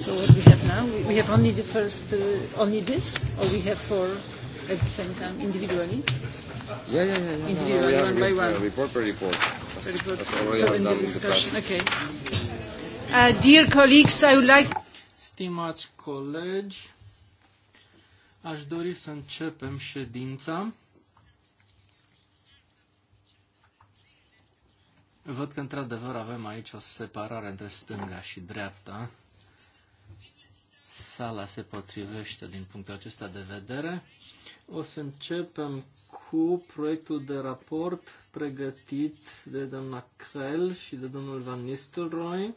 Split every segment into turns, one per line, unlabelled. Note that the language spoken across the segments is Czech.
So what we have now, we, have only the first, uh, only this, or we have four at the same time, individually? Yeah,
yeah, yeah. yeah. Individually, no, no, one by one. Uh,
report per report. Per report. That's already so in the discussion,
okay. Uh, dear colleagues, I would like... Stimați colegi, aș dori să începem ședința. Văd că într-adevăr avem aici o separare între stânga și dreapta sala se potrivește din punctul acesta de vedere. O să începem cu proiectul de raport pregătit de doamna Krell și de domnul Van Nistelrooy.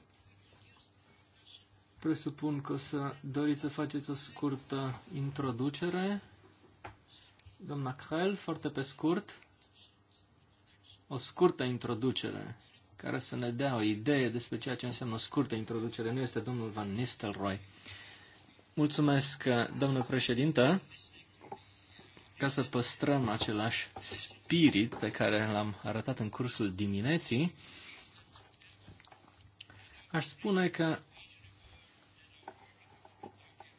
Presupun că o să doriți să faceți o scurtă introducere. Doamna Krell, foarte pe scurt, o scurtă introducere care să ne dea o idee despre ceea ce înseamnă o scurtă introducere. Nu este domnul Van Nistelrooy. Mulțumesc, domnul președinte, ca să păstrăm același spirit pe care l-am arătat în cursul dimineții, aș spune că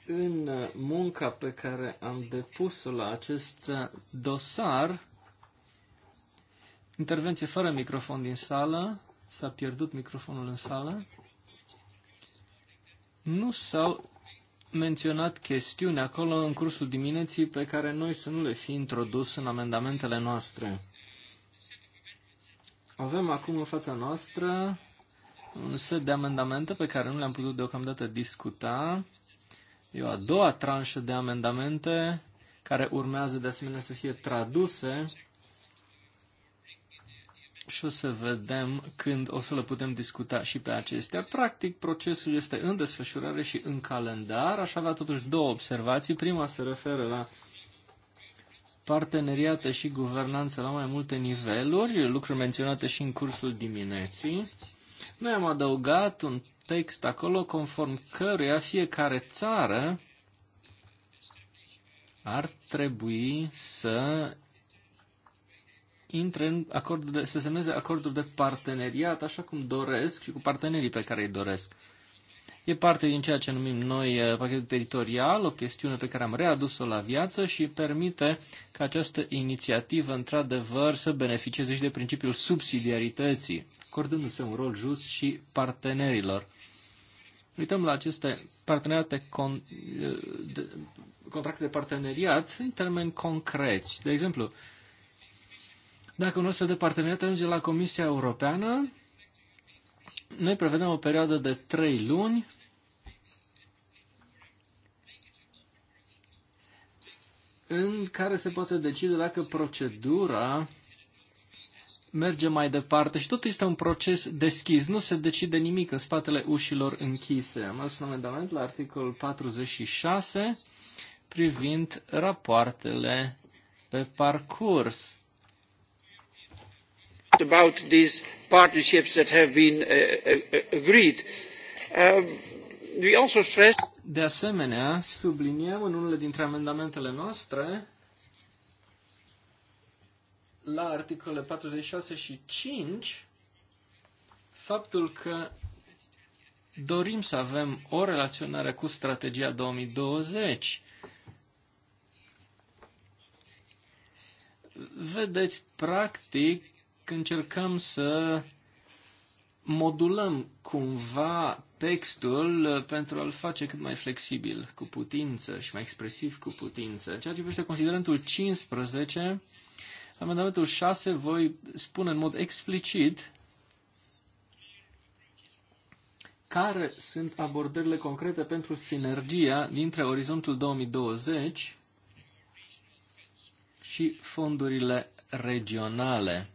în munca pe care am depus-o la acest dosar, intervenție fără microfon din sală, s-a pierdut microfonul în sală, nu s-au menționat chestiuni acolo în cursul dimineții pe care noi să nu le fi introdus în amendamentele noastre. Avem acum în fața noastră un set de amendamente pe care nu le-am putut deocamdată discuta. E o a doua tranșă de amendamente care urmează de asemenea să fie traduse și o să vedem când o să le putem discuta și pe acestea. Practic, procesul este în desfășurare și în calendar. Aș avea totuși două observații. Prima se referă la parteneriate și guvernanță la mai multe niveluri, lucruri menționate și în cursul dimineții. Noi am adăugat un text acolo conform căruia fiecare țară ar trebui să intre în acord de, să semneze acorduri de parteneriat așa cum doresc și cu partenerii pe care îi doresc. E parte din ceea ce numim noi eh, pachetul teritorial, o chestiune pe care am readus-o la viață și permite ca această inițiativă, într-adevăr, să beneficieze și de principiul subsidiarității, acordându-se un rol just și partenerilor. Uităm la aceste parteneriate con, eh, de, contracte de parteneriat în termeni concreți. De exemplu, Dacă un astfel de parteneriat ajunge la Comisia Europeană, noi prevedem o perioadă de trei luni în care se poate decide dacă procedura merge mai departe și tot este un proces deschis, nu se decide nimic în spatele ușilor închise. Am adus un amendament la articol 46 privind rapoartele pe parcurs about these partnerships that have been uh, uh, agreed. Um, we also stress de asemenea, subliniem în unele dintre amendamentele noastre la articolele 46 și 5 faptul că dorim să avem o relaționare cu strategia 2020. Vedeți, practic, că încercăm să modulăm cumva textul uh, pentru a-l face cât mai flexibil cu putință și mai expresiv cu putință. Ceea ce privește considerentul 15, amendamentul 6 voi spune în mod explicit care sunt abordările concrete pentru sinergia dintre orizontul 2020 și fondurile regionale.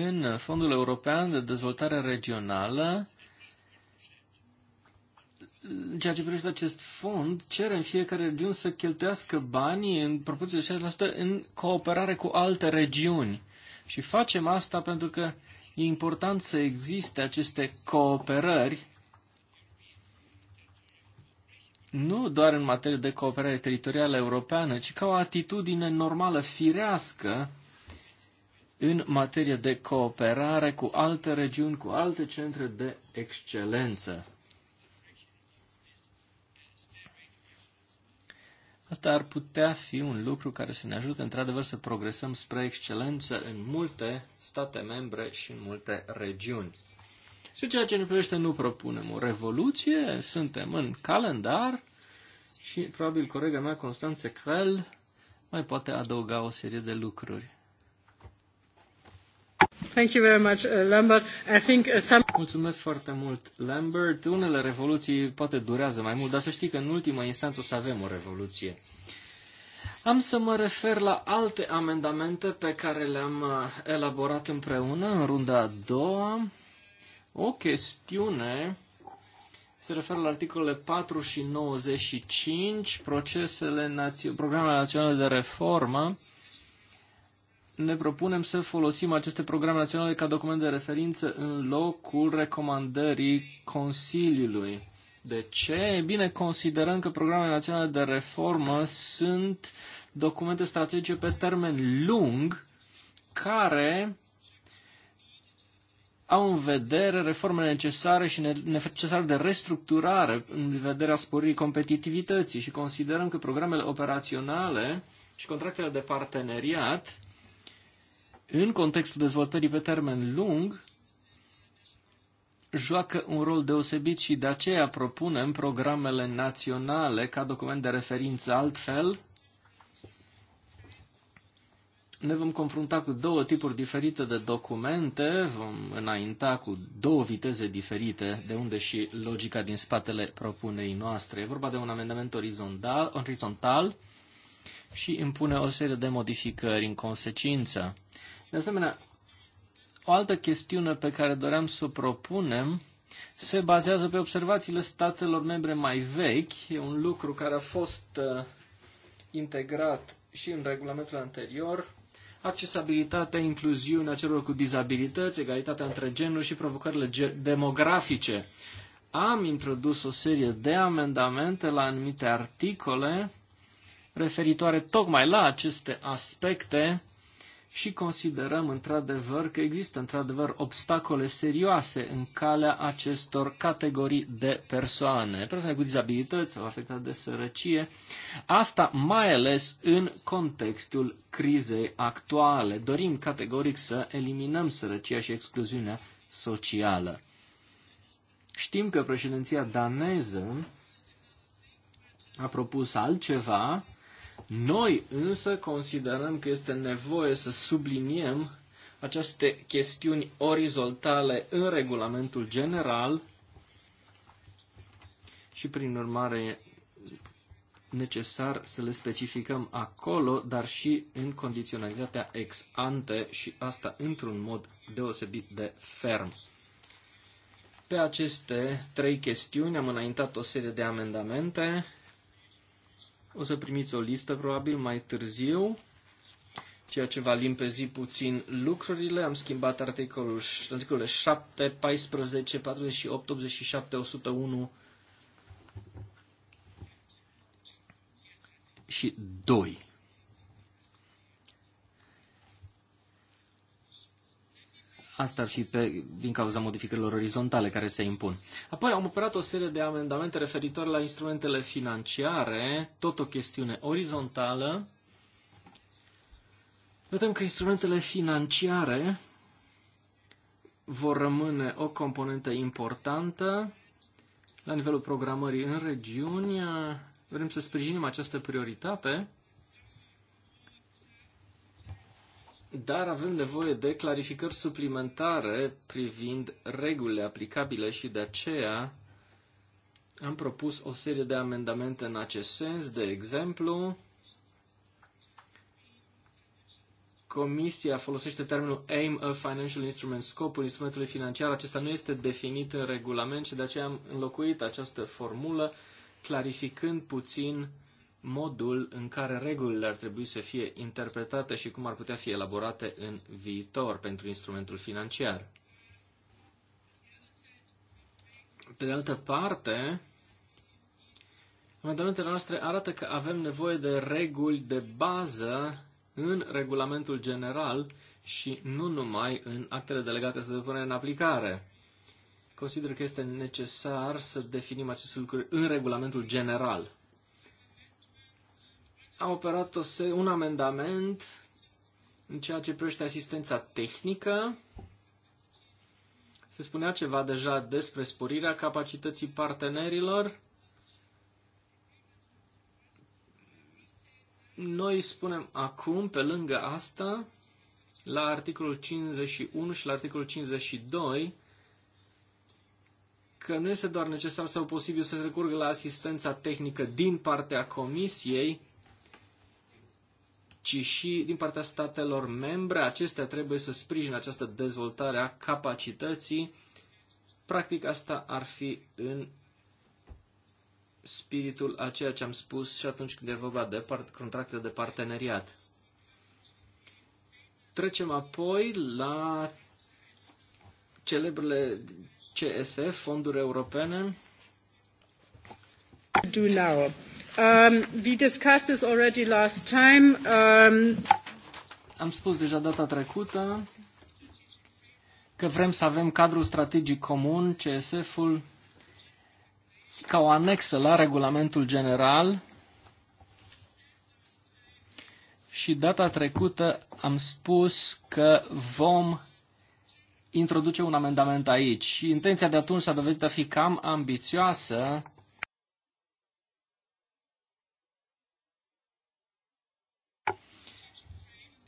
în Fondul European de Dezvoltare Regională, în ceea ce privește acest fond, cere în fiecare regiune să cheltuiască banii în proporție de 60% în cooperare cu alte regiuni. Și facem asta pentru că e important să existe aceste cooperări, nu doar în materie de cooperare teritorială europeană, ci ca o atitudine normală, firească, în materie de cooperare cu alte regiuni, cu alte centre de excelență. Asta ar putea fi un lucru care să ne ajute într-adevăr să progresăm spre excelență în multe state membre și în multe regiuni. Și ceea ce ne privește nu propunem o revoluție, suntem în calendar și probabil colega mea Constanțe Crel mai poate adăuga o serie de lucruri. Thank you very much, uh, Lambert. I think uh, some... Mulțumesc foarte mult, Lambert. Unele revoluții poate durează mai mult, dar să știi că în ultima instanță o să avem o revoluție. Am să mă refer la alte amendamente pe care le-am uh, elaborat împreună în runda a doua. O chestiune se referă la articolele 4 și 95, procesele națio- programele naționale de reformă ne propunem să folosim aceste programe naționale ca document de referință în locul recomandării Consiliului. De ce? E bine, considerăm că programele naționale de reformă sunt documente strategice pe termen lung care au în vedere reformele necesare și necesare de restructurare în vederea sporirii competitivității și considerăm că programele operaționale și contractele de parteneriat în contextul dezvoltării pe termen lung, joacă un rol deosebit și de aceea propunem programele naționale ca document de referință. Altfel, ne vom confrunta cu două tipuri diferite de documente, vom înainta cu două viteze diferite, de unde și logica din spatele propunei noastre. E vorba de un amendament orizontal, orizontal și impune o serie de modificări în consecință. De asemenea, o altă chestiune pe care doream să o propunem se bazează pe observațiile statelor membre mai vechi. E un lucru care a fost uh, integrat și în regulamentul anterior. Accesibilitatea, incluziunea celor cu dizabilități, egalitatea între genuri și provocările ge- demografice. Am introdus o serie de amendamente la anumite articole referitoare tocmai la aceste aspecte și considerăm într-adevăr că există într-adevăr obstacole serioase în calea acestor categorii de persoane, persoane cu dizabilități sau afectate de sărăcie, asta mai ales în contextul crizei actuale. Dorim categoric să eliminăm sărăcia și excluziunea socială. Știm că președinția daneză a propus altceva, Noi însă considerăm că este nevoie să subliniem aceste chestiuni orizontale în regulamentul general și prin urmare necesar să le specificăm acolo, dar și în condiționalitatea ex ante și asta într-un mod deosebit de ferm. Pe aceste trei chestiuni am înaintat o serie de amendamente O să primiți o listă probabil mai târziu, ceea ce va limpezi puțin lucrurile. Am schimbat articolul, articolele 7, 14, 48, 87, 101 și 2. Asta ar fi pe, din cauza modificărilor orizontale care se impun. Apoi am operat o serie de amendamente referitoare la instrumentele financiare, tot o chestiune orizontală. Vedem că instrumentele financiare vor rămâne o componentă importantă la nivelul programării în regiuni. Vrem să sprijinim această prioritate dar avem nevoie de clarificări suplimentare privind regulile aplicabile și de aceea am propus o serie de amendamente în acest sens. De exemplu, Comisia folosește termenul aim of financial instrument, scopul instrumentului financiar. Acesta nu este definit în regulament și de aceea am înlocuit această formulă clarificând puțin uh, modul în care regulile ar trebui să fie interpretate și cum ar putea fi elaborate în viitor pentru instrumentul financiar. Pe de altă parte, amendamentele noastre arată că avem nevoie de reguli de bază în regulamentul general și nu numai în actele delegate să depună în aplicare. Consider că este necesar să definim aceste lucruri în regulamentul general a operat un amendament în ceea ce privește asistența tehnică. Se spunea ceva deja despre sporirea capacității partenerilor. Noi spunem acum, pe lângă asta, la articolul 51 și la articolul 52, că nu este doar necesar sau posibil să se recurgă la asistența tehnică din partea comisiei, ci și din partea statelor membre. Acestea trebuie să sprijină această dezvoltare a capacității. Practic asta ar fi în spiritul a ceea ce am spus și atunci când e vorba de contracte de parteneriat. Trecem apoi la celebrele CSF, fonduri europene. Do now. Um, we discussed this already last time. Um, Am spus deja data trecută că vrem să avem cadrul strategic comun, CSF-ul, ca o anexă la regulamentul general și data trecută am spus că vom introduce un amendament aici. Intenția de atunci s-a dovedit a fi cam ambițioasă,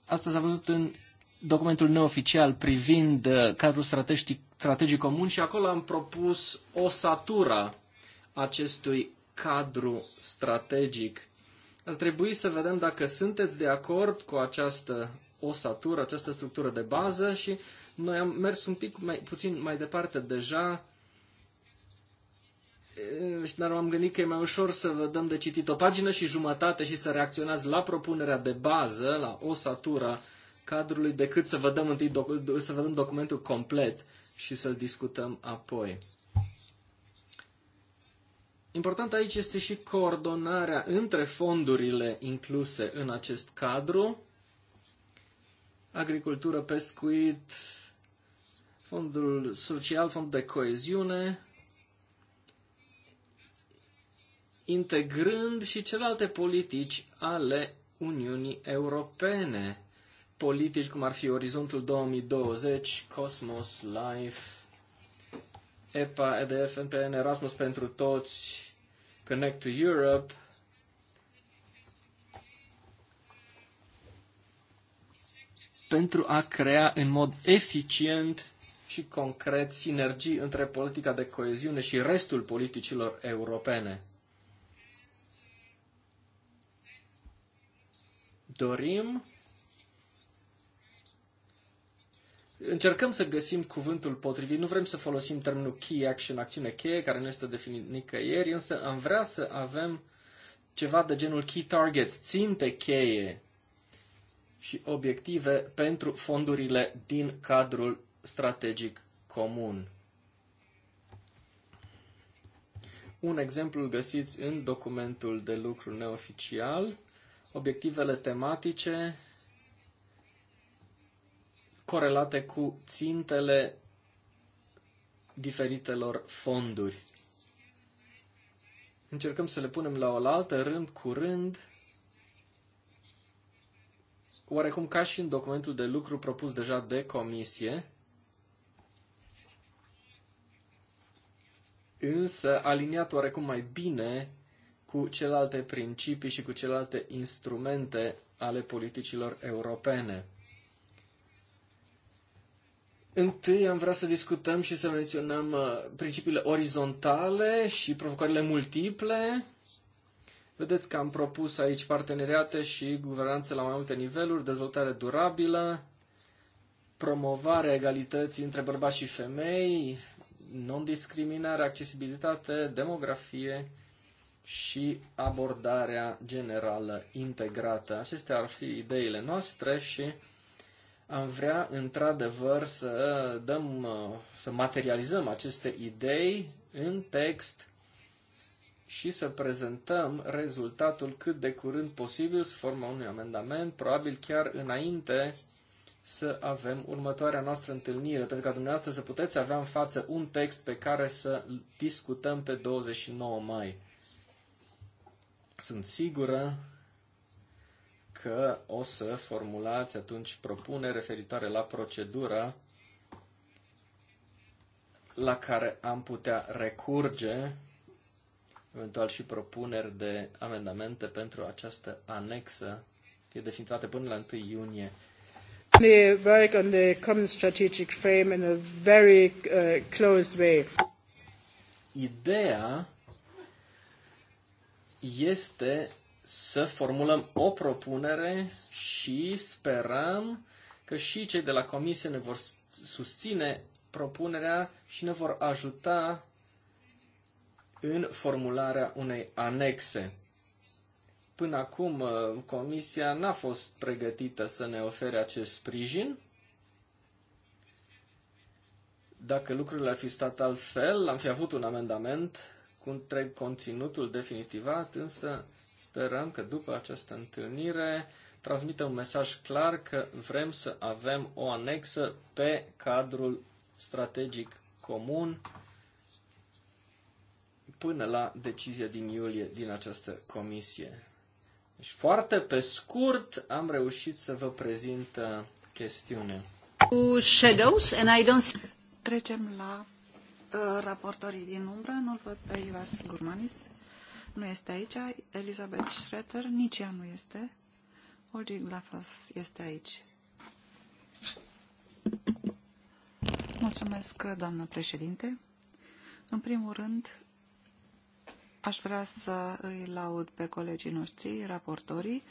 Asta a văzut în documentul neoficial privind uh, cadrul strategic, strategic comun și acolo am propus o satura acestui cadru strategic. Ar trebui să vedem dacă sunteți de acord cu această osatură, această structură de bază și noi am mers un pic mai, puțin mai departe deja Ehm, dar am gândit că e mai ușor să vă dăm de citit o pagină și jumătate și să reacționați la propunerea de bază, la osatura cadrului, decât să vă dăm, întâi docu- să vă dăm documentul complet și să-l discutăm apoi. Important aici este și coordonarea între fondurile incluse în acest cadru, agricultură, pescuit, fondul social, fond de coeziune, integrând și celelalte politici ale Uniunii Europene. Politici cum ar fi Orizontul 2020, Cosmos, Life, EPA, EDF, NPN, Erasmus pentru toți, Connect to Europe, pentru a crea în mod eficient și concret sinergii între politica de coeziune și restul politicilor europene. dorim, încercăm să găsim cuvântul potrivit, nu vrem să folosim termenul key action, acțiune cheie, care nu este definit nicăieri, însă am vrea să avem ceva de genul key targets, ținte cheie și obiective pentru fondurile din cadrul strategic comun. Un exemplu îl găsiți în documentul de lucru neoficial obiectivele tematice corelate cu țintele diferitelor fonduri. Încercăm să le punem la oaltă, rând cu rând, oarecum ca și în documentul de lucru propus deja de comisie, însă aliniat oarecum mai bine cu celelalte principii și cu celelalte instrumente ale politicilor europene. Întâi am vrea să discutăm și să menționăm uh, principiile orizontale și provocările multiple. Vedeți că am propus aici parteneriate și guvernanță la mai multe niveluri, dezvoltare durabilă, promovarea egalității între bărbați și femei, non-discriminare, accesibilitate, demografie și abordarea generală integrată. Acestea ar fi ideile noastre și am vrea într-adevăr să dăm, să materializăm aceste idei în text și să prezentăm rezultatul cât de curând posibil sub forma unui amendament, probabil chiar înainte să avem următoarea noastră întâlnire, pentru ca dumneavoastră să puteți avea în față un text pe care să discutăm pe 29 mai. Sunt sigură că o să formulați atunci propune referitoare la procedura la care am putea recurge, eventual și propuneri de amendamente pentru această anexă, fie definitivate până la 1 iunie.
The work on
the common strategic frame in a very uh, closed way. Ideea este să formulăm o propunere și sperăm că și cei de la comisie ne vor susține propunerea și ne vor ajuta în formularea unei anexe. Până acum, uh, comisia n-a fost pregătită să ne ofere acest sprijin. Dacă lucrurile ar fi stat altfel, am fi avut un amendament întreg conținutul definitivat, însă sperăm că după această întâlnire transmite un mesaj clar că vrem să avem o anexă pe cadrul strategic comun până la decizia din iulie din această comisie. Deci foarte pe scurt am reușit să vă prezint uh, chestiunea.
Shadows and I don't... Trecem la Eh, raportorii din umbră, nu-l văd pe Ivas Gurmanis, nu este aici, Elizabeth Schroeter, nici ea nu este, Olgi Glafas este aici. Mulțumesc, doamnă președinte. În primul rând, aș vrea să îi laud pe colegii noștri, raportorii.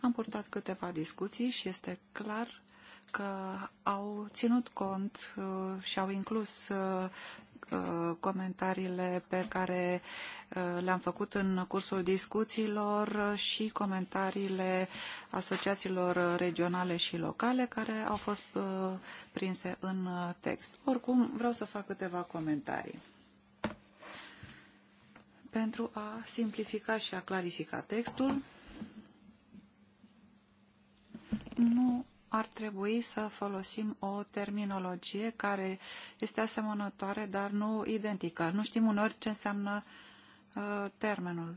Am purtat câteva discuții și este clar că au ținut cont eh, și au inclus eh, Uh, comentariile pe care uh, le-am făcut în cursul discuțiilor și comentariile asociațiilor regionale și locale care au fost uh, prinse în text. Oricum, vreau să fac câteva comentarii. Pentru a simplifica și a clarifica textul, nu ar trebui să folosim o terminologie care este asemănătoare, dar nu identică. Nu știm unor ce înseamnă uh, termenul.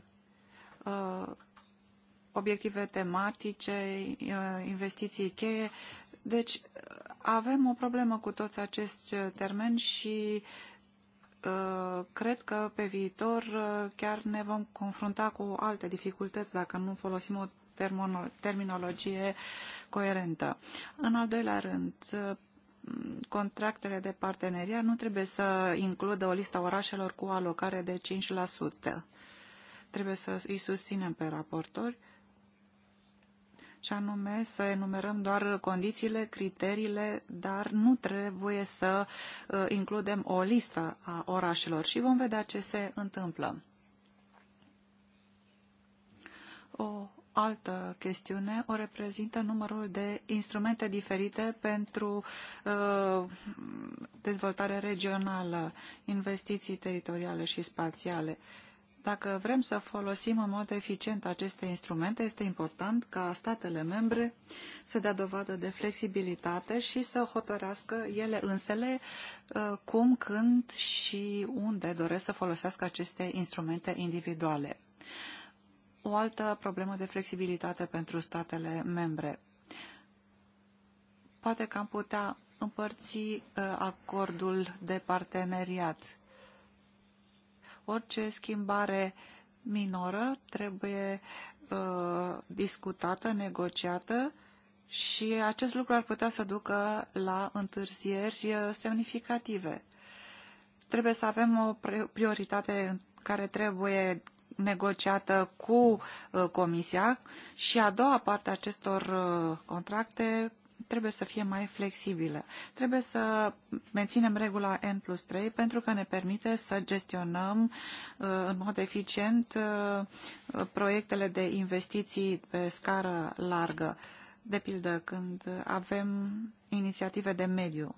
Uh, obiective tematice, uh, investiții cheie. Deci avem o problemă cu toți acești uh, termeni și uh, cred că pe viitor uh, chiar ne vom confrunta cu alte dificultăți dacă nu folosim o terminologie coerentă. În al doilea rând, contractele de parteneria nu trebuie să includă o listă orașelor cu alocare de 5%. Trebuie să îi susținem pe raportori și anume să enumerăm doar condițiile, criteriile, dar nu trebuie să includem o listă a orașelor și vom vedea ce se întâmplă. O altă chestiune o reprezintă numărul de instrumente diferite pentru uh, dezvoltare regională, investiții teritoriale și spațiale. Dacă vrem să folosim în mod eficient aceste instrumente, este important ca statele membre să dea dovadă de flexibilitate și să hotărească ele însele uh, cum, când și unde doresc să folosească aceste instrumente individuale o altă problemă de flexibilitate pentru statele membre. Poate că am putea împărți uh, acordul de parteneriat. Orice schimbare minoră trebuie uh, discutată, negociată și acest lucru ar putea să ducă la întârzieri uh, semnificative. Trebuie să avem o prioritate care trebuie negociată cu uh, Comisia și a doua parte a acestor uh, contracte trebuie să fie mai flexibile. Trebuie să menținem regula N plus 3 pentru că ne permite să gestionăm uh, în mod eficient proiectele de investiții pe scară largă. De pildă, când avem inițiative de mediu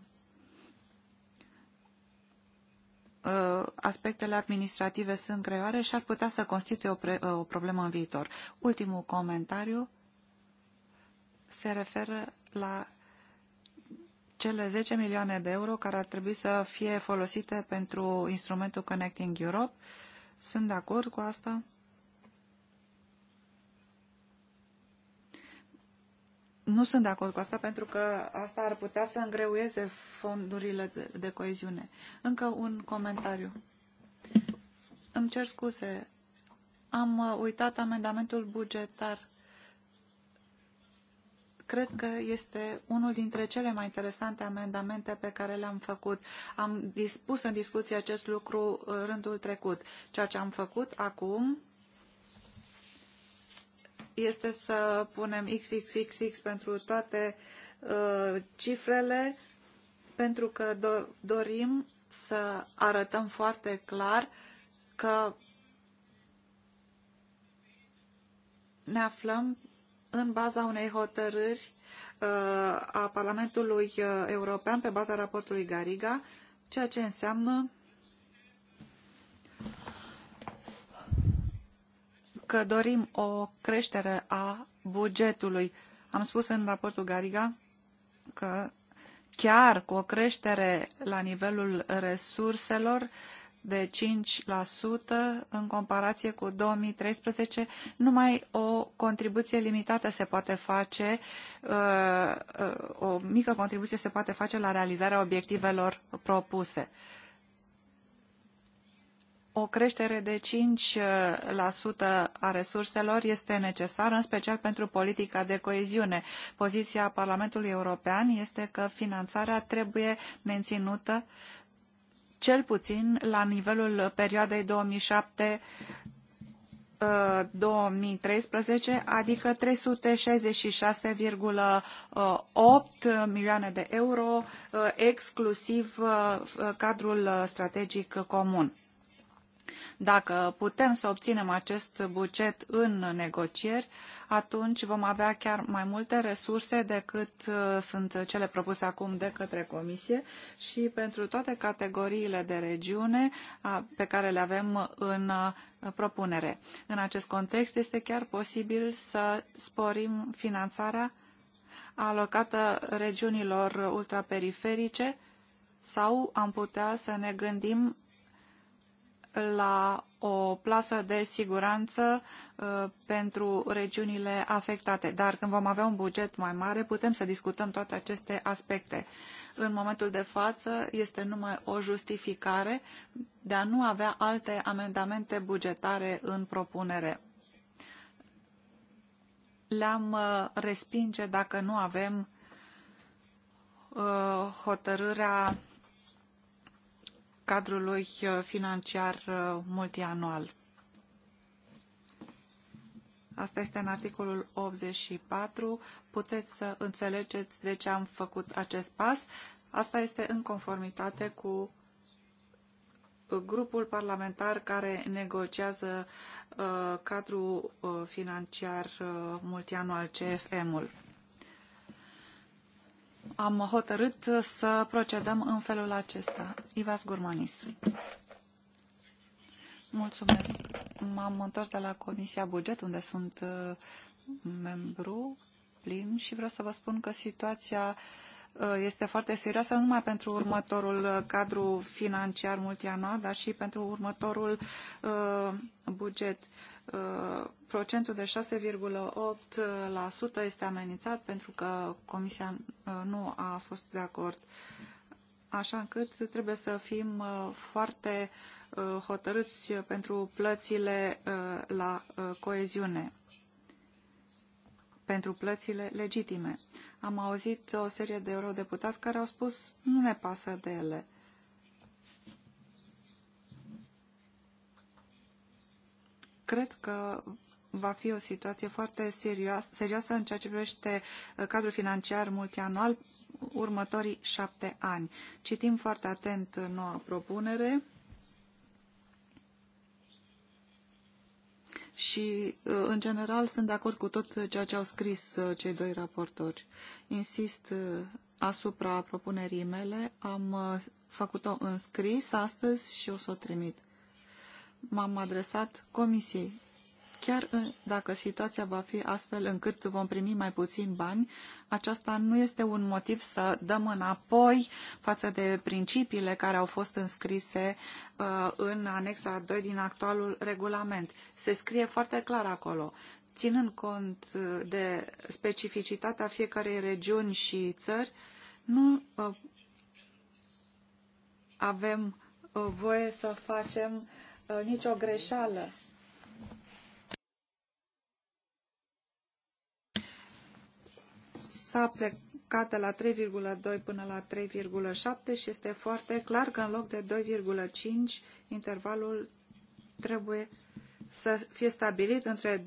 Uh, aspectele administrative sunt greoare și ar putea să constituie o, pre, uh, o problemă în viitor. Ultimul comentariu se referă la cele 10 milioane de euro care ar trebui să fie folosite pentru instrumentul Connecting Europe. Sunt de acord cu asta. nu sunt de acord cu asta pentru că asta ar putea să îngreuieze fondurile de, de coeziune. Încă un comentariu. Îmi cer scuze. Am uh, uitat amendamentul bugetar. Cred că este unul dintre cele mai interesante amendamente pe care le-am făcut. Am dispus în discuție acest lucru uh, rândul trecut. Ceea ce am făcut acum este să punem XXXX pentru toate uh, cifrele, pentru că do dorim să arătăm foarte clar că ne aflăm în baza unei hotărâri uh, a Parlamentului uh, European pe baza raportului Gariga, ceea ce înseamnă că dorim o creștere a bugetului. Am spus în raportul Gariga că chiar cu o creștere la nivelul resurselor de 5% în comparație cu 2013, numai o contribuție limitată se poate face, uh, uh, o mică contribuție se poate face la realizarea obiectivelor propuse o creștere de 5% eh, a resurselor este necesară, în special pentru politica de coeziune. Poziția Parlamentului European este că finanțarea trebuie menținută cel puțin la nivelul perioadei 2007 2013, eh, adică 366,8 milioane de euro, eh, exclusiv cadrul strategic comun. Dacă putem să obținem acest buget în negocieri, atunci vom avea chiar mai multe resurse decât uh, sunt cele propuse acum de către Comisie și pentru toate categoriile de regiune pe care le avem în uh, propunere. În acest context este chiar posibil să sporim finanțarea alocată regiunilor ultraperiferice sau am putea să ne gândim la o plasă de siguranță uh, pentru regiunile afectate. Dar când vom avea un buget mai mare, putem să discutăm toate aceste aspecte. În momentul de față este numai o justificare de a nu avea alte amendamente bugetare în propunere. Le-am uh, respinge dacă nu avem uh, hotărârea cadrului uh, financiar uh, multianual. Asta este în articolul 84. Puteți să înțelegeți de ce am făcut acest pas. Asta este în conformitate cu grupul parlamentar care negociază uh, cadrul uh, financiar uh, multianual CFM-ul am hotărât să procedăm în felul acesta. Ivas Gurmanis. Mulțumesc. M-am întors de la Comisia Buget, unde sunt uh, membru plin și vreau să vă spun că situația uh, este foarte serioasă, nu numai pentru următorul uh, cadru financiar multianual, dar și pentru următorul buget. Uh, Uh, procentul de 6,8% este amenințat pentru că Comisia uh, nu a fost de acord. Așa încât trebuie să fim uh, foarte hotărâți pentru plățile la coeziune pentru plățile legitime. Am auzit o serie de eurodeputați care au spus nu ne pasă de ele. Cred că va fi o situație foarte serioasă, serioasă în ceea ce privește uh, cadrul financiar multianual următorii șapte ani. Citim foarte atent uh, noua propunere și, uh, în general, sunt de acord cu tot ceea ce au scris cei doi raportori. Insist asupra propunerii mele, am făcut-o în scris astăzi și o să o trimit m-am adresat Comisiei. Chiar dacă situația va fi astfel încât vom primi mai puțin bani, aceasta nu este un motiv să dăm înapoi față de principiile care au fost înscrise în anexa 2 din actualul regulament. Se scrie foarte clar acolo ținând cont de specificitatea fiecarei regiuni și țări, nu avem voie să facem Uh, nicio greșeală. S-a plecat de la 3,2 până la 3,7 și este foarte clar că în loc de 2,5 intervalul trebuie să fie stabilit între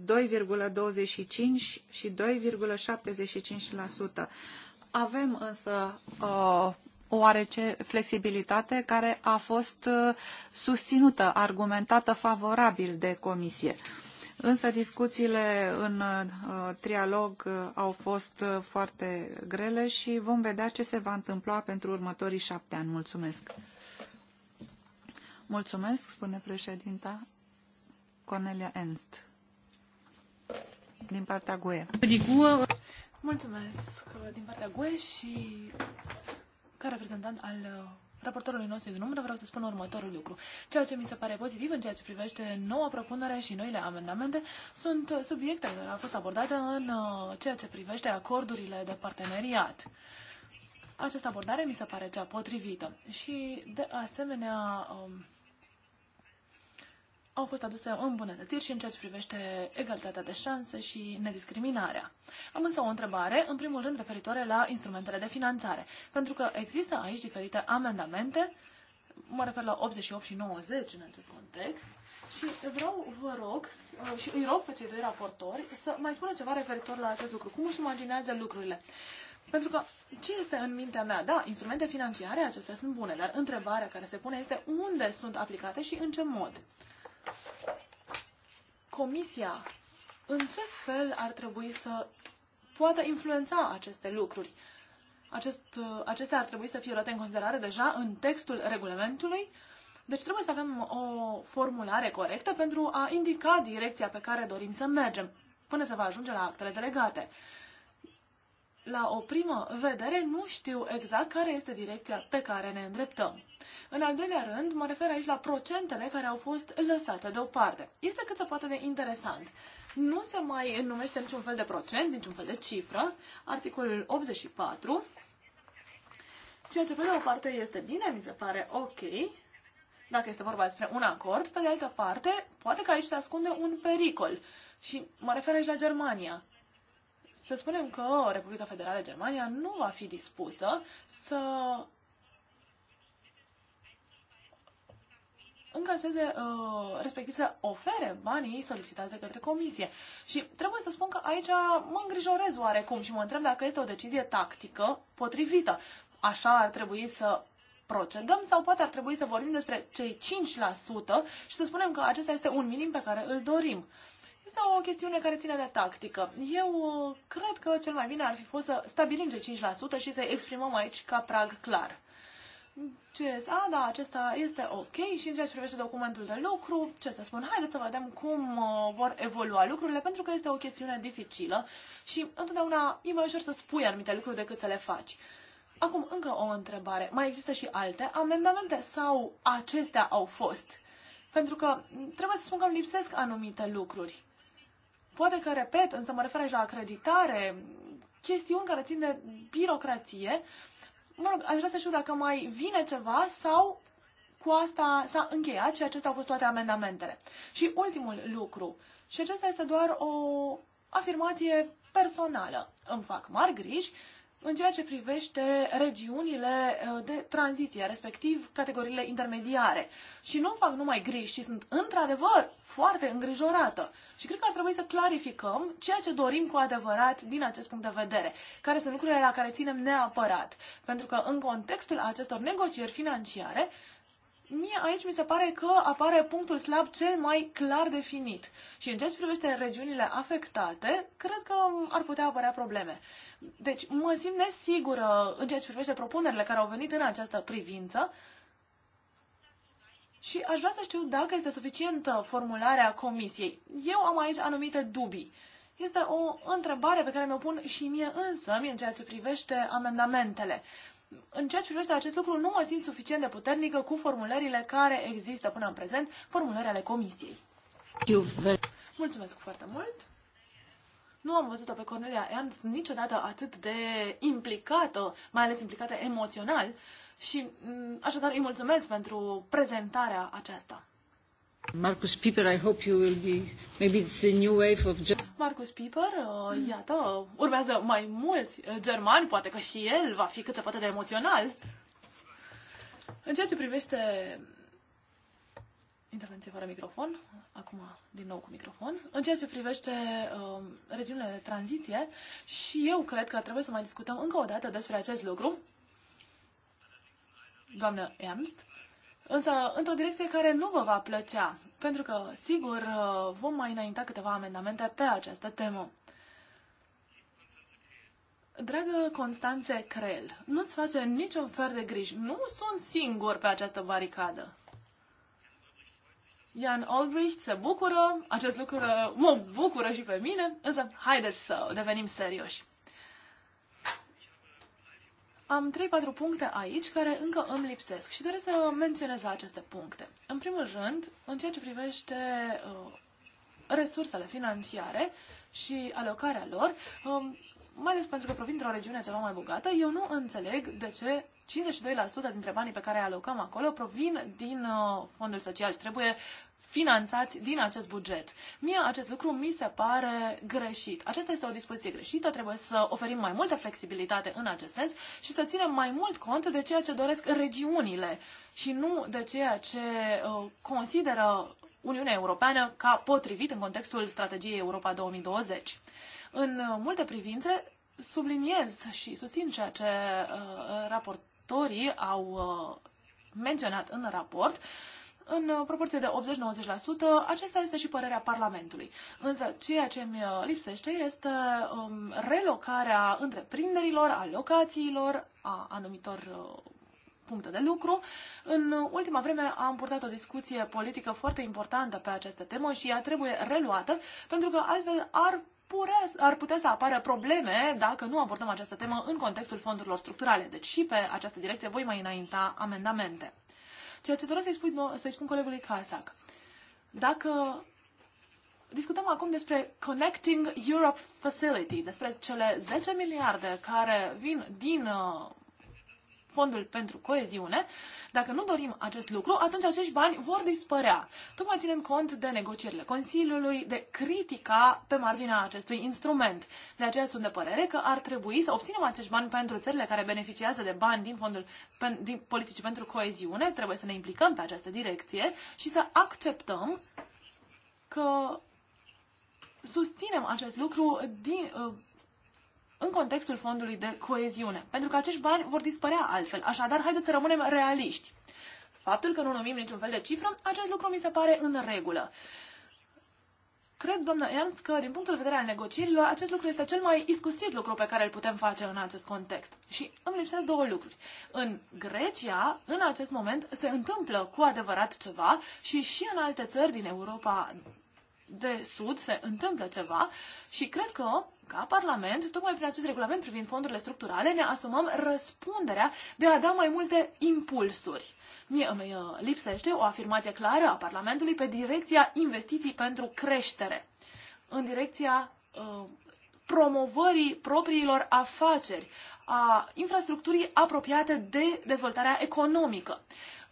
2,25 și 2,75%. Avem însă uh, oarece flexibilitate care a fost uh, susținută, argumentată favorabil de comisie. Însă discuțiile în uh, trialog uh, au fost foarte grele și vom vedea ce se va întâmpla pentru următorii șapte ani. Mulțumesc. Mulțumesc, spune președinta Cornelia Ernst din partea GUE.
Mulțumesc din partea GUE și ca reprezentant al uh, raportorului nostru de număr, vreau să spun următorul lucru. Ceea ce mi se pare pozitiv în ceea ce privește noua propunere și noile amendamente sunt uh, subiectele care au fost abordate în uh, ceea ce privește acordurile de parteneriat. Această abordare mi se pare cea potrivită și, de asemenea, um, au fost aduse îmbunătățiri și în ceea ce privește egalitatea de șanse și nediscriminarea. Am însă o întrebare, în primul rând referitoare la instrumentele de finanțare, pentru că există aici diferite amendamente, mă refer la 88 și 90 în acest context, și vreau, vă rog, uh, și îi rog pe cei doi raportori să mai spună ceva referitor la acest lucru. Cum își imaginează lucrurile? Pentru că ce este în mintea mea? Da, instrumente financiare, acestea sunt bune, dar întrebarea care se pune este unde sunt aplicate și în ce mod. Comisia în ce fel ar trebui să poată influența aceste lucruri? Acest, acestea ar trebui să fie luate în considerare deja în textul regulamentului. Deci trebuie să avem o formulare corectă pentru a indica direcția pe care dorim să mergem, până se va ajunge la actele delegate la o primă vedere, nu știu exact care este direcția pe care ne îndreptăm. În al doilea rând, mă refer aici la procentele care au fost lăsate deoparte. Este cât se poate de interesant. Nu se mai numește niciun fel de procent, niciun fel de cifră. Articolul 84, ceea ce pe de o parte este bine, mi se pare ok, dacă este vorba despre un acord, pe de altă parte, poate că aici se ascunde un pericol. Și mă refer aici la Germania. Să spunem că Republica Federală Germania nu va fi dispusă să încaseze, uh, respectiv să ofere banii solicitați de către comisie. Și trebuie să spun că aici mă îngrijorez oarecum și mă întreb dacă este o decizie tactică potrivită. Așa ar trebui să procedăm sau poate ar trebui să vorbim despre cei 5% și să spunem că acesta este un minim pe care îl dorim. Uh, Este o chestiune care ține de tactică. Eu uh, cred că cel mai bine ar fi fost să stabilim de 5% și să exprimăm aici ca prag clar. Ce A, da, acesta este ok și în ceea ce privește documentul de lucru, ce să spun, haideți să vedem cum uh, vor evolua lucrurile, pentru că este o chestiune dificilă și întotdeauna e mai ușor să spui anumite lucruri decât să le faci. Acum, încă o întrebare. Mai există și alte amendamente sau acestea au fost? Pentru că trebuie să spun că îmi lipsesc anumite lucruri. Poate că repet, însă mă refer aici la acreditare, chestiuni care țin de birocrație. Mă rog, aș vrea să știu dacă mai vine ceva sau cu asta s-a încheiat și acestea au fost toate amendamentele. Și ultimul lucru, și acesta este doar o afirmație personală. Îmi fac mari griji în ceea ce privește regiunile uh, de tranziție, respectiv categoriile intermediare. Și nu fac numai griji, ci sunt într-adevăr foarte îngrijorată. Și cred că ar trebui să clarificăm ceea ce dorim cu adevărat din acest punct de vedere, care sunt lucrurile la care ținem neapărat. Pentru că în contextul acestor negocieri financiare, mie aici mi se pare că apare punctul slab cel mai clar definit. Și în ceea ce privește regiunile afectate, cred că ar putea apărea probleme. Deci mă simt nesigură în ceea ce privește propunerile care au venit în această privință, și aș vrea să știu dacă este suficientă formularea comisiei. Eu am aici anumite dubii. Este o întrebare pe care mi-o pun și mie însă, în ceea ce privește amendamentele în ceea ce privește acest lucru, nu mă simt suficient de puternică cu formulările care există până în prezent, formulările ale comisiei. Mulțumesc foarte mult! Nu am văzut-o pe Cornelia Ernst niciodată atât de implicată, mai ales implicată emoțional și așadar îi mulțumesc pentru prezentarea aceasta.
Markus Pieper, I hope you will be, maybe it's a new wave of...
Markus Pieper, uh, iată, urmează mai mulți uh, germani, poate că și el va fi cât poate de emoțional. În ceea ce privește intervenție fără microfon, acum din nou cu microfon, în ceea ce privește um, uh, regiunile de tranziție și eu cred că trebuie să mai discutăm încă o dată despre acest lucru. Doamnă Ernst, însă într-o direcție care nu vă va plăcea, pentru că, sigur, vom mai înainta câteva amendamente pe această temă. Dragă Constanțe Crel, nu-ți face niciun fel de griji. Nu sunt singur pe această baricadă. Jan Albrecht se bucură, acest lucru mă bucură și pe mine, însă haideți să devenim serioși. Am 3-4 puncte aici care încă îmi lipsesc și doresc să menționez la aceste puncte. În primul rând, în ceea ce privește uh, resursele financiare și alocarea lor, um, mai ales pentru că provin într-o regiune ceva mai bogată, eu nu înțeleg de ce 52% dintre banii pe care îi alocăm acolo provin din uh, fondul social și trebuie finanțați din acest buget. Mie acest lucru mi se pare greșit. Aceasta este o dispoziție greșită, trebuie să oferim mai multă flexibilitate în acest sens și să ținem mai mult cont de ceea ce doresc regiunile și nu de ceea ce uh, consideră Uniunea Europeană ca potrivit în contextul strategiei Europa 2020. În uh, multe privințe subliniez și susțin ceea ce uh, raportorii au menționat în raport în uh, proporție de 80-90%, acesta este și părerea Parlamentului. Însă ceea ce mi uh, lipsește este um, relocarea întreprinderilor, a locațiilor, a anumitor uh, puncte de lucru. În ultima vreme am purtat o discuție politică foarte importantă pe această temă și ea trebuie reluată, pentru că altfel ar pure, ar putea să apară probleme dacă nu abordăm această temă în contextul fondurilor structurale. Deci și pe această direcție voi mai înainta amendamente. Ceea ce doresc să-i spun, no, să spun colegului Casac. Dacă discutăm acum despre Connecting Europe Facility, despre cele 10 miliarde care vin din uh, fondul pentru coeziune, dacă nu dorim acest lucru, atunci acești bani vor dispărea. Tocmai ținând cont de negocierile Consiliului, de critica pe marginea acestui instrument. De aceea sunt de părere că ar trebui să obținem acești bani pentru țările care beneficiază de bani din fondul pen, din politicii pentru coeziune. Trebuie să ne implicăm pe această direcție și să acceptăm că susținem acest lucru din, uh, în contextul fondului de coeziune, pentru că acești bani vor dispărea altfel. Așadar, haideți să rămânem realiști. Faptul că nu numim niciun fel de cifră, acest lucru mi se pare în regulă. Cred, doamnă Ernst, că din punctul de vedere al negocierilor, acest lucru este cel mai iscusit lucru pe care îl putem face în acest context. Și îmi lipsesc două lucruri. În Grecia, în acest moment, se întâmplă cu adevărat ceva și și în alte țări din Europa de Sud se întâmplă ceva și cred că ca Parlament, tocmai prin acest regulament privind fondurile structurale, ne asumăm răspunderea de a da mai multe impulsuri. Mie îmi uh, lipsește o afirmație clară a Parlamentului pe direcția investiții pentru creștere, în direcția uh, promovării propriilor afaceri, a infrastructurii apropiate de dezvoltarea economică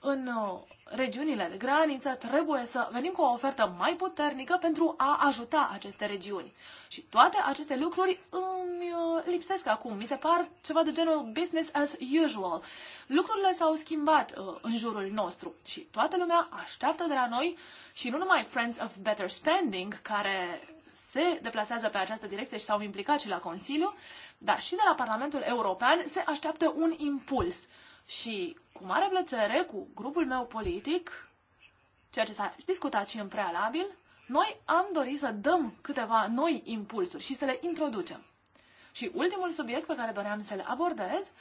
în uh, regiunile de graniță, trebuie să venim cu o ofertă mai puternică pentru a ajuta aceste regiuni. Și toate aceste lucruri îmi uh, lipsesc acum. Mi se par ceva de genul business as usual. Lucrurile s-au schimbat uh, în jurul nostru și toată lumea așteaptă de la noi și nu numai Friends of Better Spending, care se deplasează pe această direcție și s-au implicat și la Consiliu, dar și de la Parlamentul European se așteaptă un impuls și cu mare plăcere, cu grupul meu politic, ceea ce s-a discutat și în prealabil, noi am dorit să dăm câteva noi impulsuri și să le introducem. Și ultimul subiect pe care doream să-l abordez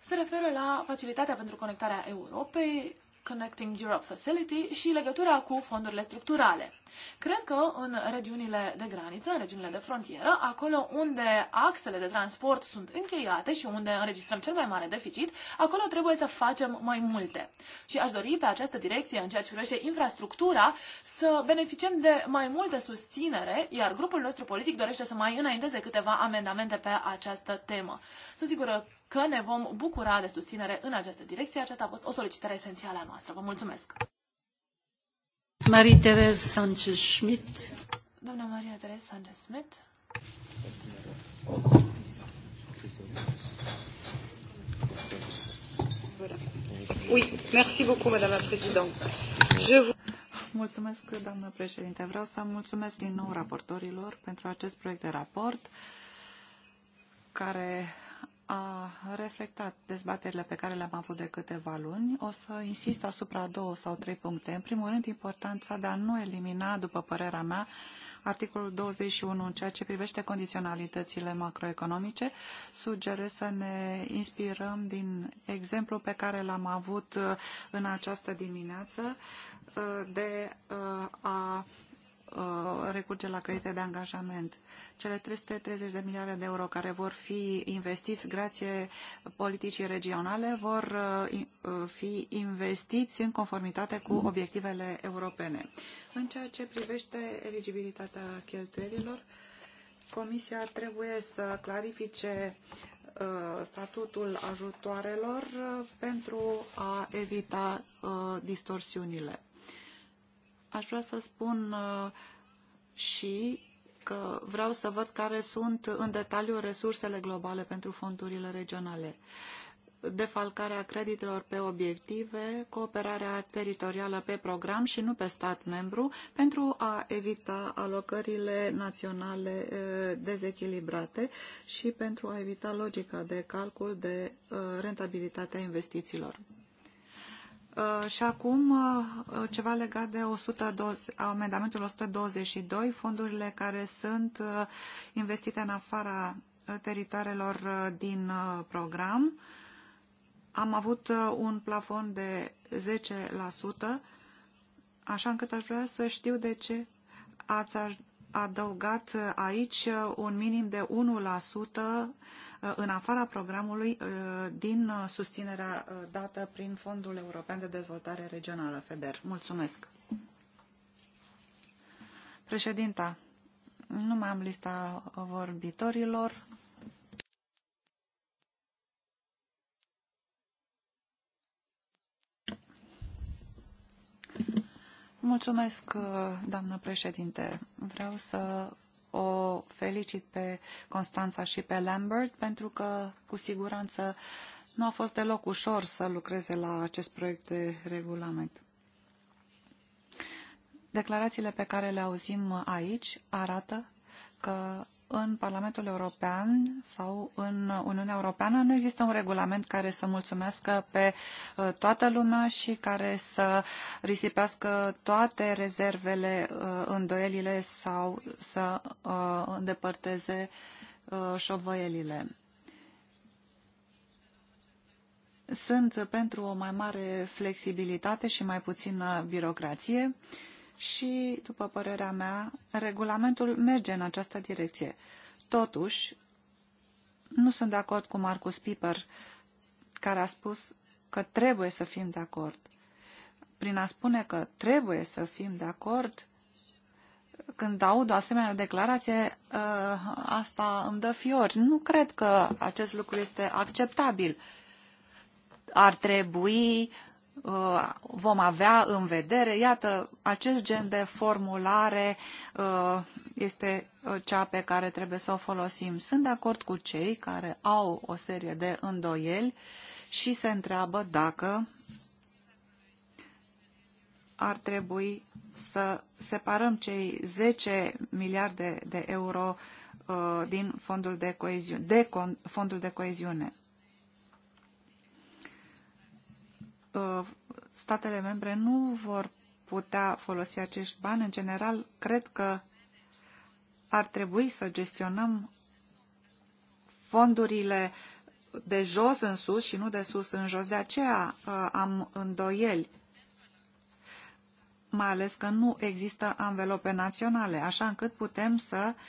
se referă la facilitatea pentru conectarea Europei, Connecting Europe Facility și legătura cu fondurile structurale. Cred că în regiunile de graniță, în regiunile de frontieră, acolo unde axele de transport sunt încheiate și unde înregistrăm cel mai mare deficit, acolo trebuie să facem mai multe. Și aș dori pe această direcție, în ceea ce privește infrastructura, să beneficiem de mai multă susținere, iar grupul nostru politic dorește să mai înainteze câteva amendamente pe această temă. Sunt sigură că ne vom bucura de susținere în această direcție. Aceasta a fost o solicitare esențială a noastră. Vă mulțumesc!
Marie-Thérèse Sanchez-Schmidt.
Doamna Maria-Thérèse Sanchez-Schmidt.
Oui, merci beaucoup, Madame la Présidente. Je vous... Mulțumesc, doamnă președinte. Vreau să mulțumesc din nou raportorilor pentru acest proiect de raport care a reflectat dezbaterile pe care le-am avut de câteva luni, o să insist asupra două sau trei puncte. În primul rând, importanța de a nu elimina, după părerea mea, articolul 21 în ceea ce privește condiționalitățile macroeconomice, sugerez să ne inspirăm din exemplul pe care l-am avut uh, în această dimineață uh, de uh, a recurge la credite de angajament. Cele 330 de miliarde de euro care vor fi investiți grație politicii regionale vor uh, uh, fi investiți în conformitate cu obiectivele europene. În ceea ce privește eligibilitatea cheltuielilor, Comisia trebuie să clarifice uh, statutul ajutoarelor pentru a evita distorsiunile. Aș vrea să spun uh, și că vreau să văd care sunt în detaliu resursele globale pentru fondurile regionale. Defalcarea creditelor pe obiective, cooperarea teritorială pe program și nu pe stat membru, pentru a evita alocările naționale uh, dezechilibrate și pentru a evita logica de calcul de uh, rentabilitatea investițiilor. Uh, și acum uh, uh, ceva legat de 120, amendamentul 122, fondurile care sunt investite în afara teritoriilor din program. Am avut un plafon de 10%, așa încât aș vrea să știu de ce ați adăugat aici un minim de 1% uh, în afara programului uh, din uh, susținerea dată prin Fondul European de Dezvoltare Regională, FEDER. Mulțumesc. Președinta, nu mai am lista vorbitorilor. Mulțumesc, doamnă președinte. Vreau să o felicit pe Constanța și pe Lambert pentru că, cu siguranță, nu a fost deloc ușor să lucreze la acest proiect de regulament. Declarațiile pe care le auzim aici arată că în Parlamentul European sau în Uniunea Europeană nu există un regulament care să mulțumească pe uh, toată lumea și care să risipească toate rezervele, uh, îndoielile sau să uh, îndepărteze șovăielile. Sunt pentru o mai mare flexibilitate și mai puțină birocrație și, după părerea mea, regulamentul merge în această direcție. Totuși, nu sunt de acord cu Marcus Piper, care a spus că trebuie să fim de acord. Prin a spune că trebuie să fim de acord, când aud o asemenea declarație, uh, asta îmi dă fiori. Nu cred că acest lucru este acceptabil. Ar trebui uh, Uh, vom avea în vedere. Iată, acest gen de formulare uh, este uh, cea pe care trebuie să o folosim. Sunt de acord cu cei care au o serie de îndoieli și se întreabă dacă ar trebui să separăm cei 10 miliarde de euro din fondul de coeziune, de fondul de coeziune. Uh, statele membre nu vor putea folosi acești bani. În general, cred că ar trebui să gestionăm fondurile de jos în sus și nu de sus în jos. De aceea uh, am îndoieli, mai ales că nu există anvelope naționale, așa încât putem să uh,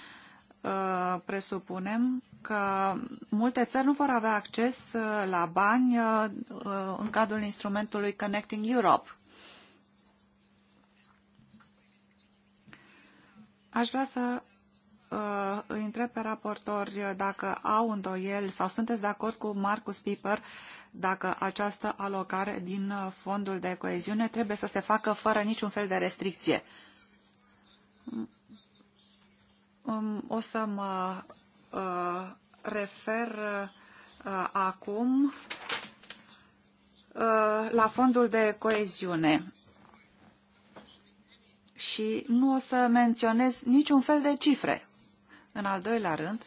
Uh, presupunem că multe țări nu vor avea acces uh, la bani uh, în cadrul instrumentului Connecting Europe. Aș vrea să îi întreb pe raportori dacă au îndoiel sau sunteți de acord cu Marcus Piper dacă această alocare din fondul de coeziune trebuie să se facă fără niciun fel de restricție. O să mă refer eh, acum eh, la fondul de coeziune și nu o să menționez niciun fel de cifre. În al doilea rând,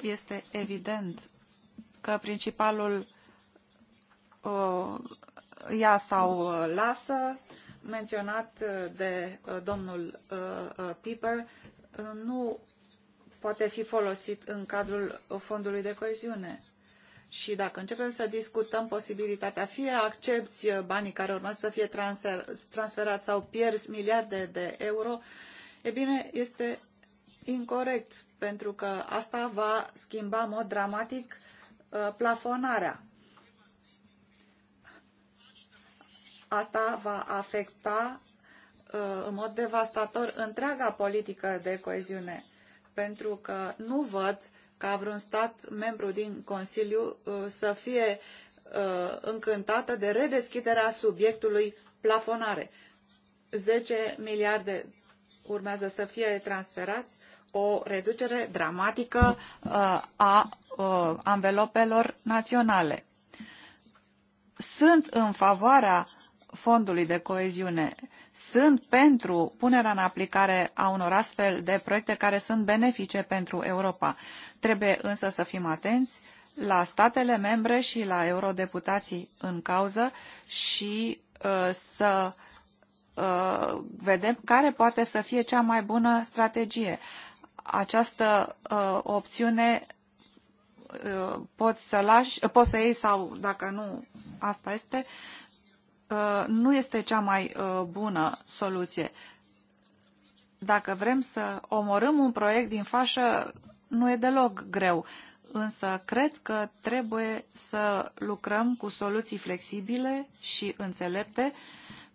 este evident că principalul eh, ia sau lasă, menționat de domnul Piper, nu poate fi folosit în cadrul fondului de coeziune. Și dacă începem să discutăm posibilitatea, fie accepti banii care urmează să fie transfer, transferați sau pierzi miliarde de euro, e bine, este incorrect, pentru că asta va schimba în mod dramatic uh, plafonarea. Asta va afecta Uh, în mod devastator întreaga politică de coeziune, pentru că nu văd ca vreun stat membru din Consiliu uh, să fie uh, încântată de redeschiderea subiectului plafonare. 10 miliarde urmează să fie transferați, o reducere dramatică a anvelopelor naționale. Sunt în favoarea fondului de coeziune sunt pentru punerea în aplicare a unor astfel de proiecte care sunt benefice pentru Europa. Trebuie însă să fim atenți la statele membre și la eurodeputații în cauză și uh, să uh, vedem care poate să fie cea mai bună strategie. Această uh, opțiune uh, poți să lași, poți să iei sau dacă nu, asta este, Uh, nu este cea mai uh, bună soluție. Dacă vrem să omorâm un proiect din fașă, nu e deloc greu, însă cred că trebuie să lucrăm cu soluții flexibile și înțelepte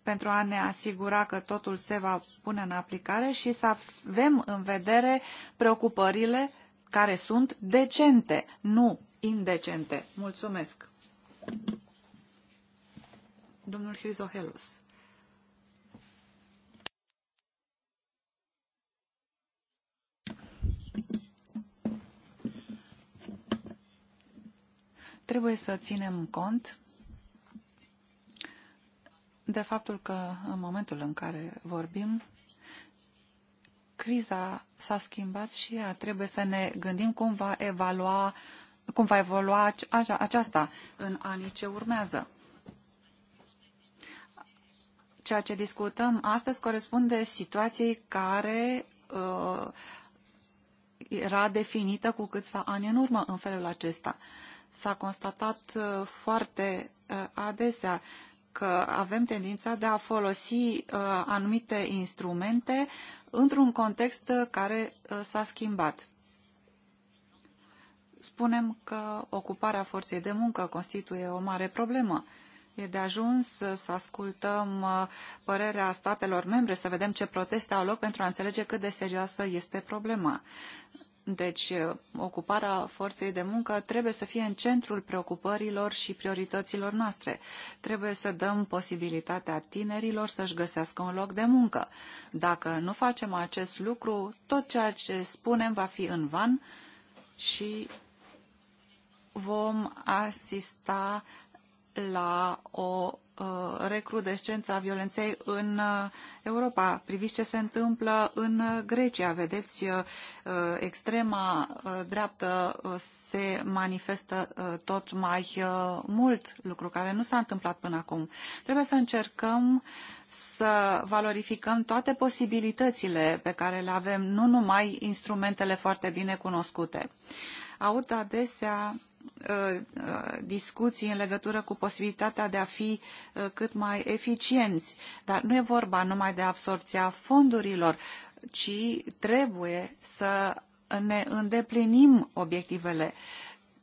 pentru a ne asigura că totul se va pune în aplicare și să avem în vedere preocupările care sunt decente, nu indecente. Mulțumesc! domnul Hrizohelus. Trebuie să ținem cont de faptul că în momentul în care vorbim, criza s-a schimbat și ea. Trebuie să ne gândim cum va evalua cum va evolua aceasta în anii ce urmează. Ceea ce discutăm astăzi corespunde situației care uh, era definită cu câțiva ani în urmă în felul acesta. S-a constatat uh, foarte uh, adesea că avem tendința de a folosi uh, anumite instrumente într-un context uh, care uh, s-a schimbat spunem că ocuparea forței de muncă constituie o mare problemă. Uh, E de ajuns să ascultăm uh, părerea statelor membre, să vedem ce proteste au loc pentru a înțelege cât de serioasă este problema. Deci, uh, ocuparea forței de muncă trebuie să fie în centrul preocupărilor și priorităților noastre. Trebuie să dăm posibilitatea tinerilor să-și găsească un loc de muncă. Dacă nu facem acest lucru, tot ceea ce spunem va fi în van și vom asista la o e, recrudescență a violenței în e, Europa. Priviți ce se întâmplă în Grecia. Vedeți, e, extrema dreaptă se manifestă tot mai mult, lucru care nu s-a întâmplat până acum. Trebuie să încercăm să valorificăm toate posibilitățile pe care le avem, nu numai instrumentele foarte bine cunoscute. Aud adesea Uh, discuții în legătură cu posibilitatea de a fi uh, cât mai eficienți. Dar nu e vorba numai de absorpția fondurilor, ci trebuie să ne îndeplinim obiectivele.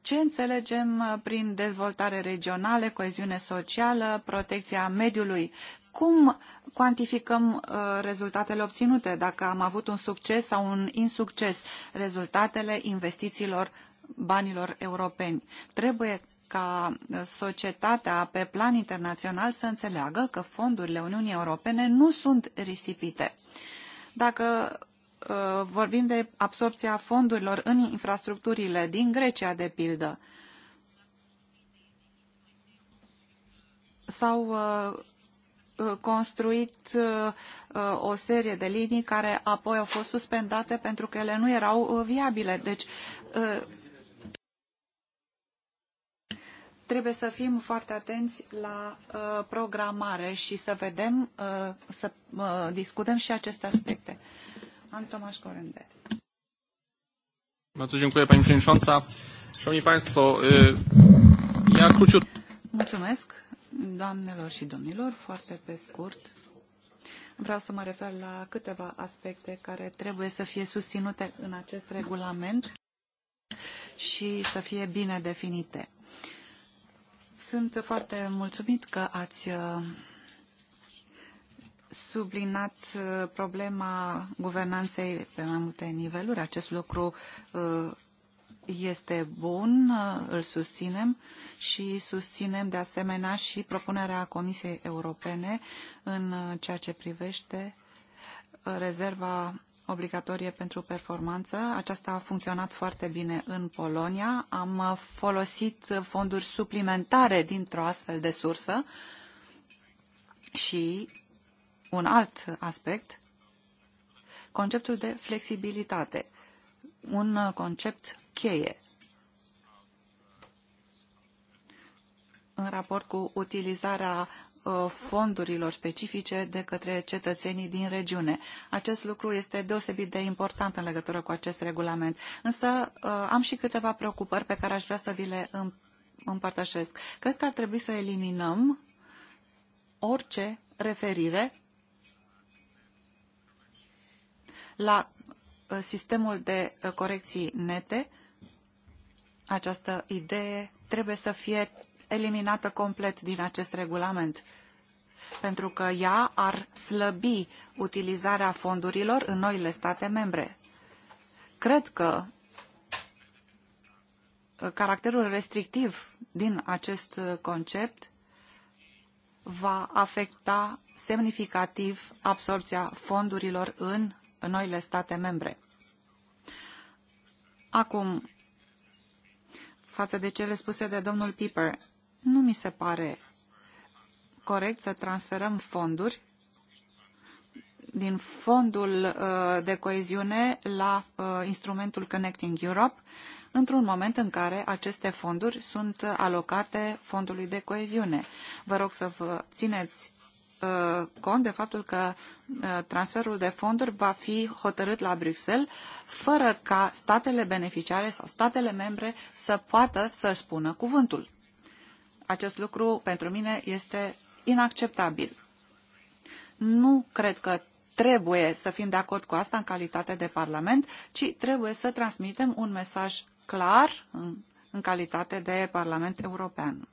Ce înțelegem uh, prin dezvoltare regională, coeziune socială, protecția mediului? Cum cuantificăm rezultatele obținute, dacă am avut un succes sau un insucces, rezultatele investițiilor banilor europeni. Trebuie ca societatea pe plan internațional să înțeleagă că fondurile Uniunii Europene nu sunt risipite. Dacă uh, vorbim de absorpția fondurilor în infrastructurile din Grecia, de pildă, s-au uh, uh construit uh, uh, o serie de linii care apoi au fost suspendate pentru că ele nu erau viabile. Deci trebuie să fim foarte atenți la uh, programare și să vedem, uh, să uh, discutăm și aceste aspecte. Am Tomasz Korende.
Bardzo dziękuję Pani Przewodnicząca. Szanowni Państwo, ja króciut...
Mulțumesc, doamnelor și domnilor, foarte pe scurt. Vreau să mă refer la câteva aspecte care trebuie să fie susținute în acest regulament și să fie bine definite. Sunt foarte mulțumit că ați uh, sublinat uh, problema guvernanței pe mai multe niveluri. Acest lucru uh, este bun, îl susținem și susținem de asemenea și propunerea Comisiei Europene în ceea ce privește rezerva obligatorie pentru performanță. Aceasta a funcționat foarte bine în Polonia. Am folosit fonduri suplimentare dintr-o astfel de sursă și un alt aspect, conceptul de flexibilitate, un concept cheie în raport cu utilizarea Uh, fondurilor specifice de către cetățenii din regiune. Acest lucru este deosebit de important în legătură cu acest regulament. Însă uh, am și câteva preocupări pe care aș vrea să vi le împărtășesc. Cred că ar trebui să eliminăm orice referire la uh, sistemul de corecții nete. Această idee trebuie să fie eliminată complet din acest regulament, pentru că ea ar slăbi utilizarea fondurilor în noile state membre. Cred că caracterul restrictiv din acest concept va afecta semnificativ absorpția fondurilor în noile state membre. Acum, față de cele spuse de domnul Piper, Nu mi se pare corect să transferăm fonduri din fondul uh, de coeziune la uh, instrumentul Connecting Europe într-un moment în care aceste fonduri sunt alocate fondului de coeziune. Vă rog să vă țineți uh, cont de faptul că uh, transferul de fonduri va fi hotărât la Bruxelles fără ca statele beneficiare sau statele membre să poată să spună cuvântul. Acest lucru pentru mine este inacceptabil. Nu cred că trebuie să fim de acord cu asta în calitate de Parlament, ci trebuie să transmitem un mesaj clar în, în calitate de Parlament European.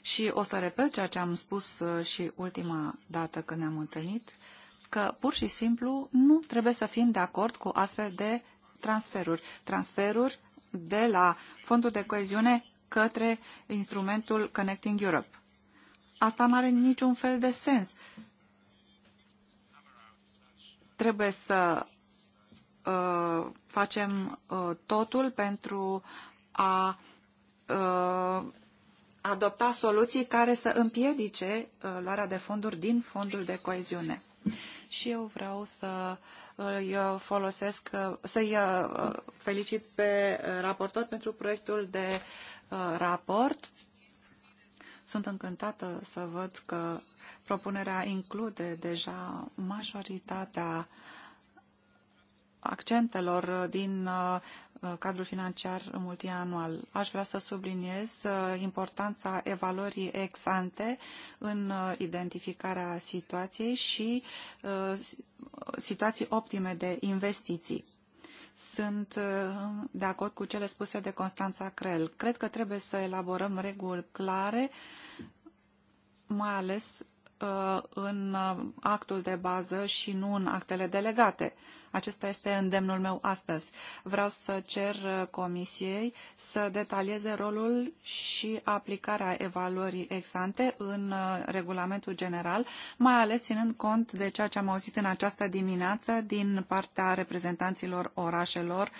Și o să repet ceea ce am spus uh, și ultima dată când ne-am întâlnit, că pur și simplu nu trebuie să fim de acord cu astfel de transferuri. Transferuri de la fondul de coeziune către instrumentul Connecting Europe. Asta nu are niciun fel de sens. Trebuie să uh, facem uh, totul pentru a uh, adopta soluții care să împiedice uh, luarea de fonduri din fondul de coeziune și eu vreau să îi folosesc, uh, să-i uh, felicit pe uh, raportor pentru proiectul de raport. Sunt încântată să văd că propunerea include deja majoritatea accentelor din Uh, cadrul financiar multianual. Aș vrea să subliniez uh, importanța evaluării ex ante în uh, identificarea situației și situații optime de investiții sunt de acord cu cele spuse de Constanța Crel. Cred că trebuie să elaborăm reguli clare, mai ales în actul de bază și nu în actele delegate. Acesta este îndemnul meu astăzi. Vreau să cer Comisiei să detalieze rolul și aplicarea evaluării exante în uh, regulamentul general, mai ales ținând cont de ceea ce am auzit în această dimineață din partea reprezentanților orașelor uh,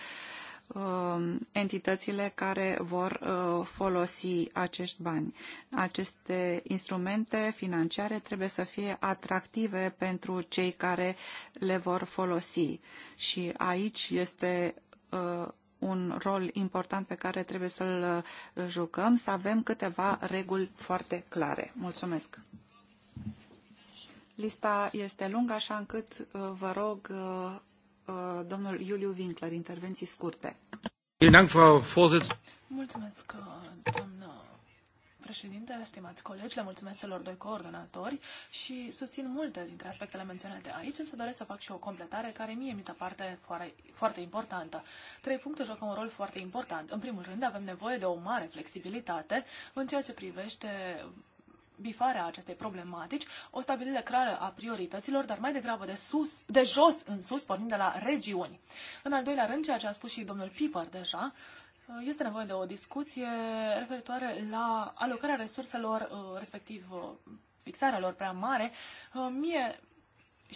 Um, entitățile care vor uh, folosi acești bani. Aceste instrumente financiare trebuie să fie atractive pentru cei care le vor folosi și aici este uh, un rol important pe care trebuie să-l uh, jucăm, să avem câteva reguli foarte clare. Mulțumesc! Lista este lungă, așa încât vă rog Uh, domnul Iuliu Winkler, intervenții scurte.
Mulțumesc, uh, doamnă președintă, stimați colegi, le mulțumesc celor doi coordonatori și susțin multe dintre aspectele menționate aici, însă doresc să fac și o completare care mie mi se pare foarte, foarte importantă. Trei puncte joacă un rol foarte important. În primul rând, avem nevoie de o mare flexibilitate în ceea ce privește bifarea acestei problematici, o stabilire clară a priorităților, dar mai degrabă de, sus, de jos în sus, pornind de la regiuni. În al doilea rând, ceea ce a spus și domnul Piper deja, este nevoie de o discuție referitoare la alocarea resurselor, uh, respectiv uh, fixarea lor prea mare. Uh, mie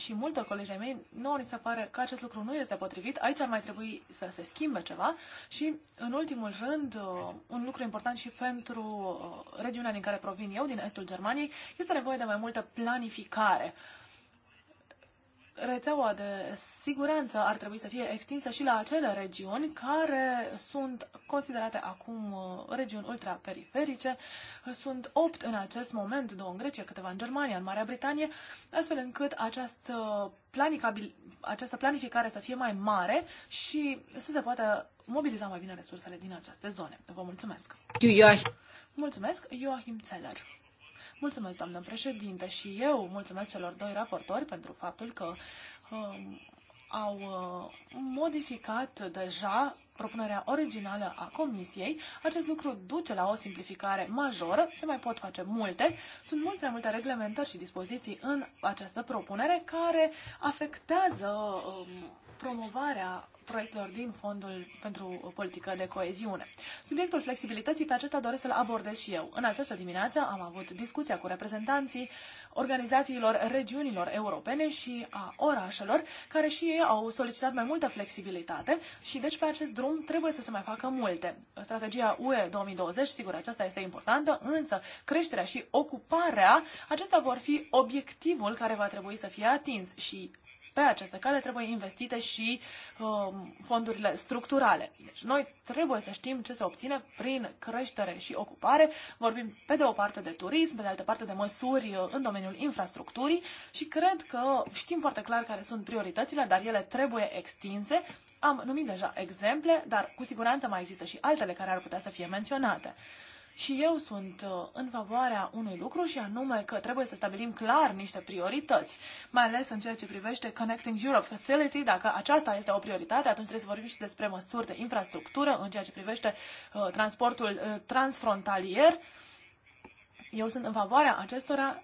și multor colegi ai mei, nouă ni se pare că acest lucru nu este potrivit, aici ar mai trebui să se schimbe ceva și, în ultimul rând, uh, un lucru important și pentru uh, regiunea din care provin eu, din estul Germaniei, este nevoie de mai multă planificare rețeaua de siguranță ar trebui să fie extinsă și la acele regiuni care sunt considerate acum uh, regiuni ultraperiferice. Sunt opt în acest moment, două în Grecia, câteva în Germania, în Marea Britanie, astfel încât această, această planificare să fie mai mare și să se poată mobiliza mai bine resursele din aceste zone. Vă mulțumesc! Mulțumesc, Joachim Zeller! Mulțumesc, doamnă președinte, și eu mulțumesc celor doi raportori pentru faptul că um, au uh, modificat deja propunerea originală a Comisiei. Acest lucru duce la o simplificare majoră, se mai pot face multe. Sunt mult prea multe reglementări și dispoziții în această propunere care afectează um, promovarea proiectelor din Fondul pentru Politică de Coeziune. Subiectul flexibilității pe acesta doresc să-l abordez și eu. În această dimineață am avut discuția cu reprezentanții organizațiilor regiunilor europene și a orașelor, care și ei au solicitat mai multă flexibilitate și deci pe acest drum trebuie să se mai facă multe. Strategia UE 2020, sigur, aceasta este importantă, însă creșterea și ocuparea, acestea vor fi obiectivul care va trebui să fie atins și pe această cale trebuie investite și um, fondurile structurale. Deci noi trebuie să știm ce se obține prin creștere și ocupare. Vorbim pe de o parte de turism, pe de altă parte de măsuri uh, în domeniul infrastructurii și cred că știm foarte clar care sunt prioritățile, dar ele trebuie extinse. Am numit deja exemple, dar cu siguranță mai există și altele care ar putea să fie menționate și eu sunt uh, în favoarea unui lucru și anume că trebuie să stabilim clar niște priorități, mai ales în ceea ce privește Connecting Europe Facility. Dacă aceasta este o prioritate, atunci trebuie să vorbim și despre măsuri de infrastructură în ceea ce privește uh, transportul uh, transfrontalier. Eu sunt în favoarea acestora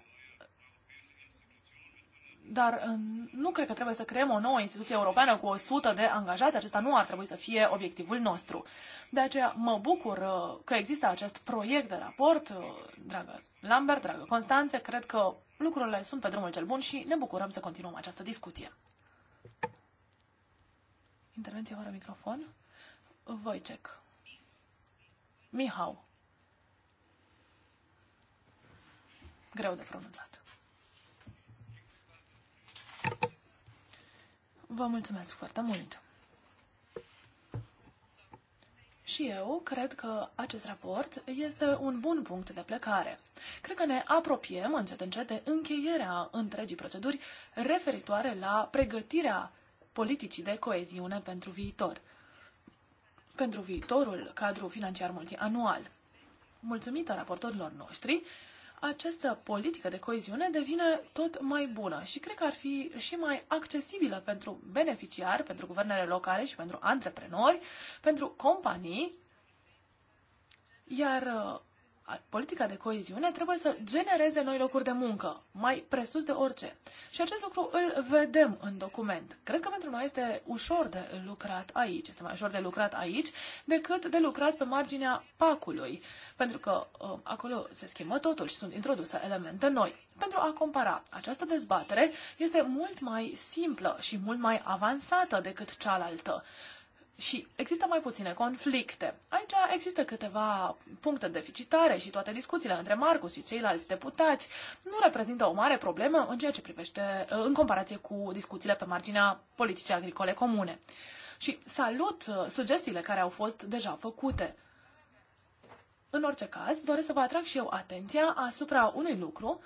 Dar um, nu cred că trebuie să creăm o nouă instituție europeană cu 100 de angajați. Acesta nu ar trebui să fie obiectivul nostru. De aceea mă bucur uh, că există acest proiect de raport, uh, dragă Lambert, dragă Constanțe. Cred că lucrurile sunt pe drumul cel bun și ne bucurăm să continuăm această discuție. Intervenție fără microfon. Voicec. Mihau. Greu de pronunțat. Vă mulțumesc foarte mult! Și eu cred că acest raport este un bun punct de plecare. Cred că ne apropiem încet încet de încheierea întregii proceduri referitoare la pregătirea politicii de coeziune pentru viitor, pentru viitorul cadru financiar multianual. Mulțumită raportorilor noștri, această politică de coeziune devine tot mai bună și cred că ar fi și mai accesibilă pentru beneficiari, pentru guvernele locale și pentru antreprenori, pentru companii, iar uh, politica de coeziune trebuie să genereze noi locuri de muncă, mai presus de orice. Și acest lucru îl vedem în document. Cred că pentru noi este ușor de lucrat aici, este mai ușor de lucrat aici decât de lucrat pe marginea pacului, pentru că uh, acolo se schimbă totul și sunt introduse elemente noi. Pentru a compara, această dezbatere este mult mai simplă și mult mai avansată decât cealaltă și există mai puține conflicte. Aici există câteva puncte deficitare și toate discuțiile între Marcus și ceilalți deputați nu reprezintă o mare problemă în ceea ce privește în comparație cu discuțiile pe marginea politicii agricole comune. Și salut uh, sugestiile care au fost deja făcute. În orice caz, doresc să vă atrag și eu atenția asupra unui lucru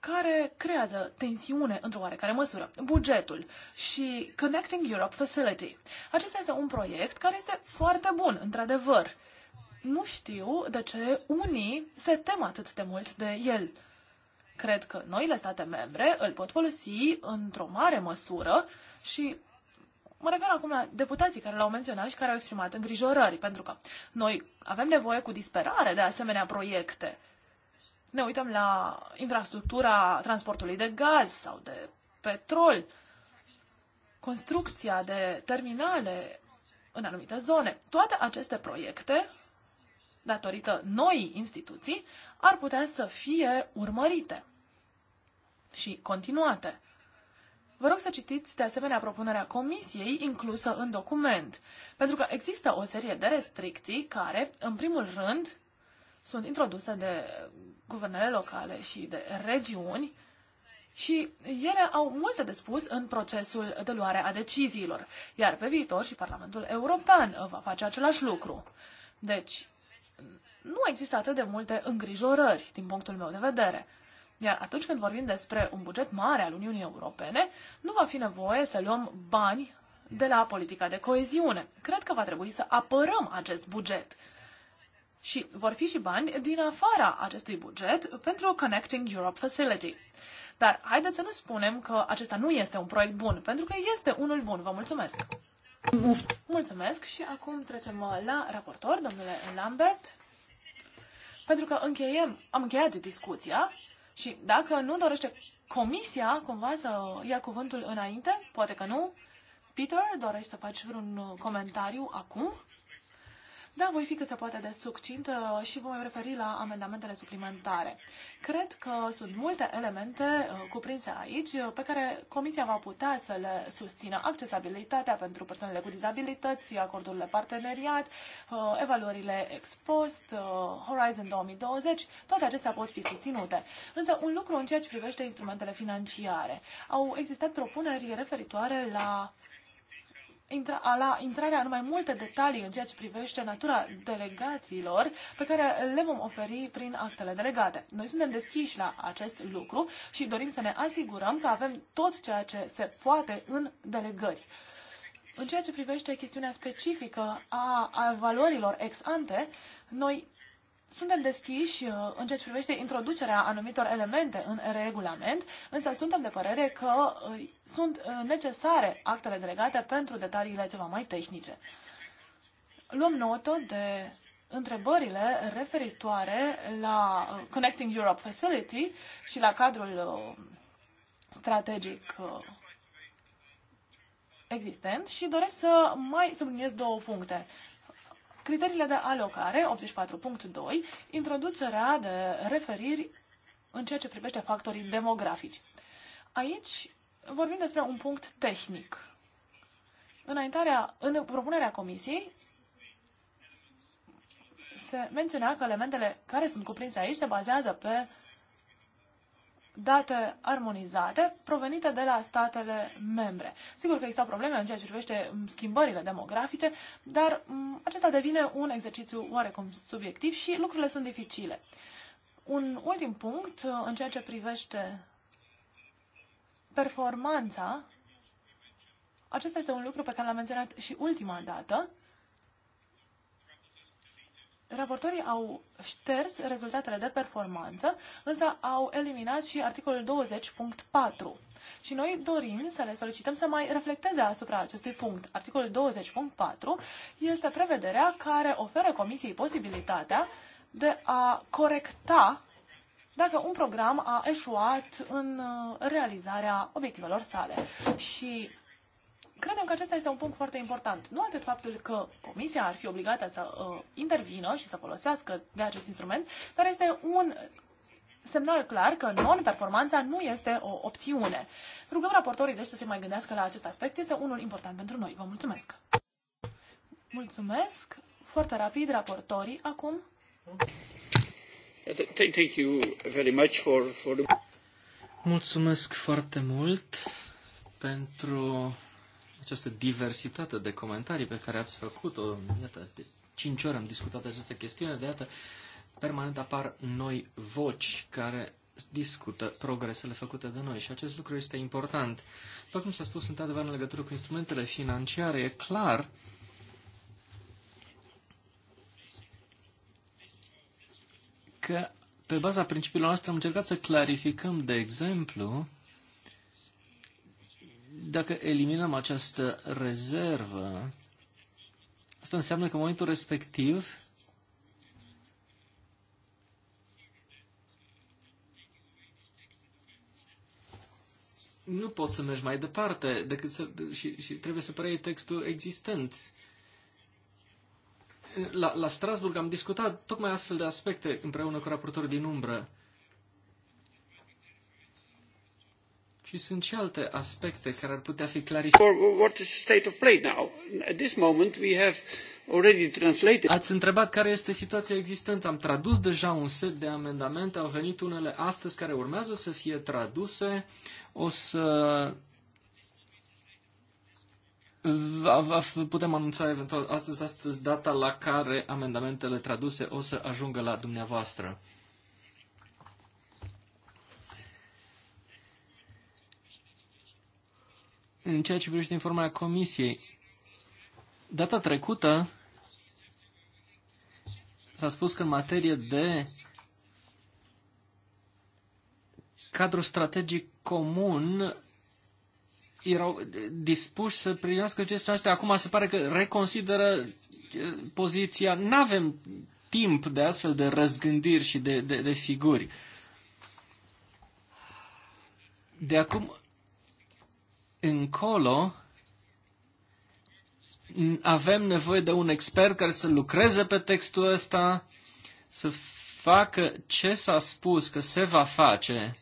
care creează tensiune într-o oarecare măsură. Bugetul și Connecting Europe Facility. Acesta este un proiect care este foarte bun, într-adevăr. Nu știu de ce unii se tem atât de mult de el. Cred că noile state membre îl pot folosi într-o mare măsură și mă refer acum la deputații care l-au menționat și care au exprimat îngrijorări, pentru că noi avem nevoie cu disperare de asemenea proiecte ne uităm la infrastructura transportului de gaz sau de petrol, construcția de terminale în anumite zone. Toate aceste proiecte, datorită noii instituții, ar putea să fie urmărite și continuate. Vă rog să citiți de asemenea propunerea comisiei inclusă în document, pentru că există o serie de restricții care, în primul rând, sunt introduse de guvernele locale și de regiuni și ele au multe de spus în procesul de luare a deciziilor, iar pe viitor și Parlamentul European va face același lucru. Deci, nu există atât de multe îngrijorări din punctul meu de vedere. Iar atunci când vorbim despre un buget mare al Uniunii Europene, nu va fi nevoie să luăm bani de la politica de coeziune. Cred că va trebui să apărăm acest buget și vor fi și bani din afara acestui buget pentru Connecting Europe Facility. Dar haideți să nu spunem că acesta nu este un proiect bun, pentru că este unul bun. Vă mulțumesc! Mulțumesc și acum trecem la raportor, domnule Lambert, pentru că încheiem, am încheiat discuția și dacă nu dorește comisia cumva să ia cuvântul înainte, poate că nu, Peter, dorești să faci vreun comentariu acum? Da, voi fi cât se poate de succint uh, și voi referi la amendamentele suplimentare. Cred că sunt multe elemente uh, cuprinse aici uh, pe care Comisia va putea să le susțină. Accesibilitatea pentru persoanele cu dizabilități, acordurile parteneriat, evaluările ex post, Horizon 2020, toate acestea pot fi susținute. Însă un lucru în ceea ce privește instrumentele financiare. Au existat propuneri referitoare la intra, la intrarea în mai multe detalii în ceea ce privește natura delegațiilor pe care le vom oferi prin actele delegate. Noi suntem deschiși la acest lucru și dorim să ne asigurăm că avem tot ceea ce se poate în delegări. În ceea ce privește chestiunea specifică a, a valorilor ex ante, noi suntem deschiși uh, în ceea ce privește introducerea anumitor elemente în regulament, însă suntem de părere că uh, sunt uh, necesare actele delegate pentru detaliile ceva mai tehnice. Luăm notă de întrebările referitoare la Connecting Europe Facility și la cadrul strategic existent și doresc să mai subliniez două puncte criteriile de alocare, 84.2, introducerea de referiri în ceea ce privește factorii demografici. Aici vorbim despre un punct tehnic. Înaintarea, în propunerea comisiei se menționa că elementele care sunt cuprinse aici se bazează pe date armonizate provenite de la statele membre. Sigur că există probleme în ceea ce privește mm, schimbările demografice, dar mm, acesta devine un exercițiu oarecum subiectiv și lucrurile sunt dificile. Un ultim punct uh, în ceea ce privește performanța, acesta este un lucru pe care l-am menționat și ultima dată, raportorii au șters rezultatele de performanță, însă au eliminat și articolul 20.4. Și noi dorim să le solicităm să mai reflecteze asupra acestui punct. Articolul 20.4 este prevederea care oferă Comisiei posibilitatea de a corecta dacă un program a eșuat în uh, realizarea obiectivelor sale. Și Credem că acesta este un punct foarte important. Nu atât faptul că Comisia ar fi obligată să uh, intervină și să folosească de acest instrument, dar este un semnal clar că non-performanța nu este o opțiune. Rugăm raportorii deci să se mai gândească la acest aspect. Este unul important pentru noi. Vă mulțumesc! Mulțumesc! Foarte rapid, raportorii acum.
Thank you very much for, for the... Mulțumesc foarte mult pentru această diversitate de comentarii pe care ați făcut-o. Iată, de 5 ore am discutat această chestiune, de iată, permanent apar noi voci care discută progresele făcute de noi și acest lucru este important. După cum s-a spus într-adevăr în legătură cu instrumentele financiare, e clar că pe baza principiilor noastre am încercat să clarificăm, de exemplu, Dacă eliminăm această rezervă, asta înseamnă că în momentul respectiv nu poți să mergi mai departe decât să, și, și trebuie să preiei textul existent. La, la Strasburg am discutat tocmai astfel de aspecte împreună cu raportorul din umbră. Și sunt și alte aspecte care ar putea fi clarificate. Ați întrebat care este situația existentă. Am tradus deja un set de amendamente, au venit unele astăzi care urmează să fie traduse. O să Putem anunța eventual astăzi, astăzi data la care amendamentele traduse o să ajungă la dumneavoastră. în ceea ce privește informarea Comisiei. Data trecută s-a spus că în materie de cadru strategic comun erau dispuși să primească aceste noastre. Acum se pare că reconsideră eh, poziția. Nu avem timp de astfel de răzgândiri și de, de, de figuri. De acum încolo avem nevoie de un expert care să lucreze pe textul ăsta, să facă ce s-a spus că se va face.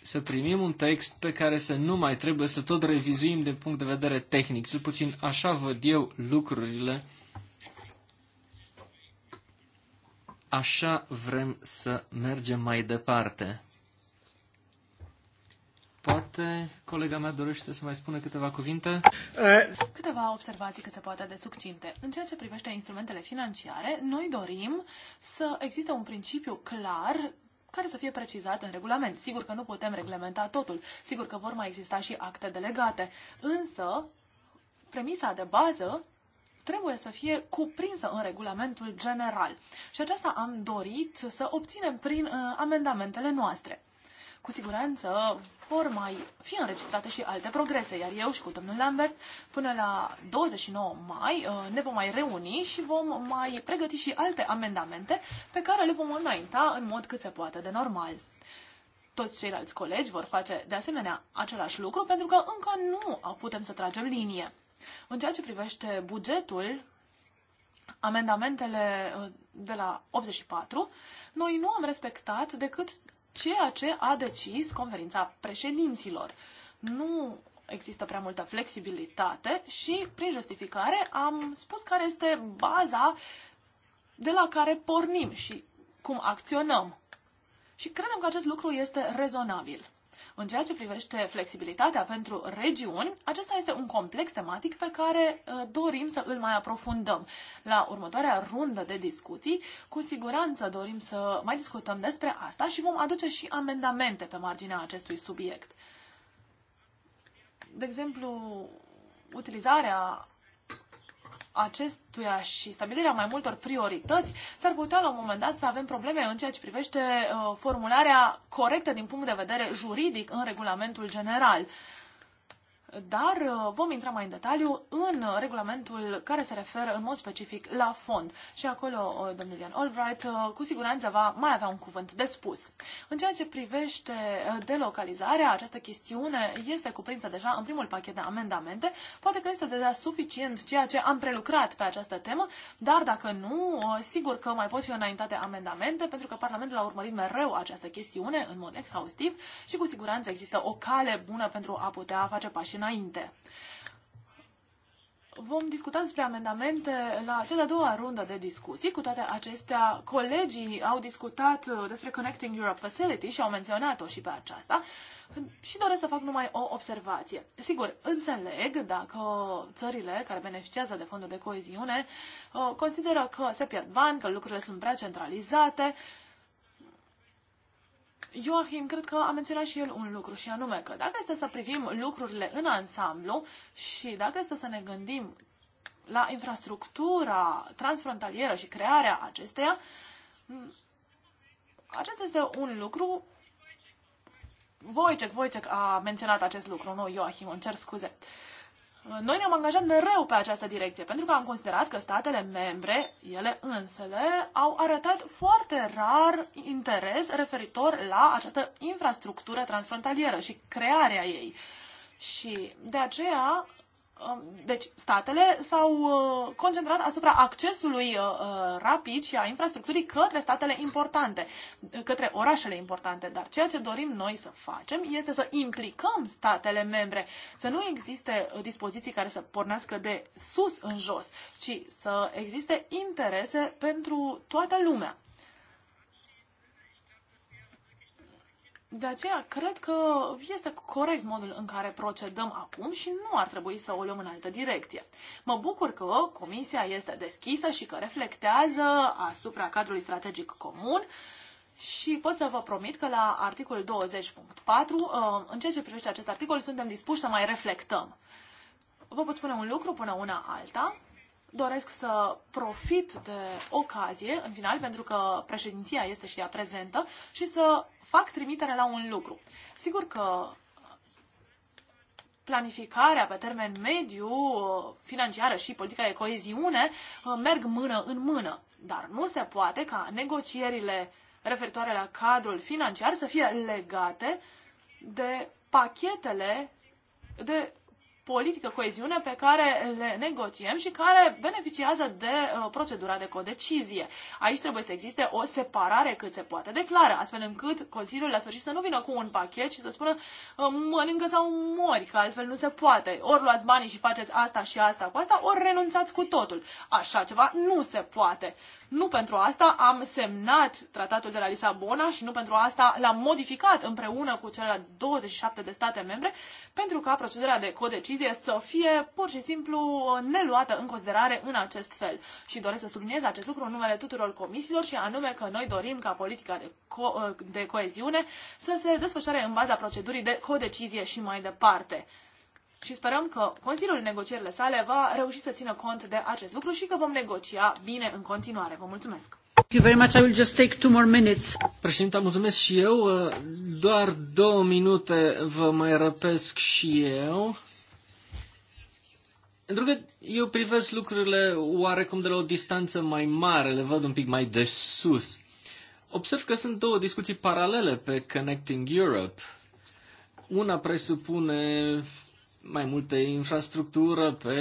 Să primim un text pe care să nu mai trebuie să tot revizuim din punct de vedere tehnic. Cel puțin așa văd eu lucrurile Așa vrem să mergem mai departe. Poate colega mea dorește să mai spună câteva cuvinte?
Câteva observații cât se poate de succinte. În ceea ce privește instrumentele financiare, noi dorim să existe un principiu clar care să fie precizat în regulament. Sigur că nu putem reglementa totul, sigur că vor mai exista și acte delegate, însă premisa de bază trebuie să fie cuprinsă în regulamentul general. Și aceasta am dorit să obținem prin uh, amendamentele noastre. Cu siguranță vor mai fi înregistrate și alte progrese, iar eu și cu domnul Lambert până la 29 mai uh, ne vom mai reuni și vom mai pregăti și alte amendamente pe care le vom înainta în mod cât se poate de normal toți ceilalți colegi vor face de asemenea același lucru pentru că încă nu putem să tragem linie. În ceea ce privește bugetul, amendamentele uh, de la 84, noi nu am respectat decât ceea ce a decis conferința președinților. Nu există prea multă flexibilitate și, prin justificare, am spus care este baza de la care pornim și cum acționăm. Și credem că acest lucru este rezonabil. În ceea ce privește flexibilitatea pentru regiuni, acesta este un complex tematic pe care dorim să îl mai aprofundăm. La următoarea rundă de discuții, cu siguranță dorim să mai discutăm despre asta și vom aduce și amendamente pe marginea acestui subiect. De exemplu, utilizarea acestuia și stabilirea mai multor priorități, s-ar putea la un moment dat să avem probleme în ceea ce privește uh, formularea corectă din punct de vedere juridic în regulamentul general dar uh, vom intra mai în detaliu în regulamentul care se referă în mod specific la fond. Și acolo uh, domnul Ian Albright uh, cu siguranță va mai avea un cuvânt de spus. În ceea ce privește delocalizarea, această chestiune este cuprinsă deja în primul pachet de amendamente. Poate că este deja suficient ceea ce am prelucrat pe această temă, dar dacă nu, sigur că mai pot fi înaintate amendamente, pentru că Parlamentul a urmărit mereu această chestiune în mod exhaustiv și cu siguranță există o cale bună pentru a putea face pași înainte. Vom discuta despre amendamente la cea de-a doua rundă de discuții. Cu toate acestea, colegii au discutat uh, despre Connecting Europe Facility și au menționat-o și pe aceasta și doresc să fac numai o observație. Sigur, înțeleg dacă țările care beneficiază de fondul de coeziune uh, consideră că se pierd bani, că lucrurile sunt prea centralizate, Joachim, cred că a menționat și el un lucru și anume că dacă este să privim lucrurile în ansamblu și dacă este să ne gândim la infrastructura transfrontalieră și crearea acesteia, acesta este un lucru Wojciech, Wojciech a menționat acest lucru, nu Joachim, îmi cer scuze. Uh, Noi ne-am angajat mereu pe această direcție, pentru că am considerat că statele membre, ele însele, au arătat foarte rar interes referitor la această infrastructură transfrontalieră și crearea ei. Și de aceea Um, deci, statele s-au uh, concentrat asupra accesului uh, uh, rapid și a infrastructurii către statele importante, către orașele importante. Dar ceea ce dorim noi să facem este să implicăm statele membre, să nu existe dispoziții care să pornească de sus în jos, ci să existe interese pentru toată lumea. De aceea, cred că este corect modul în care procedăm acum și nu ar trebui să o luăm în altă direcție. Mă bucur că Comisia este deschisă și că reflectează asupra cadrului strategic comun și pot să vă promit că la articolul 20.4, uh, în ceea ce privește acest articol, suntem dispuși să mai reflectăm. Vă pot spune un lucru până una alta doresc să profit de ocazie, în final, pentru că președinția este și ea prezentă, și să fac trimitere la un lucru. Sigur că planificarea pe termen mediu, financiară și politica de coeziune uh, merg mână în mână, dar nu se poate ca negocierile referitoare la cadrul financiar să fie legate de pachetele de politică coeziune pe care le negociem și care beneficiază de uh, procedura de codecizie. Aici trebuie să existe o separare cât se poate de clară, astfel încât Consiliul la sfârșit să nu vină cu un pachet și să spună uh, mănâncă sau mori, că altfel nu se poate. Ori luați banii și faceți asta și asta cu asta, ori renunțați cu totul. Așa ceva nu se poate. Nu pentru asta am semnat tratatul de la Lisabona și nu pentru asta l-am modificat împreună cu celelalte 27 de state membre pentru ca procedura de codecizie decizie să fie pur și simplu neluată în considerare în acest fel. Și doresc să subliniez acest lucru în numele tuturor comisiilor și anume că noi dorim ca politica de, co- uh, de coeziune să se desfășoare în baza procedurii de codecizie și mai departe și sperăm că Consiliul negocierile sale va reuși să țină cont de acest lucru și că vom negocia bine în continuare. Vă mulțumesc!
you very much. I will just take two more minutes. Președinte, mulțumesc și eu. Doar două minute vă mai răpesc și eu. Pentru că eu privesc lucrurile oarecum de la o distanță mai mare, le văd un pic mai de sus. Observ că sunt două discuții paralele pe Connecting Europe. Una presupune mai multe infrastructură pe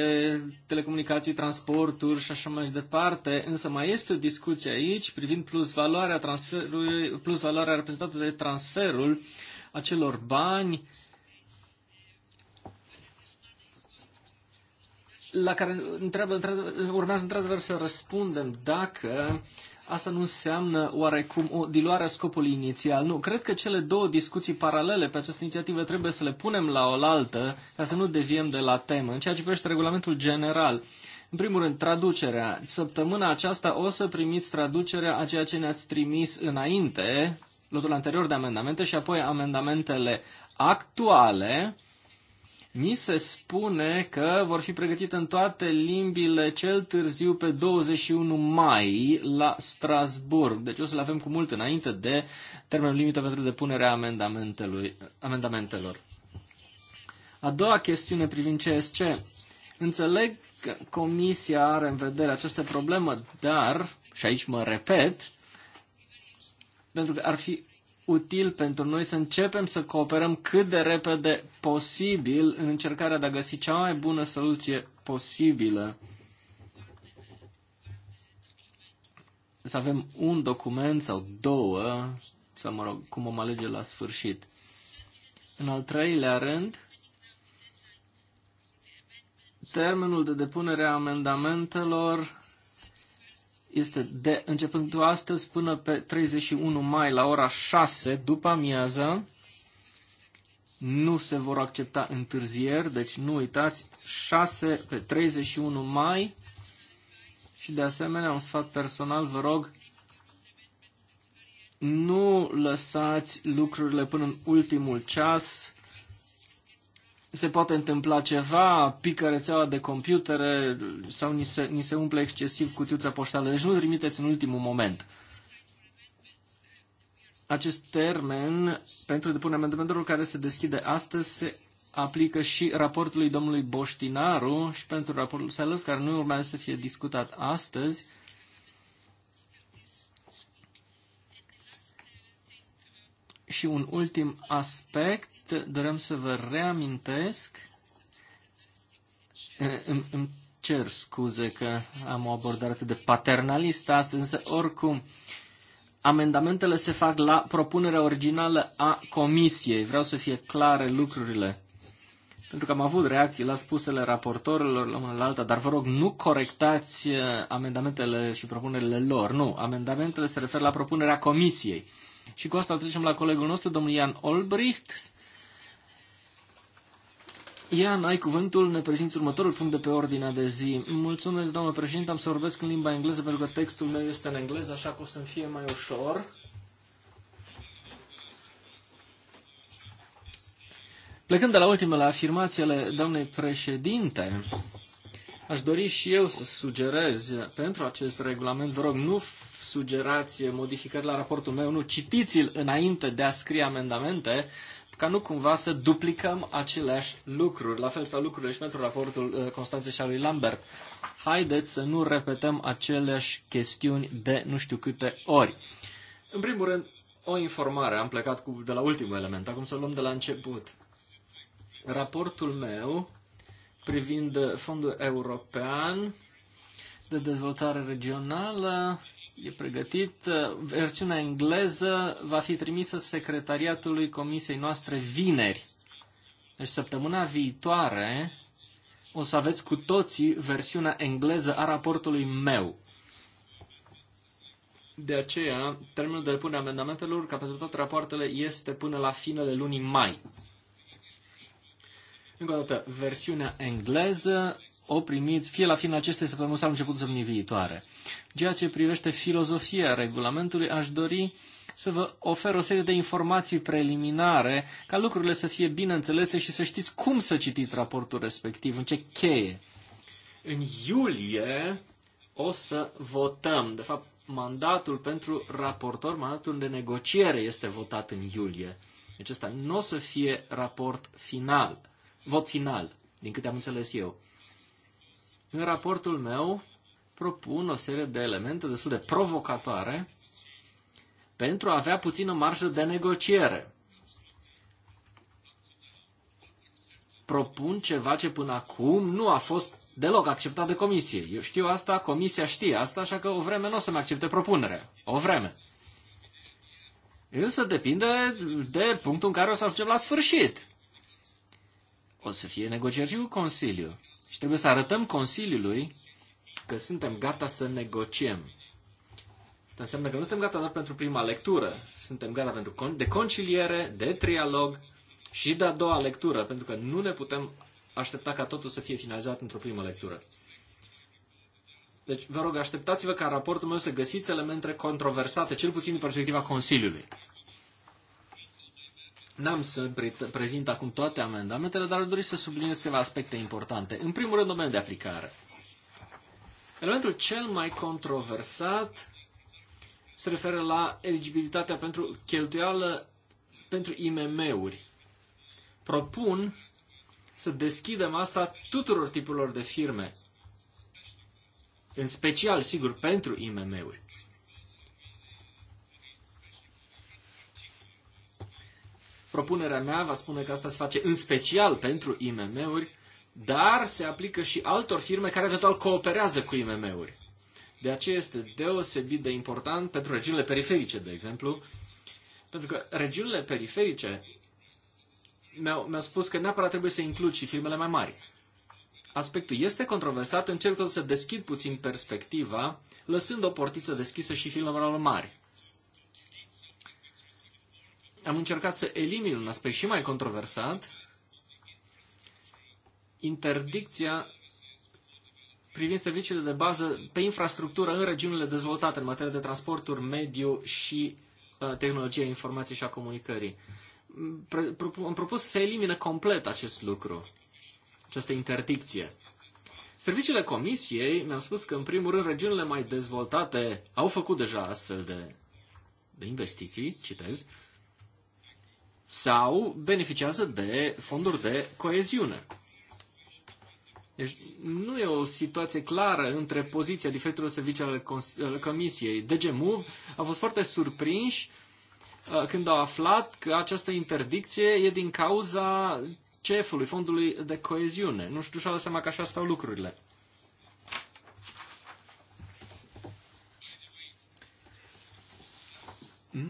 telecomunicații, transporturi și așa mai departe, însă mai este o discuție aici privind plus valoarea, transferului, plus valoarea reprezentată de transferul acelor bani la care întreabă, întreabă, urmează într-adevăr să răspundem dacă asta nu înseamnă oarecum o diluare a scopului inițial. Nu, cred că cele două discuții paralele pe această inițiativă trebuie să le punem la oaltă ca să nu deviem de la temă. În ceea ce privește regulamentul general, în primul rând, traducerea. Săptămâna aceasta o să primiți traducerea a ceea ce ne-ați trimis înainte, lotul anterior de amendamente și apoi amendamentele actuale Ni se spune că vor fi pregătite în toate limbile cel târziu pe 21 mai la Strasburg. Deci o să le avem cu mult înainte de termenul limită pentru depunerea amendamentelor. A doua chestiune privind CSC. Înțeleg că Comisia are în vedere această problemă, dar, și aici mă repet, pentru că ar fi util pentru noi să începem să cooperăm cât de repede posibil în încercarea de a găsi cea mai bună soluție posibilă. Să avem un document sau două, sau mă rog, cum o alege la sfârșit. În al treilea rând, termenul de depunere a amendamentelor este de începând de astăzi până pe 31 mai la ora 6 după amiază. Nu se vor accepta întârzieri, deci nu uitați, 6 pe 31 mai. Și de asemenea, un sfat personal, vă rog, nu lăsați lucrurile până în ultimul ceas, se poate întâmpla ceva, pică rețeaua de computere sau ni se, ni se umple excesiv cutiuța poștală. Deci nu trimiteți în ultimul moment. Acest termen pentru depunerea amendamentelor care se deschide astăzi se aplică și raportului domnului Boștinaru și pentru raportul Sellers, care nu urmează să fie discutat astăzi. Și un ultim aspect fapt, doream să vă reamintesc, îmi, eh, îmi cer scuze că eh, am o abordare atât de paternalistă astăzi, însă oricum, amendamentele se fac la propunerea originală a comisiei. Vreau să fie clare lucrurile. Pentru că am avut reacții la spusele raportorilor la una la alta, dar vă rog, nu corectați eh, amendamentele și propunerile lor. Nu, amendamentele se referă la propunerea comisiei. Și cu asta trecem la colegul nostru, domnul Ian Olbricht, Ian, ai cuvântul, ne prezinți următorul punct de pe ordinea de zi. Mulțumesc, doamnă președinte, am să vorbesc în limba engleză pentru că textul meu este în engleză, așa că o să-mi fie mai ușor. Plecând de la ultimele afirmații ale doamnei președinte, aș dori și eu să sugerez pentru acest regulament, vă rog, nu sugerați modificări la raportul meu, nu citiți-l înainte de a scrie amendamente, ca nu cumva să duplicăm aceleași lucruri. La fel sau lucrurile și pentru raportul uh, Constanței și al lui Lambert. Haideți să nu repetăm aceleași chestiuni de nu știu câte ori. În primul rând, o informare. Am plecat cu, de la ultimul element. Acum să o luăm de la început. Raportul meu privind Fondul European de Dezvoltare Regională e pregătit. Uh, versiunea engleză va fi trimisă secretariatului comisiei noastre vineri. Deci săptămâna viitoare o să aveți cu toții versiunea engleză a raportului meu. De aceea, termenul de depunere amendamentelor, ca pentru toate rapoartele, este până la finele lunii mai. Încă o dată, versiunea engleză o primiți fie la finul acestei săptămâni sau început săptămânii viitoare. Ceea ce privește filozofia regulamentului, aș dori să vă ofer o serie de informații preliminare ca lucrurile să fie bine înțelese și să știți cum să citiți raportul respectiv, în ce cheie. În iulie o să votăm. De fapt, mandatul pentru raportor, mandatul de negociere este votat în iulie. Deci ăsta nu o să fie raport final, vot final, din câte am înțeles eu. În raportul meu propun o serie de elemente destul de provocatoare pentru a avea puțină marjă de negociere. Propun ceva ce până acum nu a fost deloc acceptat de comisie. Eu știu asta, comisia știe asta, așa că o vreme nu o să-mi accepte propunerea. O vreme. Însă depinde de punctul în care o să ajungem la sfârșit. O să fie negocieri cu Consiliu. Și trebuie să arătăm Consiliului că suntem gata să negociem. Asta înseamnă că nu suntem gata doar pentru prima lectură, suntem gata pentru con- de conciliere, de trialog și de a doua lectură, pentru că nu ne putem aștepta ca totul să fie finalizat într-o primă lectură. Deci, vă rog, așteptați-vă ca în raportul meu să găsiți elemente controversate, cel puțin din perspectiva Consiliului. N-am să prezint acum toate amendamentele, dar doresc să subliniez câteva aspecte importante. În primul rând, domeniul de aplicare. Elementul cel mai controversat se referă la eligibilitatea pentru cheltuială pentru IMM-uri. Propun să deschidem asta tuturor tipurilor de firme, în special, sigur, pentru IMM-uri. propunerea mea, va spune că asta se face în special pentru IMM-uri, dar se aplică și altor firme care eventual cooperează cu IMM-uri. De aceea este deosebit de important pentru regiunile periferice, de exemplu, pentru că regiunile periferice mi-au, mi-au spus că neapărat trebuie să includ și firmele mai mari. Aspectul este controversat, încerc tot să deschid puțin perspectiva, lăsând o portiță deschisă și firmelor mari am încercat să elimin un aspect și mai controversat, interdicția privind serviciile de bază pe infrastructură în regiunile dezvoltate în materie de transporturi, mediu și uh, tehnologie informației și a comunicării. Pre, am propus să elimine complet acest lucru, această interdicție. Serviciile comisiei mi-au spus că, în primul rând, regiunile mai dezvoltate au făcut deja astfel de, de investiții, citez, sau beneficiază de fonduri de coeziune. Deci nu e o situație clară între poziția diferitelor servicii ale, Comisiei. DG Move a fost foarte surprinși uh, când au aflat că această interdicție e din cauza cef Fondului de Coeziune. Nu știu și-au dat seama că așa stau lucrurile.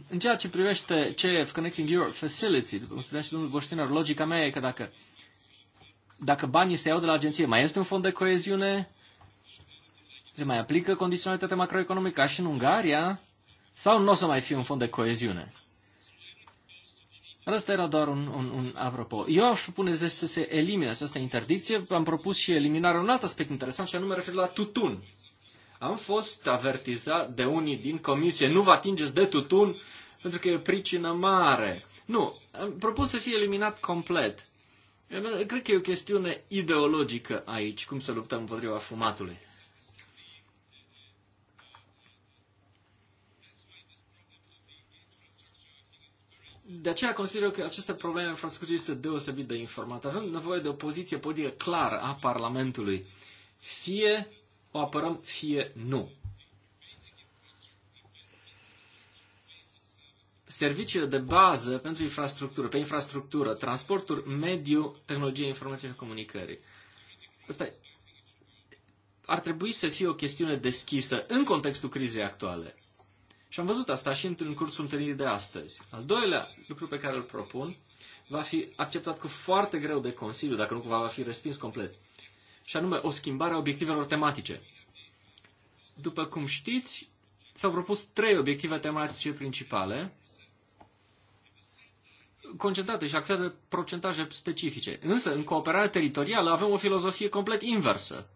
În ceea ce privește ce e Connecting Europe Facility, cum spunea și domnul Boștinar, logica mea e că dacă, dacă banii se iau de la agenție, mai este un fond de coeziune? Se mai aplică condiționalitatea macroeconomică și în Ungaria? Sau nu o să mai fie un fond de coeziune? Asta era doar un, un, un apropo. Eu aș propune să se elimine această interdicție. Am propus și eliminarea un alt aspect interesant și anume referit la tutun. Am fost avertizat de unii din comisie, nu vă atingeți de tutun pentru că e o pricină mare. Nu, am propus să fie eliminat complet. E cred că e o chestiune ideologică aici, cum să luptăm împotriva fumatului. De aceea consider că aceste probleme infrastructurii este deosebit de informat. Avem nevoie de o poziție politică clară a Parlamentului. Fie o apărăm, fie nu. Serviciile de bază pentru infrastructură, pe infrastructură, transporturi, mediu, tehnologie, informație și comunicări. Asta e. ar trebui să fie o chestiune deschisă în contextul crizei actuale. Și am văzut asta și în cursul întâlnirii de astăzi. Al doilea lucru pe care îl propun va fi acceptat cu foarte greu de Consiliu, dacă nu cumva va fi respins complet și anume o schimbare a obiectivelor tematice. După cum știți, s-au propus trei obiective tematice principale, concentrate și axate procentaje specifice. Însă, în cooperare teritorială avem o filozofie complet inversă.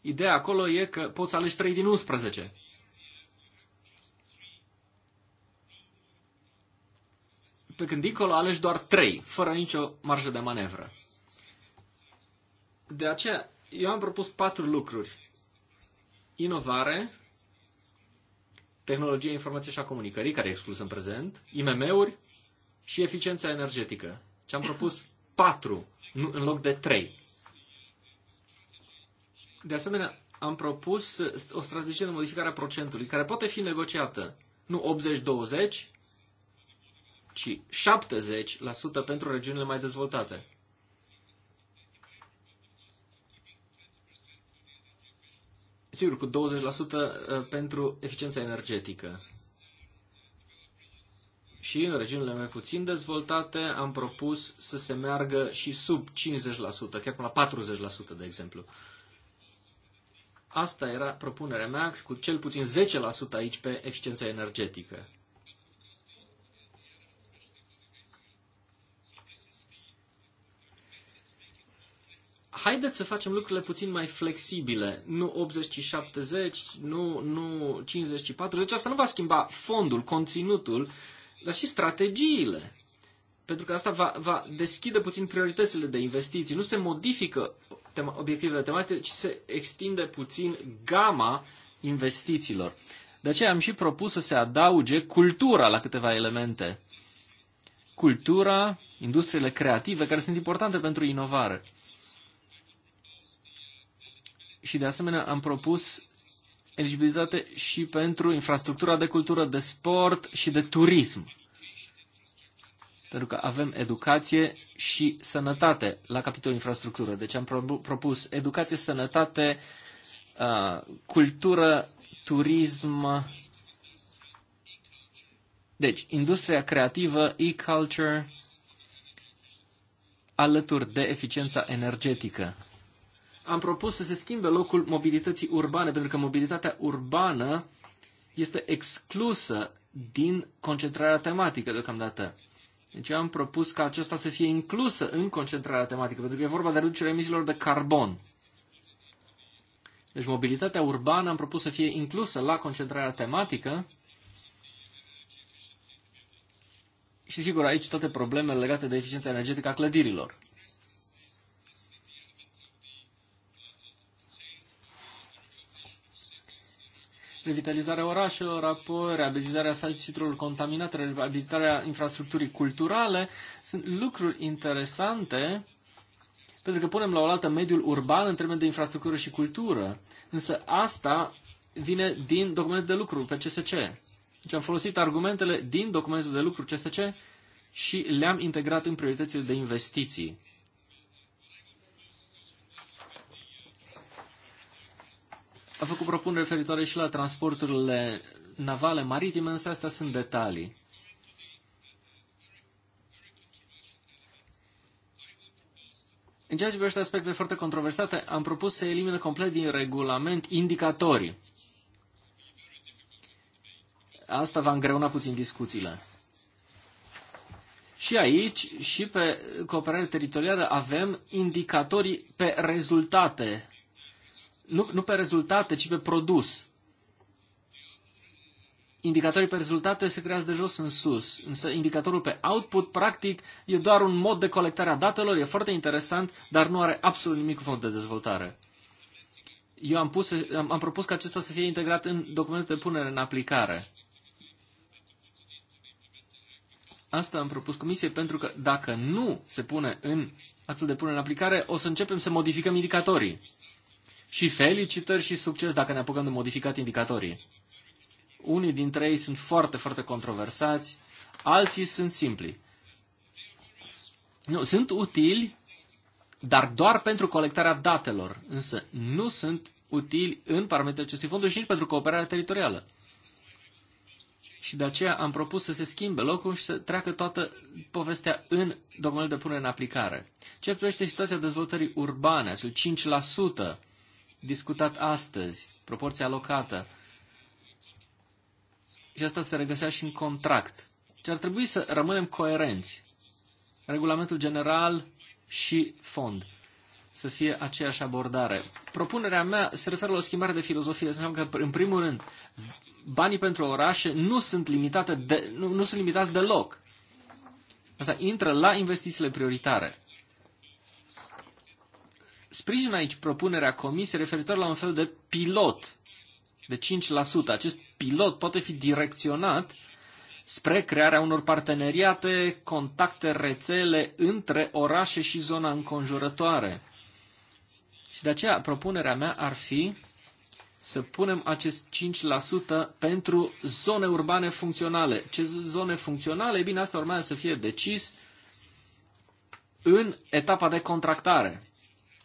Ideea acolo e că poți alege 3 din 11. Pe când dincolo alegi doar 3, fără nicio marjă de manevră. De aceea, eu am propus patru lucruri. Inovare, tehnologie, informație și a comunicării, care e exclus în prezent, IMM-uri și eficiența energetică. Și am propus patru în loc de trei. De asemenea, am propus o strategie de modificare a procentului, care poate fi negociată nu 80-20, ci 70% pentru regiunile mai dezvoltate. sigur, cu 20% pentru eficiența energetică. Și în regiunile mai puțin dezvoltate am propus să se meargă și sub 50%, chiar până la 40%, de exemplu. Asta era propunerea mea, cu cel puțin 10% aici pe eficiența energetică. haideți să facem lucrurile puțin mai flexibile. Nu 80 și 70, nu, nu 50 și 40. Asta nu va schimba fondul, conținutul, dar și strategiile. Pentru că asta va, va deschide puțin prioritățile de investiții. Nu se modifică tema, obiectivele tematice, ci se extinde puțin gama investițiilor. De aceea am și propus să se adauge cultura la câteva elemente. Cultura, industriile creative, care sunt importante pentru inovare și de asemenea am propus eligibilitate și pentru infrastructura de cultură, de sport și de turism. Pentru că avem educație și sănătate la capitolul infrastructură. Deci am propus educație, sănătate, uh, cultură, turism. Deci, industria creativă, e-culture, alături de eficiența energetică am propus să se schimbe locul mobilității urbane, pentru că mobilitatea urbană este exclusă din concentrarea tematică deocamdată. Deci am propus ca aceasta să fie inclusă în concentrarea tematică, pentru că e vorba de reducerea emisiilor de carbon. Deci mobilitatea urbană am propus să fie inclusă la concentrarea tematică. Și sigur, aici toate problemele legate de eficiența energetică a clădirilor. revitalizarea orașelor, apoi reabilizarea siturilor contaminate, reabilitarea infrastructurii culturale, sunt lucruri interesante pentru că punem la oaltă mediul urban în termen de infrastructură și cultură. Însă asta vine din documentul de lucru pe CSC. Deci am folosit argumentele din documentul de lucru CSC și le-am integrat în prioritățile de investiții. a făcut propuneri referitoare și la transporturile navale maritime, însă astea sunt detalii. În ceea ce privește aspectele foarte controversate, am propus să elimine complet din regulament indicatorii. Asta va îngreuna puțin discuțiile. Și aici, și pe cooperare teritorială, avem indicatorii pe rezultate nu, nu pe rezultate, ci pe produs. Indicatorii pe rezultate se creează de jos în sus, însă indicatorul pe output, practic, e doar un mod de colectare a datelor, e foarte interesant, dar nu are absolut nimic cu fond de dezvoltare. Eu am, pus, am, am propus ca acesta să fie integrat în documentul de punere în aplicare. Asta am propus comisiei pentru că dacă nu se pune în actul de punere în aplicare, o să începem să modificăm indicatorii. Și felicitări și succes dacă ne apucăm de modificat indicatorii. Unii dintre ei sunt foarte, foarte controversați, alții sunt simpli. Nu, sunt utili, dar doar pentru colectarea datelor, însă nu sunt utili în parametrii acestui fond și nici pentru cooperarea teritorială. Și de aceea am propus să se schimbe locul și să treacă toată povestea în documentul de punere în aplicare. Ce privește situația dezvoltării urbane, acel discutat astăzi, proporția alocată. Și asta se regăsea și în contract. Ce ar trebui să rămânem coerenți. Regulamentul general și fond să fie aceeași abordare. Propunerea mea se referă la o schimbare de filozofie. Înseamnă că, în primul rând, banii pentru orașe nu sunt, limitate de, nu, nu sunt limitați deloc. Asta intră la investițiile prioritare. Sprijin aici propunerea comisiei referitor la un fel de pilot de 5%. Acest pilot poate fi direcționat spre crearea unor parteneriate, contacte, rețele între orașe și zona înconjurătoare. Și de aceea propunerea mea ar fi să punem acest 5% pentru zone urbane funcționale. Ce zone funcționale? E bine, asta urmează să fie decis în etapa de contractare.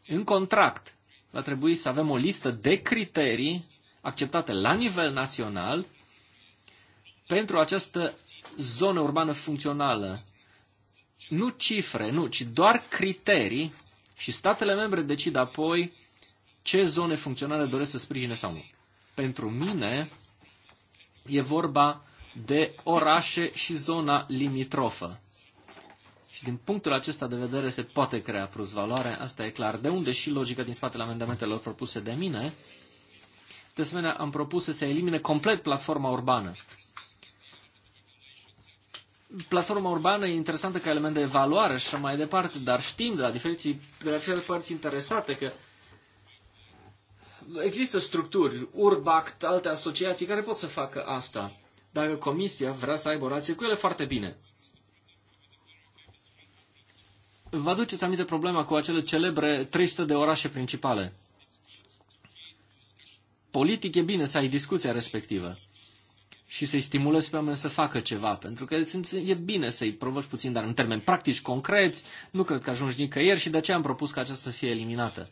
În contract va trebui să avem o listă de criterii acceptate la nivel național pentru această zonă urbană funcțională. Nu cifre, nu, ci doar criterii și statele membre decid apoi ce zone funcționale doresc să sprijine sau nu. Pentru mine e vorba de orașe și zona limitrofă. Și din punctul acesta de vedere se poate crea plus valoare, asta e clar. De unde și logica din spatele amendamentelor propuse de mine, de asemenea am propus să se elimine complet platforma urbană. Platforma urbană e interesantă ca element de evaluare și așa mai departe, dar știm de la diferiții, de la fiecare părți interesate că există structuri, Urbact, alte asociații care pot să facă asta. Dacă comisia vrea să aibă o relație cu ele, foarte bine. Vă aduceți aminte problema cu acele celebre 300 de orașe principale. Politic e bine să ai discuția respectivă și să-i stimulezi pe oameni să facă ceva, pentru că e bine să-i provoci puțin, dar în termeni practici, concreți, nu cred că ajungi nicăieri și de aceea am propus ca aceasta să fie eliminată.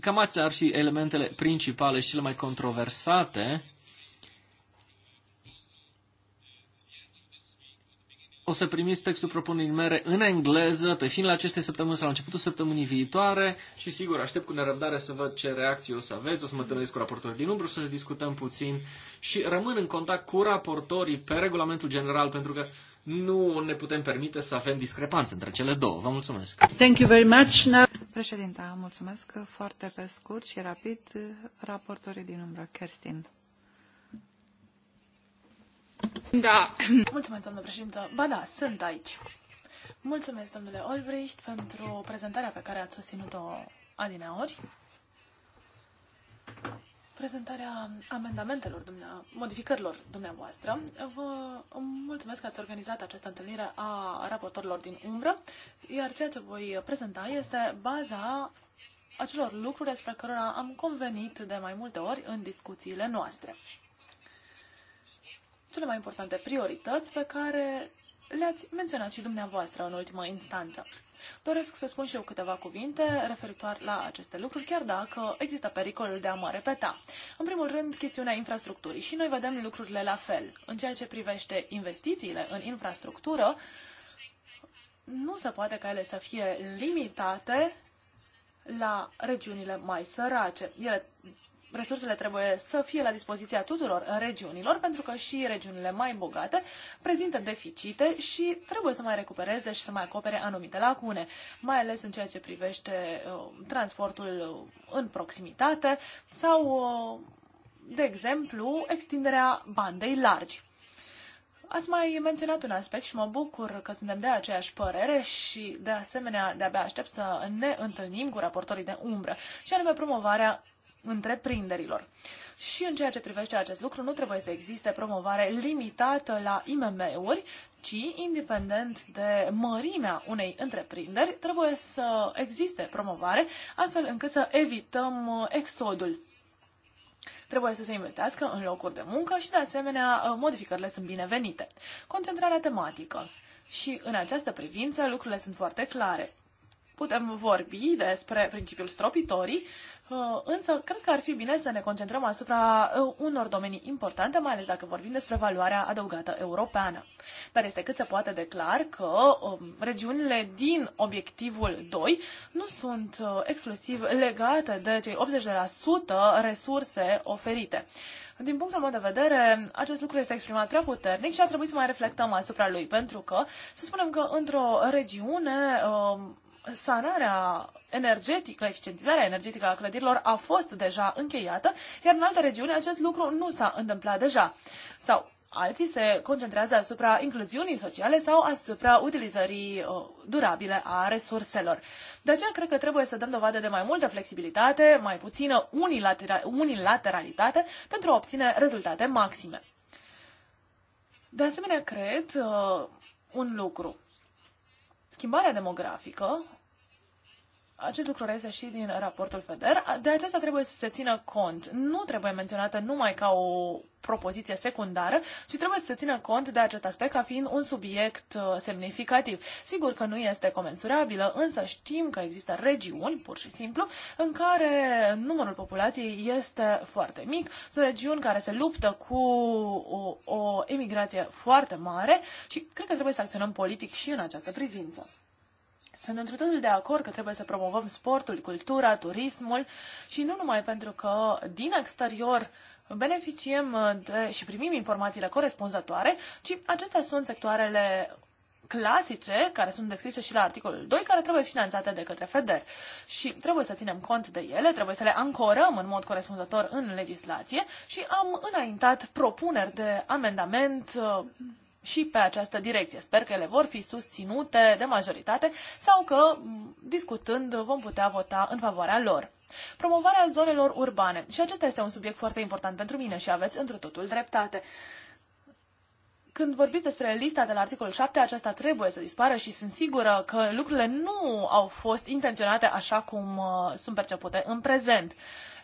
Cam astea ar fi elementele principale și cele mai controversate o să primiți textul propunerii mere în engleză pe finele acestei săptămâni sau la începutul săptămânii viitoare și sigur aștept cu nerăbdare să văd ce reacții o să aveți, o să mă întâlnesc cu raportorii din umbru, să discutăm puțin și rămân în contact cu raportorii pe regulamentul general pentru că nu ne putem permite să avem discrepanțe între cele două. Vă mulțumesc.
Thank you very much. Now... Președinta, mulțumesc foarte pe scurt și rapid raportorii din umbră, Kerstin.
Da. Mulțumesc, doamnă președintă. Ba da, sunt aici. Mulțumesc, domnule Olbricht, pentru prezentarea pe care ați susținut-o adineori. Prezentarea amendamentelor, dumnea, modificărilor dumneavoastră. Vă mulțumesc că ați organizat această întâlnire a raportorilor din umbră, iar ceea ce voi prezenta este baza acelor lucruri despre cărora am convenit de mai multe ori în discuțiile noastre cele mai importante priorități pe care le-ați menționat și dumneavoastră în ultimă instanță. Doresc să spun și eu câteva cuvinte referitoare la aceste lucruri, chiar dacă există pericolul de a mă repeta. În primul rând, chestiunea infrastructurii și noi vedem lucrurile la fel. În ceea ce privește investițiile în infrastructură, nu se poate ca ele să fie limitate la regiunile mai sărace. Ele resursele trebuie să fie la dispoziția tuturor regiunilor, pentru că și regiunile mai bogate prezintă deficite și trebuie să mai recupereze și să mai acopere anumite lacune, mai ales în ceea ce privește uh, transportul uh, în proximitate sau, uh, de exemplu, extinderea bandei largi. Ați mai menționat un aspect și mă bucur că suntem de aceeași părere și, de asemenea, de-abia aștept să ne întâlnim cu raportorii de umbră, și anume promovarea întreprinderilor. Și în ceea ce privește acest lucru, nu trebuie să existe promovare limitată la IMM-uri, ci, independent de mărimea unei întreprinderi, trebuie să existe promovare, astfel încât să evităm uh, exodul. Trebuie să se investească în locuri de muncă și, de asemenea, uh, modificările sunt binevenite. Concentrarea tematică. Și în această privință lucrurile sunt foarte clare putem vorbi despre principiul stropitorii, Însă, cred că ar fi bine să ne concentrăm asupra uh, unor domenii importante, mai ales dacă vorbim despre valoarea adăugată europeană. Dar este cât se poate de clar că um, regiunile din obiectivul 2 nu sunt uh, exclusiv legate de cei 80% resurse oferite. Din punctul meu de vedere, acest lucru este exprimat prea puternic și ar trebui să mai reflectăm asupra lui, pentru că să spunem că într-o regiune um, sanarea energetică, eficientizarea energetică a clădirilor a fost deja încheiată, iar în alte regiuni acest lucru nu s-a întâmplat deja. Sau alții se concentrează asupra incluziunii sociale sau asupra utilizării uh, durabile a resurselor. De aceea cred că trebuie să dăm dovadă de mai multă flexibilitate, mai puțină unilateral, unilateralitate pentru a obține rezultate maxime. De asemenea, cred uh, un lucru. Schimbarea demografică Acest lucru reiese și din raportul FEDER. De aceasta trebuie să se țină cont. Nu trebuie menționată numai ca o propoziție secundară, ci trebuie să se țină cont de acest aspect ca fiind un subiect uh, semnificativ. Sigur că nu este comensurabilă, însă știm că există regiuni, pur și simplu, în care numărul populației este foarte mic. Sunt regiuni care se luptă cu o, o emigrație foarte mare și cred că trebuie să acționăm politic și în această privință. Sunt într totul de acord că trebuie să promovăm sportul, cultura, turismul și nu numai pentru că din exterior beneficiem uh, de, și primim informațiile corespunzătoare, ci acestea sunt sectoarele clasice, care sunt descrise și la articolul 2, care trebuie finanțate de către FEDER. Și trebuie să ținem cont de ele, trebuie să le ancorăm în mod corespunzător în legislație și am înaintat propuneri de amendament uh, și pe această direcție. Sper că ele vor fi susținute de majoritate sau că, discutând, vom putea vota în favoarea lor. Promovarea zonelor urbane. Și acesta este un subiect foarte important pentru mine și aveți într totul dreptate. Când vorbiți despre lista de la articolul 7, aceasta trebuie să dispară și sunt sigură că lucrurile nu au fost intenționate așa cum uh, sunt percepute în prezent.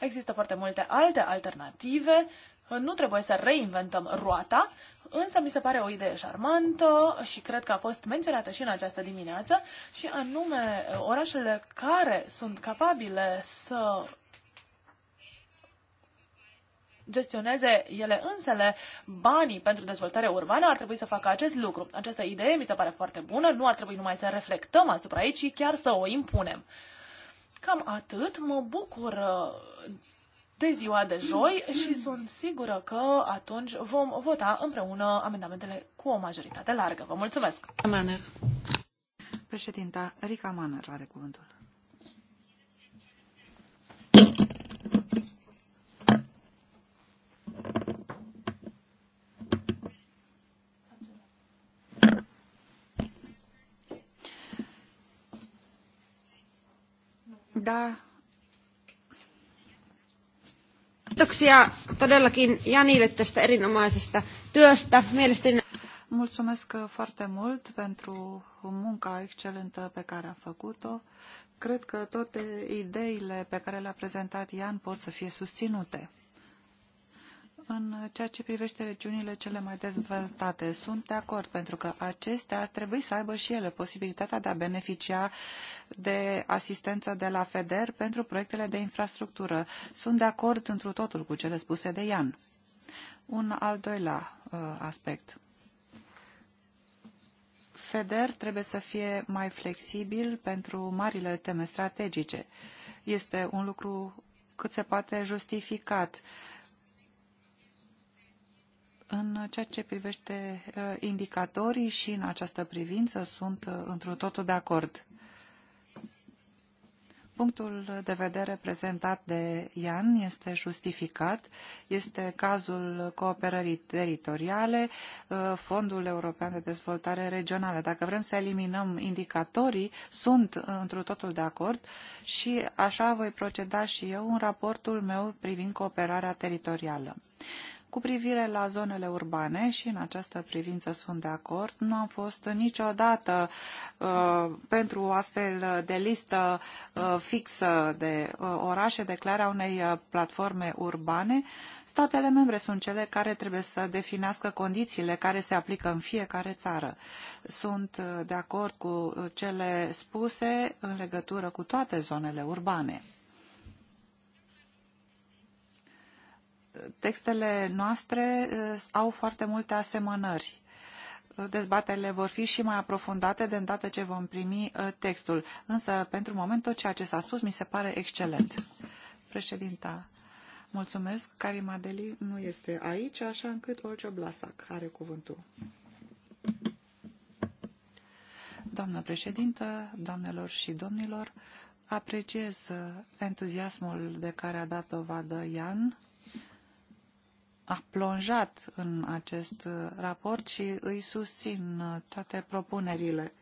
Există foarte multe alte alternative, nu trebuie să reinventăm roata Însă mi se pare o idee șarmantă și cred că a fost menționată și în această dimineață și anume uh, orașele care sunt capabile să gestioneze ele însele banii pentru dezvoltare urbană, ar trebui să facă acest lucru. Această idee mi se pare foarte bună, nu ar trebui numai să reflectăm asupra ei, ci chiar să o impunem. Cam atât, mă bucur uh, de ziua de joi și sunt sigură că atunci vom vota împreună amendamentele cu o majoritate largă. Vă mulțumesc! Manner. Președinta
Rica Maner are cuvântul. Da, Kiitoksia todellakin Janille tästä erinomaisesta työstä. Mielestäni... Mulțumesc foarte mult pentru munca excelentă pe care a făcut-o. Cred că toate ideile pe care le-a prezentat Ian pot să fie susținute în ceea ce privește regiunile cele mai dezvoltate. Sunt de acord, pentru că acestea ar trebui să aibă și ele posibilitatea de a beneficia de asistență de la FEDER pentru proiectele de infrastructură. Sunt de acord întru totul cu cele spuse de Ian. Un al doilea uh, aspect. FEDER trebuie să fie mai flexibil pentru marile teme strategice. Este un lucru cât se poate justificat. Uh, În ceea ce privește e, indicatorii și în această privință sunt e, într totul de acord. Punctul de vedere prezentat de Ian este justificat. Este cazul cooperării teritoriale, e, Fondul European de Dezvoltare Regională. Dacă vrem să eliminăm indicatorii, sunt întru totul de acord și așa voi proceda și eu în raportul meu privind cooperarea teritorială. Cu privire la zonele urbane, și în această privință sunt de acord, nu am fost niciodată uh, pentru o astfel de listă uh, fixă de uh, orașe, declara unei uh, platforme urbane. Statele membre sunt cele care trebuie să definească condițiile care se aplică în fiecare țară. Sunt uh, de acord cu uh, cele spuse în legătură cu toate zonele urbane. textele noastre eh, au foarte multe asemănări. Dezbatele vor fi și mai aprofundate de îndată ce vom primi eh, textul. Însă, pentru moment, tot ceea ce s-a spus mi se pare excelent. Președinta, mulțumesc. Karim Adeli nu este aici, așa încât Olcio Blasac are cuvântul. Doamnă președintă, doamnelor și domnilor, apreciez eh, entuziasmul de care a dat dovadă Ian a plonjat în acest uh, raport și îi susțin uh, toate propunerile.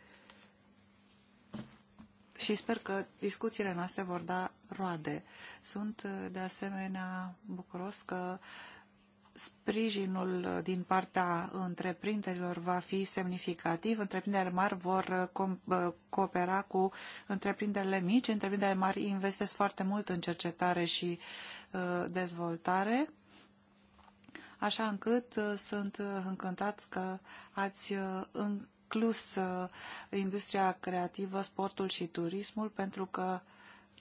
Și sper că discuțiile noastre vor da roade. Sunt uh, de asemenea bucuros că sprijinul din partea întreprinderilor va fi semnificativ. Întreprinderile mari vor coopera cu întreprinderile mici. Întreprinderile mari investesc foarte mult în cercetare și dezvoltare așa încât uh, sunt uh, încântat că ați uh, inclus industria creativă, sportul și turismul, pentru că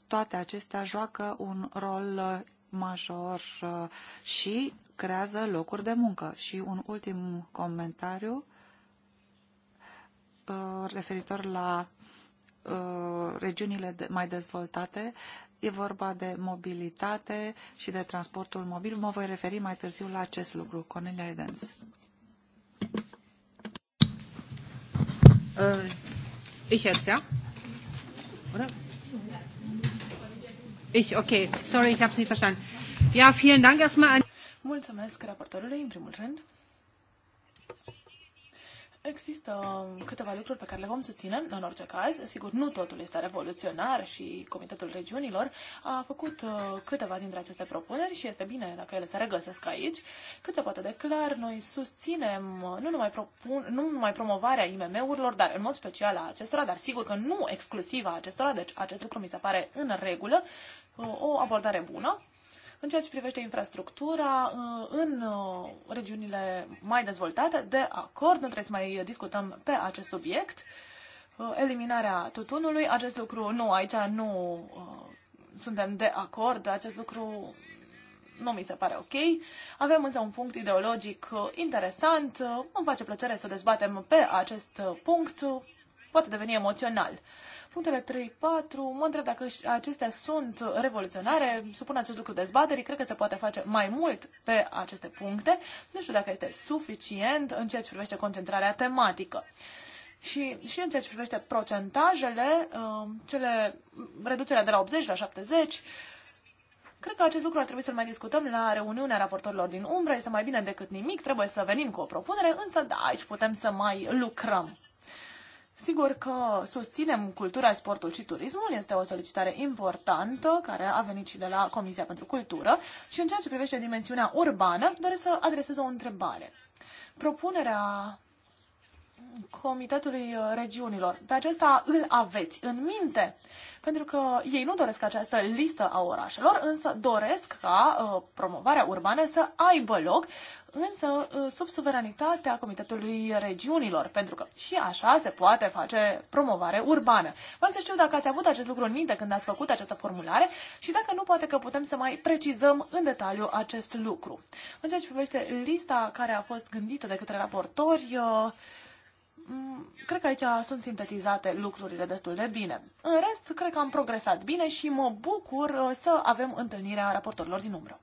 toate acestea joacă un rol major și creează locuri de muncă. Și un ultim comentariu referitor la regiunile mai dezvoltate, E vorba de mobilitate și de transportul mobil. Mă voi referi mai târziu la acest lucru. Cornelia Edens. Uh, ich jetzt, ja? Oder? Ich, okay. Sorry, ich habe es nicht verstanden. Ja, vielen Dank erstmal an...
Mulțumesc raportorului, în primul rând. Există um, câteva lucruri pe care le vom susține, în orice caz. Sigur, nu totul este revoluționar și Comitetul Regiunilor a făcut uh, câteva dintre aceste propuneri și este bine dacă ele se regăsesc aici. Cât se poate de clar, noi susținem uh, nu numai, propun, nu numai promovarea IMM-urilor, dar în mod special a acestora, dar sigur că nu exclusiv a acestora, deci acest lucru mi se pare în regulă, uh, o abordare bună în ceea ce privește infrastructura uh, în uh, regiunile mai dezvoltate, de acord, nu trebuie să mai discutăm pe acest subiect. Uh, eliminarea tutunului, acest lucru nu, aici nu suntem de acord, acest lucru nu mi se pare ok. Avem însă un punct ideologic interesant. Îmi face plăcere să dezbatem pe acest punct poate deveni emoțional. Punctele 3-4, mă întreb dacă acestea sunt revoluționare, supun acest lucru dezbaterii, cred că se poate face mai mult pe aceste puncte, nu știu dacă este suficient în ceea ce privește concentrarea tematică. Și, și în ceea ce privește procentajele, um, cele, reducerea de la 80 la 70, Cred că acest lucru ar trebui să-l mai discutăm la reuniunea raportorilor din umbră. Este mai bine decât nimic, trebuie să venim cu o propunere, însă da, aici putem să mai lucrăm. Sigur că susținem cultura, sportul și turismul, este o solicitare importantă care a venit și de la Comisia pentru Cultură și în ceea ce privește dimensiunea urbană, doresc să adresez o întrebare. Propunerea Comitetului Regiunilor. Pe acesta îl aveți în minte, pentru că ei nu doresc această listă a orașelor, însă doresc ca uh, promovarea urbană să aibă loc, însă uh, sub suveranitatea Comitetului Regiunilor, pentru că și așa se poate face promovare urbană. Vreau să știu dacă ați avut acest lucru în minte când ați făcut această formulare și dacă nu, poate că putem să mai precizăm în detaliu acest lucru. În ceea ce privește lista care a fost gândită de către raportori, uh, Mm, cred că aici sunt sintetizate lucrurile destul de bine. În rest, cred că am progresat bine și mă bucur uh, să avem întâlnirea raportorilor din umbră.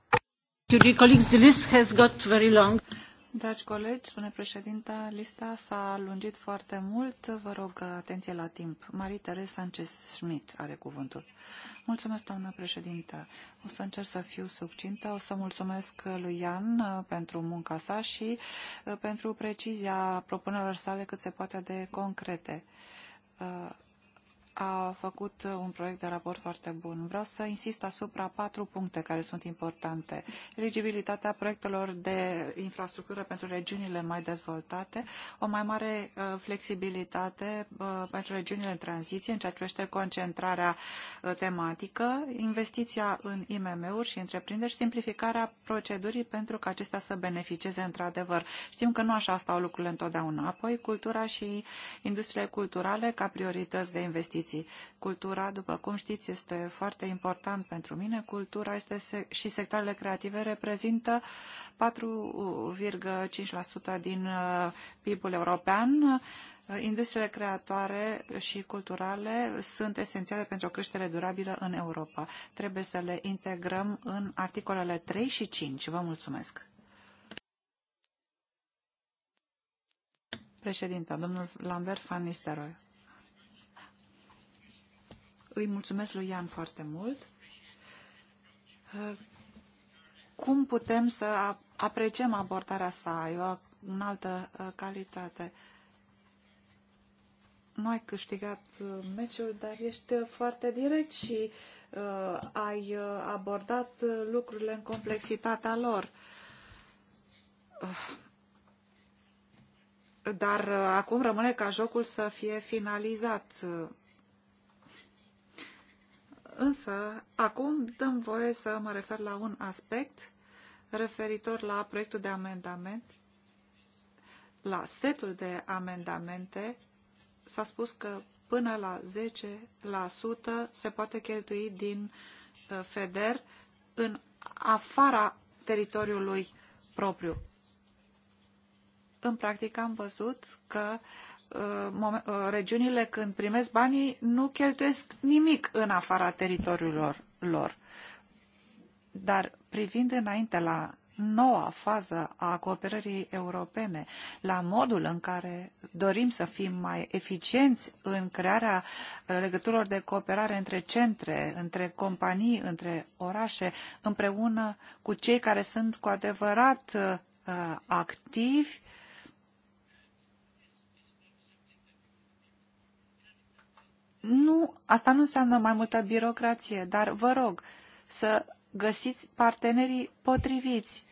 Dragi colegi, spune președinta, lista s-a lungit foarte mult. Vă rog uh, atenție la timp. Marie Teresa Sanchez Schmidt are cuvântul. Mulțumesc, doamnă președintă. O să încerc să fiu succintă. O să mulțumesc lui Ian uh, pentru munca sa și uh, pentru precizia propunerilor sale cât se poate de concrete a făcut un proiect de raport foarte bun. Vreau să insist asupra patru puncte care sunt importante. Eligibilitatea proiectelor de infrastructură pentru regiunile mai dezvoltate, o mai mare uh, flexibilitate uh, pentru regiunile în tranziție în ceea ce privește concentrarea uh, tematică, investiția în IMM-uri și întreprinderi, simplificarea procedurii pentru ca acestea să beneficieze într-adevăr. Știm că nu așa stau lucrurile întotdeauna. Apoi, cultura și industriile culturale ca priorități de investiție investiții. Cultura, după cum știți, este foarte important pentru mine. Cultura este se și sectoarele creative reprezintă 4,5% uh, din uh, PIB-ul european. Uh, industriile creatoare și culturale sunt esențiale pentru o creștere durabilă în Europa. Trebuie să le integrăm în articolele 3 și 5. Vă mulțumesc! Președinte, domnul Lambert van Nistelrooy. Îi mulțumesc lui Ian foarte mult. Cum putem să apreciem abordarea sa? E o altă uh, calitate. Nu ai câștigat uh, meciul, dar ești uh, foarte direct și uh, ai abordat lucrurile în complexitatea lor. Uh. Dar uh, acum rămâne ca jocul să fie finalizat. Uh Însă, acum dăm voie să mă refer la un aspect referitor la proiectul de amendament, la setul de amendamente. S-a spus că până la 10% se poate cheltui din uh, FEDER în afara teritoriului propriu. În practică am văzut că uh, Uh, uh, regiunile când primesc banii nu cheltuiesc nimic în afara teritoriilor lor. Dar privind înainte la noua fază a cooperării europene, la modul în care dorim să fim mai eficienți în crearea uh, legăturilor de cooperare între centre, între companii, între orașe, împreună cu cei care sunt cu adevărat activi, Nu, asta nu înseamnă mai multă birocrație, dar vă rog să găsiți partenerii potriviți.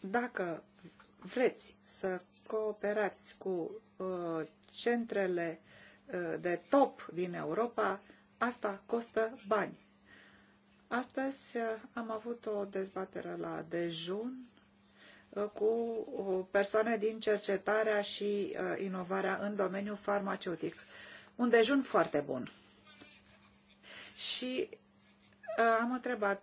Dacă vreți să cooperați cu uh, centrele uh, de top din Europa, asta costă bani. Astăzi uh, am avut o dezbatere la dejun cu uh, persoane din cercetarea și uh, inovarea în domeniul farmaceutic. Un dejun foarte bun. Și uh, am întrebat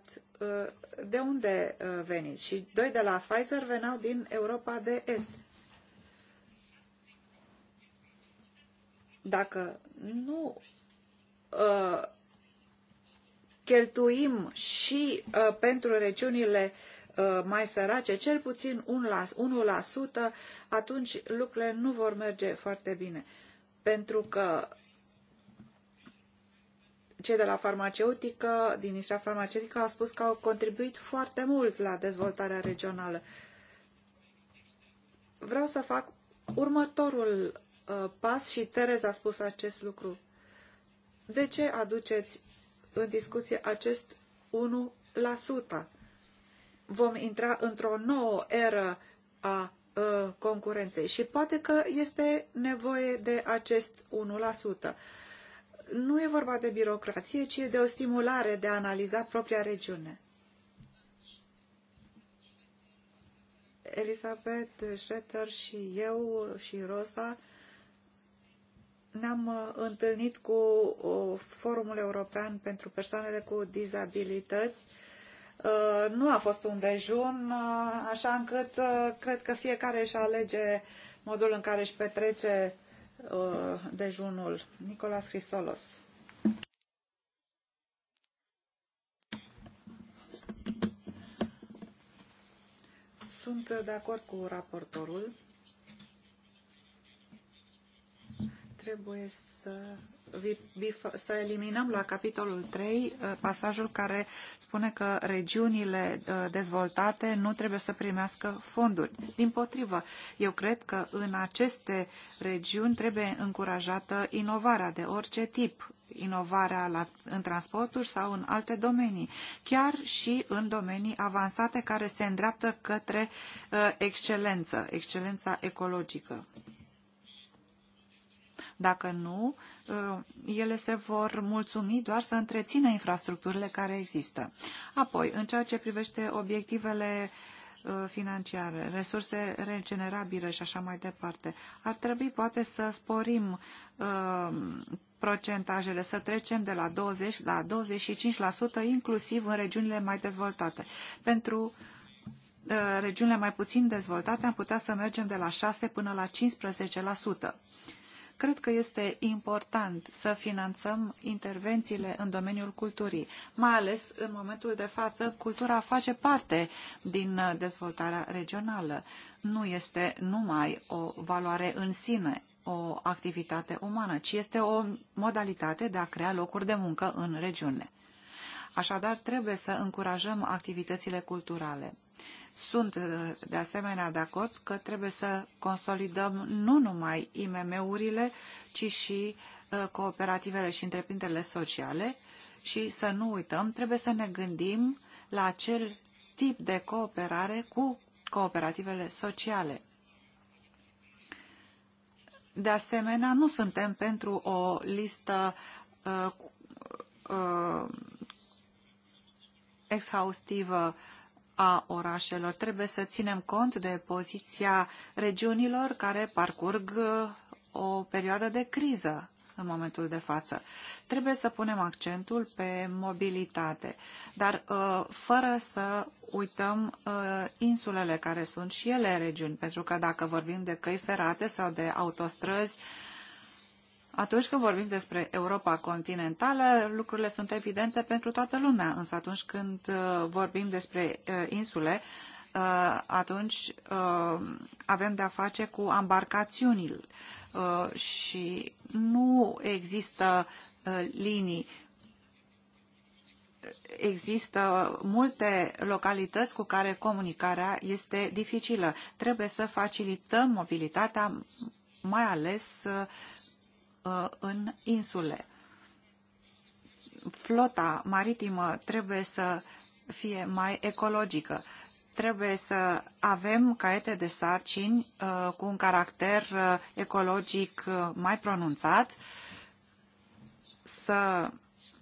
de unde veniți și doi de la Pfizer veneau din Europa de Est. Dacă nu cheltuim și pentru regiunile Uh, mai sărace, cel puțin 1%, atunci lucrurile nu vor merge foarte bine. Pentru că cei de la farmaceutică, din industria farmaceutică, au spus că au contribuit foarte mult la dezvoltarea regională. Vreau să fac următorul uh, pas și Tereza a spus acest lucru. De ce aduceți în discuție acest 1%? vom intra într-o nouă eră a e, concurenței și poate că este nevoie de acest 1%. Nu e vorba de birocrație, ci de o stimulare de a analiza propria regiune. Elisabeth Schroeter și eu și Rosa ne-am e, întâlnit cu Forumul European pentru Persoanele cu Dizabilități Uh, nu a fost un dejun, uh, așa încât uh, cred că fiecare își alege modul în care își petrece dejunul. Nicolas Hrisolos. Sunt de acord cu raportorul. Trebuie să să eliminăm la capitolul 3 uh, pasajul care spune că regiunile uh, dezvoltate nu trebuie să primească fonduri. Din potrivă, eu cred că în aceste regiuni trebuie încurajată inovarea de orice tip, inovarea la, în transporturi sau în alte domenii, chiar și în domenii avansate care se îndreaptă către uh, excelență, excelența ecologică. Dacă nu, uh, ele se vor mulțumi doar să întrețină infrastructurile care există. Apoi, în ceea ce privește obiectivele uh, financiare, resurse regenerabile și așa mai departe. Ar trebui poate să sporim uh, procentajele, să trecem de la 20 la 25%, inclusiv în regiunile mai dezvoltate. Pentru regiunile mai puțin dezvoltate am putea să mergem de la 6 până la 15%. Cred că este important să finanțăm intervențiile în domeniul culturii, mai ales în momentul de față, cultura face parte din uh, dezvoltarea regională. Nu este numai o valoare în sine, o activitate umană, ci este o modalitate de a crea locuri de muncă în regiune. Așadar, trebuie să încurajăm activitățile culturale. Sunt uh, de asemenea de acord că trebuie să consolidăm nu numai IMM-urile, ci și uh, cooperativele și întreprinderile sociale și să nu uităm, trebuie să ne gândim la acel tip de cooperare cu cooperativele sociale. De asemenea, nu suntem pentru o listă uh, uh, exhaustivă uh, a orașelor. Trebuie să ținem cont de poziția regiunilor care parcurg uh, o perioadă de criză în momentul de față. Trebuie să punem accentul pe mobilitate, dar uh, fără să uităm uh, insulele care sunt și ele regiuni, pentru că dacă vorbim de căi ferate sau de autostrăzi, Atunci când vorbim despre Europa continentală, lucrurile sunt evidente pentru toată lumea, însă atunci când uh, vorbim despre uh, insule, uh, atunci avem de-a face cu ambarcațiunile și nu există linii. Există multe localități cu care comunicarea este dificilă. Trebuie să facilităm mobilitatea, mai ales Uh, în insule. Flota maritimă trebuie să fie mai ecologică. Trebuie să avem caiete de sarcini uh, cu un caracter uh, ecologic mai pronunțat, să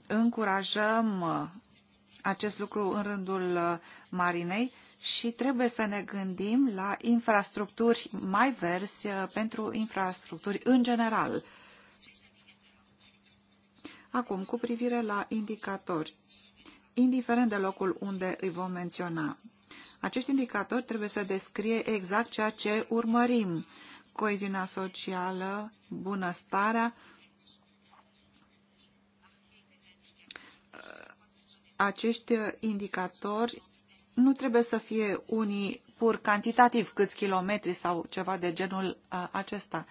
încurajăm acest lucru în rândul marinei și trebuie să ne gândim la infrastructuri mai verzi pentru infrastructuri în general. Acum, cu privire la indicatori, indiferent de locul unde îi vom menționa, acești indicatori trebuie să descrie exact ceea ce urmărim, coeziunea socială, bunăstarea, acești indicatori nu trebuie să fie unii pur cantitativ câți kilometri sau ceva de genul acesta.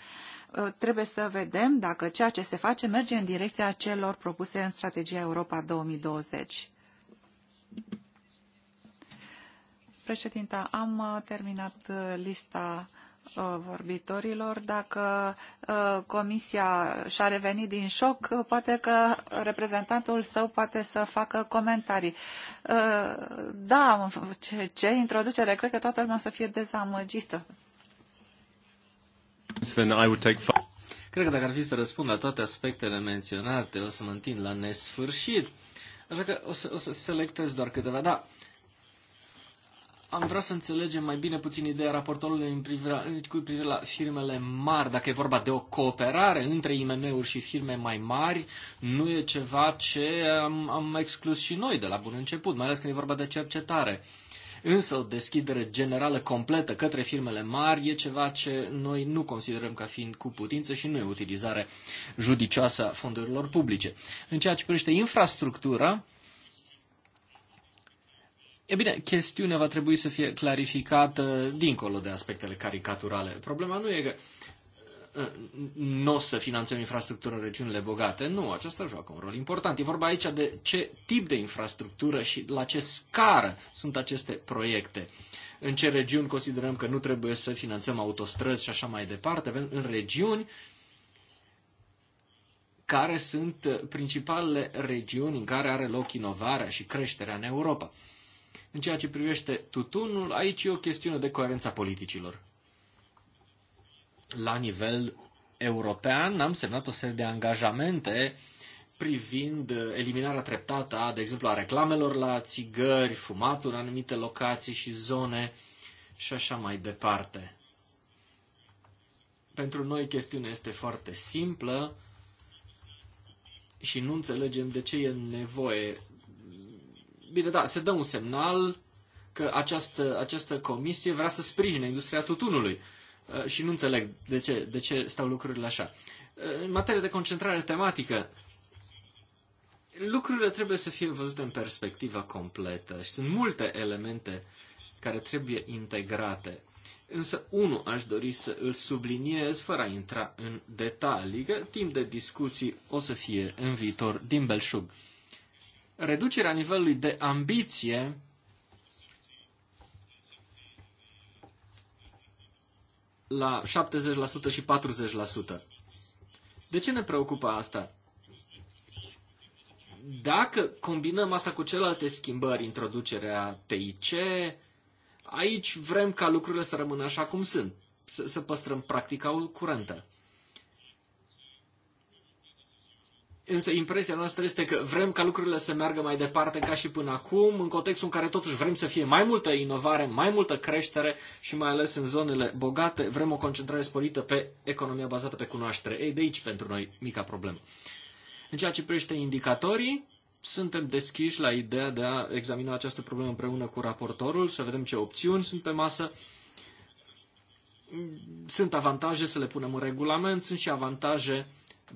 Uh, trebuie să vedem dacă ceea ce se face merge în direcția celor propuse în strategia Europa 2020. Președinta, am uh, terminat uh, lista vorbitorilor. Dacă comisia și-a revenit din șoc, poate că reprezentantul său poate să facă comentarii. Da, ce, ce introducere, cred că toată lumea o să fie dezamăgită.
Cred că dacă ar fi să răspund la toate aspectele menționate, o să mă întind la nesfârșit. Așa că o să, o să selectez doar câteva. Da, am vrea să înțelegem mai bine puțin ideea raportorului în privire, cu privire la firmele mari, dacă e vorba de o cooperare între IMM-uri și firme mai mari, nu e ceva ce am, am exclus și noi de la bun început, mai ales când e vorba de cercetare. Uh, Însă o deschidere generală completă către firmele mari e ceva ce noi nu considerăm ca fiind cu putință și nu e utilizare judicioasă a fondurilor publice. În ceea ce privește infrastructura, E bine, chestiunea va trebui să fie clarificată dincolo de aspectele caricaturale. Problema nu e că nu o să finanțăm infrastructură în regiunile bogate. Nu, aceasta joacă un rol important. E vorba aici de ce tip de infrastructură și la ce scară sunt aceste proiecte. În ce regiuni considerăm că nu trebuie să finanțăm autostrăzi și așa mai departe, în regiuni care sunt principalele regiuni în care are loc inovarea și creșterea în Europa. În ceea ce privește tutunul, aici e o chestiune de coerența politicilor la nivel european am semnat o serie de angajamente privind eliminarea treptată de exemplu, a reclamelor la țigări, fumatul în anumite locații și zone și așa mai departe. Pentru noi chestiunea este foarte simplă și nu înțelegem de ce e nevoie. Bine, da, se dă un semnal că această, această comisie vrea să sprijine industria tutunului Uh, și nu înțeleg de ce, de ce stau lucrurile așa. Uh, în materie de concentrare tematică, lucrurile trebuie să fie văzute în perspectiva completă și sunt multe elemente care trebuie integrate. Însă unul aș dori să îl subliniez fără a intra în detalii, că timp de discuții o să fie în viitor din belșug. Reducerea nivelului de ambiție la 70% și 40%. De ce ne preocupă asta? Dacă combinăm asta cu celelalte schimbări, introducerea TIC, aici vrem ca lucrurile să rămână așa cum sunt, să, să păstrăm practica curentă. Însă impresia noastră este că vrem ca lucrurile să meargă mai departe ca și până acum, în contextul în care totuși vrem să fie mai multă inovare, mai multă creștere și mai ales în zonele bogate, vrem o concentrare sporită pe economia bazată pe cunoaștere. Ei, de aici pentru noi mica problemă. În ceea ce privește indicatorii, suntem deschiși la ideea de a examina această problemă împreună cu raportorul, să vedem ce opțiuni sunt pe masă. Sunt avantaje să le punem în regulament, sunt și avantaje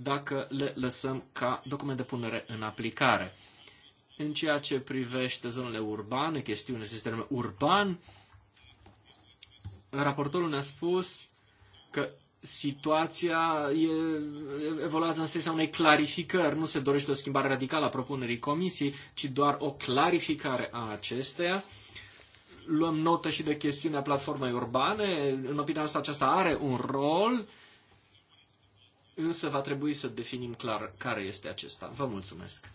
dacă le lăsăm ca document de punere în aplicare. În ceea ce privește zonele urbane, chestiunea se termen urban, raportorul ne-a spus că situația e, evoluează în sensul unei clarificări. Nu se dorește o schimbare radicală a propunerii comisiei, ci doar o clarificare a acesteia. Luăm notă și de chestiunea platformei urbane. În opinia asta, aceasta are un rol uh, Însă va trebui să definim clar care este acesta. Vă mulțumesc!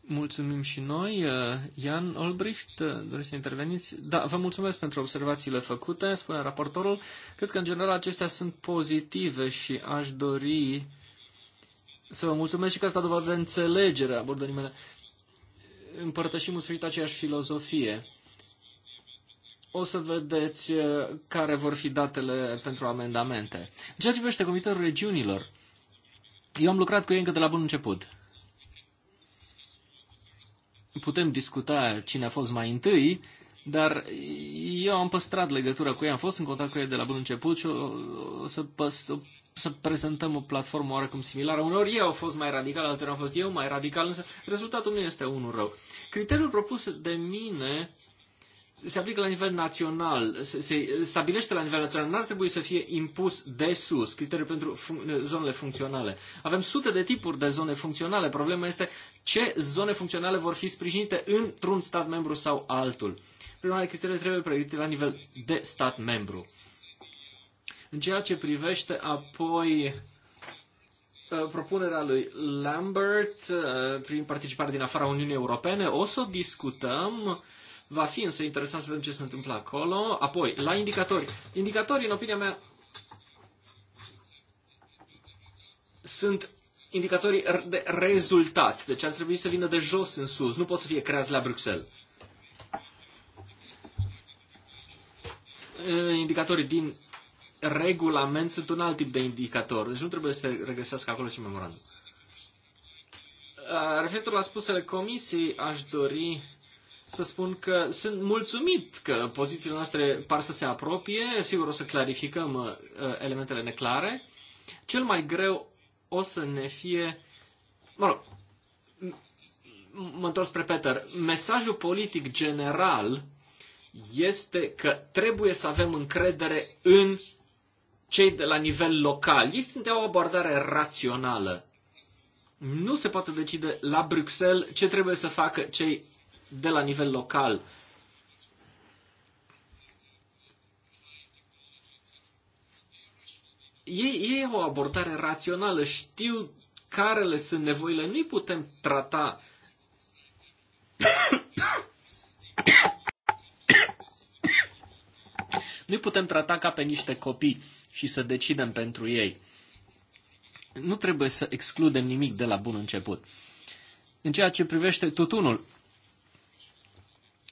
Mulțumim și noi. Jan uh, Olbricht, uh, doriți să interveniți? Da, vă mulțumesc pentru observațiile făcute, spune raportorul. Cred că, în general, acestea sunt pozitive și aș dori să vă mulțumesc și că asta dovadă de înțelegere a abordării mele. Împărtășim în sfârșit aceeași filozofie o să vedeți uh, care vor fi datele pentru amendamente. În ceea ce privește Comitetul Regiunilor, eu am lucrat cu ei încă de la bun început. Putem discuta cine a fost mai întâi, dar eu am păstrat legătura cu ei, am fost în contact cu ei de la bun început și o, o, să, păst, o să prezentăm o platformă oarecum similară. Uneori eu au fost mai radical, alteori am fost eu mai radical, însă rezultatul nu este unul rău. Criteriul propus de mine se aplică la nivel național, se, se stabilește la nivel național, n-ar trebui să fie impus de sus criteriul pentru fun- eh, zonele funcționale. Avem sute de tipuri de zone funcționale. Problema este ce zone funcționale vor fi sprijinite într-un stat membru sau altul. Prin urmare, criteriile trebuie pregătite la nivel de stat membru. În ceea ce privește apoi eh, propunerea lui Lambert eh, prin participare din afara Uniunii Europene, o să o discutăm Va fi însă interesant să vedem ce se întâmplă acolo. Apoi, la indicatori. Indicatorii, în opinia mea, sunt indicatorii de rezultat. Deci ar trebui să vină de jos în sus. Nu pot să fie creați la Bruxelles. Indicatorii din regulament sunt un alt tip de indicator. Deci nu trebuie să se regăsească acolo și memorandum. Referitor la spusele comisii, aș dori să spun că sunt mulțumit că pozițiile noastre par să se apropie. Sigur, o să clarificăm uh, elementele neclare. Cel mai greu o să ne fie. Mă rog, mă întorc spre Peter. Mesajul politic general este că trebuie să avem încredere în cei de la nivel local. Ei sunt o abordare rațională. Nu se poate decide la Bruxelles ce trebuie să facă cei de la nivel local. Ei, ei au o abordare rațională, știu care le sunt nevoile, nu putem trata nu putem trata ca pe niște copii și să decidem pentru ei. Nu trebuie să excludem nimic de la bun început. În ceea ce privește tutunul,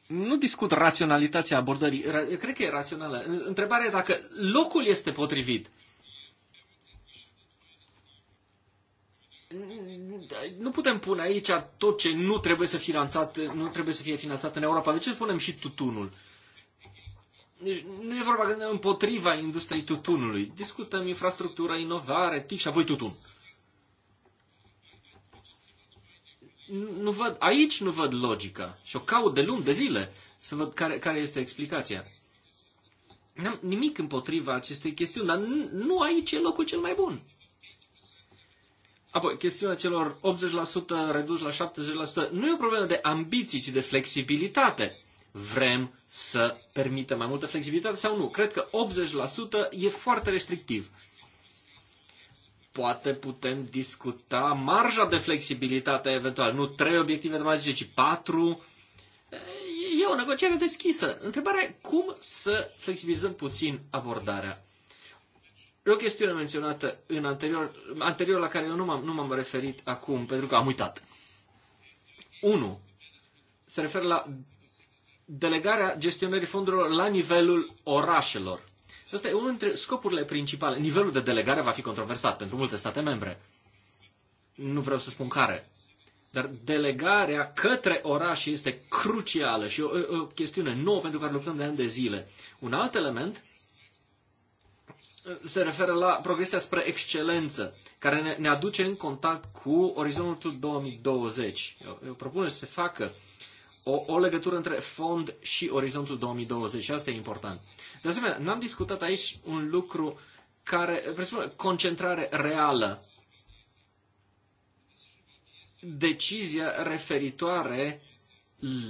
nu discut raționalitatea abordării, cred că e rațională. Întrebarea e dacă locul este potrivit. Nu putem pune aici tot ce nu trebuie să, finanțat, nu trebuie să fie finanțat în Europa. De ce spunem și tutunul? Deci nu e vorba că ne împotriva industriei tutunului. Discutăm infrastructura, inovare, TIC și apoi tutun. nu văd, aici nu văd logica și o caut de luni, de zile să văd care, care este explicația. N-am nimic împotriva acestei chestiuni, dar nu aici e locul cel mai bun. Apoi, chestiunea celor 80% redus la 70% nu e o problemă de ambiții, ci de flexibilitate. Vrem să permită mai multă flexibilitate sau nu? Cred că 80% e foarte restrictiv poate putem discuta marja de flexibilitate eventual. Nu trei obiective mai zice, ci patru. E o negociere deschisă. Întrebarea e cum să flexibilizăm puțin abordarea. E o chestiune menționată în anterior, anterior la care eu nu m-am, nu m-am referit acum, pentru că am uitat. 1. Se referă la delegarea gestionării fondurilor la nivelul orașelor. Și Ăsta e unul dintre scopurile principale. Nivelul de delegare va fi controversat pentru multe state membre. Nu vreau să spun care. Dar delegarea către oraș este crucială și e o, o, e o chestiune nouă pentru care luptăm de ani de zile. Un alt element uh, se referă la progresia spre excelență, care ne, ne aduce în contact cu orizontul 2020. Eu, eu propun să se facă uh, o, o legătură între fond și orizontul 2020 și asta e important. De asemenea, n-am discutat aici un lucru care presupune concentrare reală. Decizia referitoare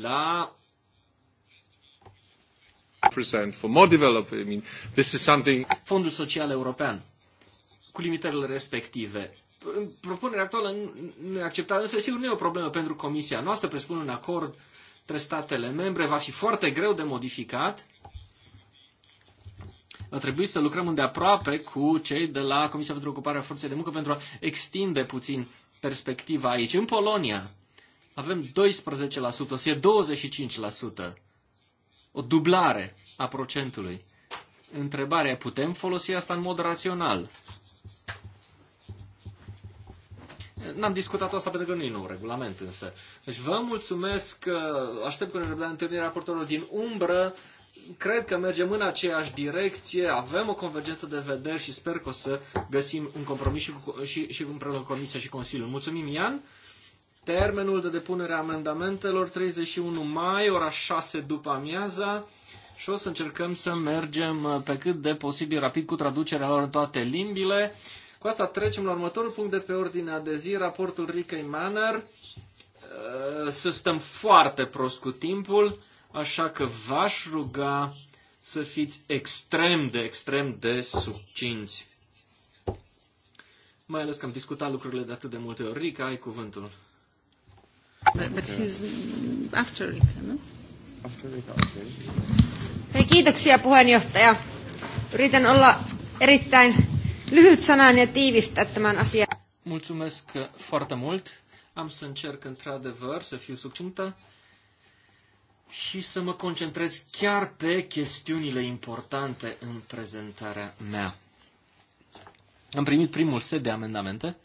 la present for more development. I mean, this is something... Fondul Social European cu limitările respective propunerea actuală neacceptabilă no, însă sigur nu e o problemă pentru Comisia noastră, presupun un acord între statele membre, va fi foarte greu de modificat. Va trebui să lucrăm îndeaproape cu cei de la Comisia pentru Ocuparea Forței de Muncă pentru a extinde puțin perspectiva aici. În Polonia avem 12%, o să fie 25%, o dublare a procentului. Întrebarea, e, putem folosi asta în mod rațional? N-am discutat asta pentru că nu e nou regulament însă. Deci vă mulțumesc, aștept cu nerăbdare întâlnirea raportorilor din umbră. Cred că mergem în aceeași direcție, avem o convergență de vederi și sper că o să găsim un compromis și, cu, și, și împreună cu Comisia și Consiliul. Mulțumim, Ian! Termenul de depunere a amendamentelor 31 mai, ora 6 după amiaza și o să încercăm să mergem pe cât de posibil rapid cu traducerea lor în toate limbile. Cu asta trecem la următorul punct de pe ordinea de zi, raportul Rickey Manner. Să stăm foarte prost cu timpul, așa că v-aș ruga să fiți extrem de, extrem de subcinți. Mai ales că am discutat lucrurile de atât de multe ori. Rica, ai cuvântul. But, but he's
after Rica, No?
After Rica, okay.
Hei, kiitoksia puheenjohtaja. Yritän olla erittäin lyhyt sanan ja tiivistää tämän asian.
Mulțumesc foarte mult. Am să încerc într-adevăr să fiu succintă și să mă concentrez chiar pe chestiunile importante în prezentarea mea. Am primit primul set de amendamente.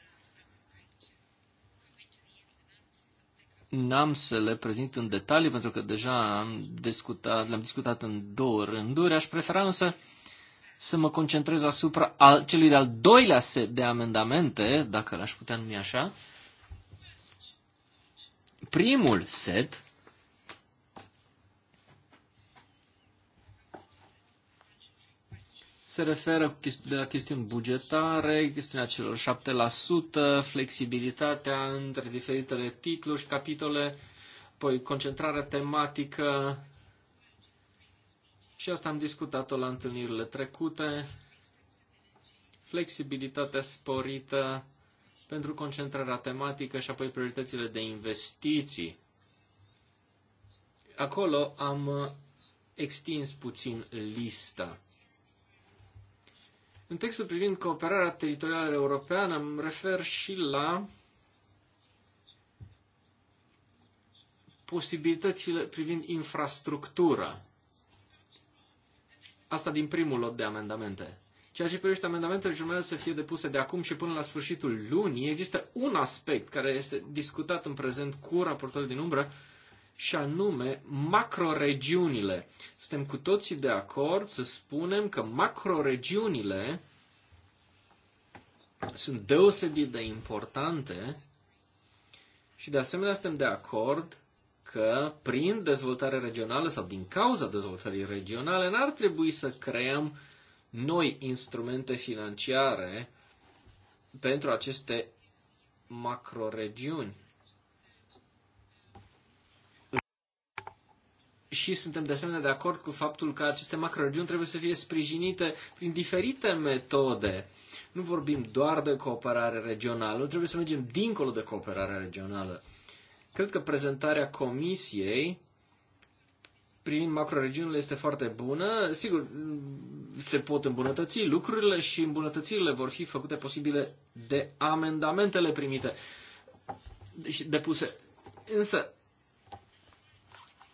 N-am să le prezint în detalii pentru că deja am discutat, le-am discutat în două rânduri. Aș prefera însă să mă concentrez asupra al, celui de-al doilea set de amendamente, dacă l-aș putea numi așa. Primul set se referă de la chestiuni bugetare, chestiunea celor 7%, flexibilitatea între diferitele titluri și capitole, apoi concentrarea tematică, Și asta am discutat-o la întâlnirile trecute. Flexibilitatea sporită pentru concentrarea tematică și apoi prioritățile de investiții. Acolo am extins puțin lista. În textul privind cooperarea teritorială europeană, îmi refer și la posibilitățile privind infrastructura. Asta din primul lot de amendamente. Ceea ce privește amendamentele și urmează să fie depuse de acum și până la sfârșitul lunii, există un aspect care este discutat în prezent cu raportorul din umbră, și anume macroregiunile. Suntem cu toții de acord să spunem că macroregiunile sunt deosebit de importante și de asemenea suntem de acord că prin dezvoltare regională sau din cauza dezvoltării regionale n-ar trebui să creăm noi instrumente financiare pentru aceste macroregiuni. Și suntem de asemenea de acord cu faptul că aceste macroregiuni trebuie să fie sprijinite prin diferite metode. Nu vorbim doar de cooperare regională, trebuie să mergem dincolo de cooperarea regională. Cred că prezentarea comisiei prin macroregiunile este foarte bună. Sigur, se pot îmbunătăți lucrurile și îmbunătățirile vor fi făcute posibile de amendamentele primite și depuse. Însă,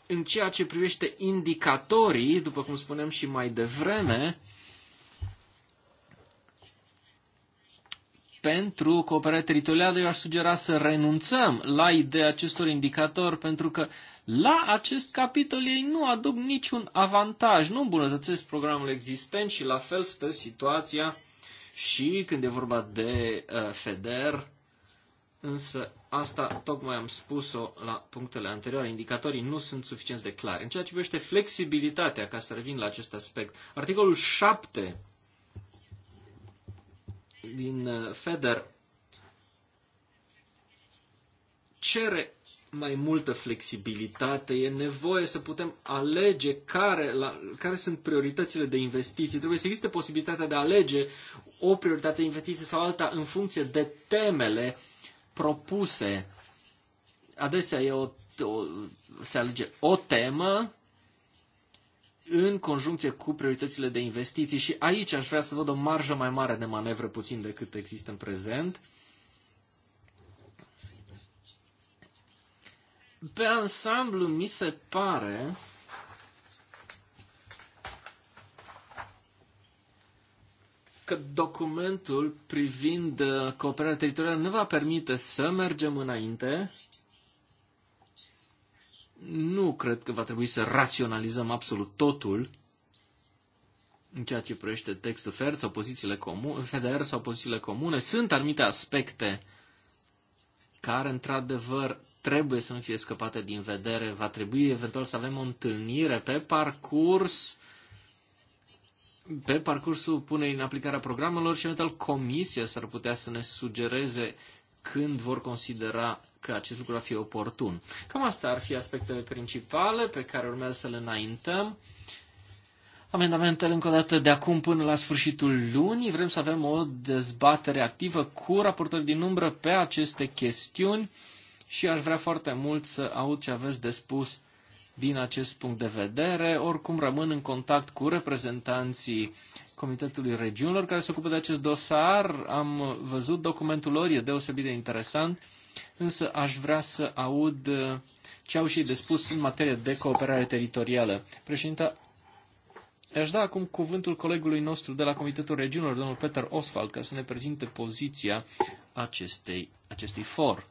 în ceea ce privește indicatorii, după cum spuneam și mai devreme, pentru cooperarea teritorială, eu aș sugera să renunțăm la ideea acestor indicatori, pentru că la acest capitol ei nu aduc niciun avantaj, nu îmbunătățesc programul existent și la fel stă situația și când e vorba de uh, FEDER, însă asta tocmai am spus-o la punctele anterioare, indicatorii nu sunt suficient de clari. În ceea ce privește flexibilitatea, ca să revin la acest aspect, articolul 7 din FEDER cere mai multă flexibilitate, e nevoie să putem alege care, la, care sunt prioritățile de investiții. Trebuie să existe posibilitatea de a alege o prioritate de investiții sau alta în funcție de temele propuse. Adesea e o, o, se alege o temă în conjuncție cu prioritățile de investiții și aici aș vrea să văd o marjă mai mare de manevră puțin decât există în prezent. Pe ansamblu mi se pare că documentul privind cooperarea teritorială ne va permite să mergem înainte, nu cred că va trebui să raționalizăm absolut totul în ceea ce privește textul FER sau pozițiile comune, FDR sau pozițiile comune. Sunt anumite aspecte care, într-adevăr, trebuie să nu fie scăpate din vedere. Va trebui eventual să avem o întâlnire pe parcurs pe parcursul punei în aplicarea programelor și eventual comisia s-ar putea să ne sugereze când vor considera că acest lucru va fi oportun. Cam asta ar fi aspectele principale pe care urmează să le înaintăm. Amendamentele încă o dată de acum până la sfârșitul lunii. Vrem să avem o dezbatere activă cu raportori din umbră pe aceste chestiuni și aș vrea foarte mult să aud ce aveți de spus din acest punct de vedere. Oricum rămân în contact cu reprezentanții Comitetului Regiunilor care se ocupă de acest dosar. Am văzut documentul lor, e deosebit de interesant, însă aș vrea să aud uh, ce au și de spus în materie de cooperare teritorială. Președinte, aș da acum cuvântul colegului nostru de la Comitetul Regiunilor, domnul Peter Oswald, ca să ne prezinte poziția acestei, acestui for.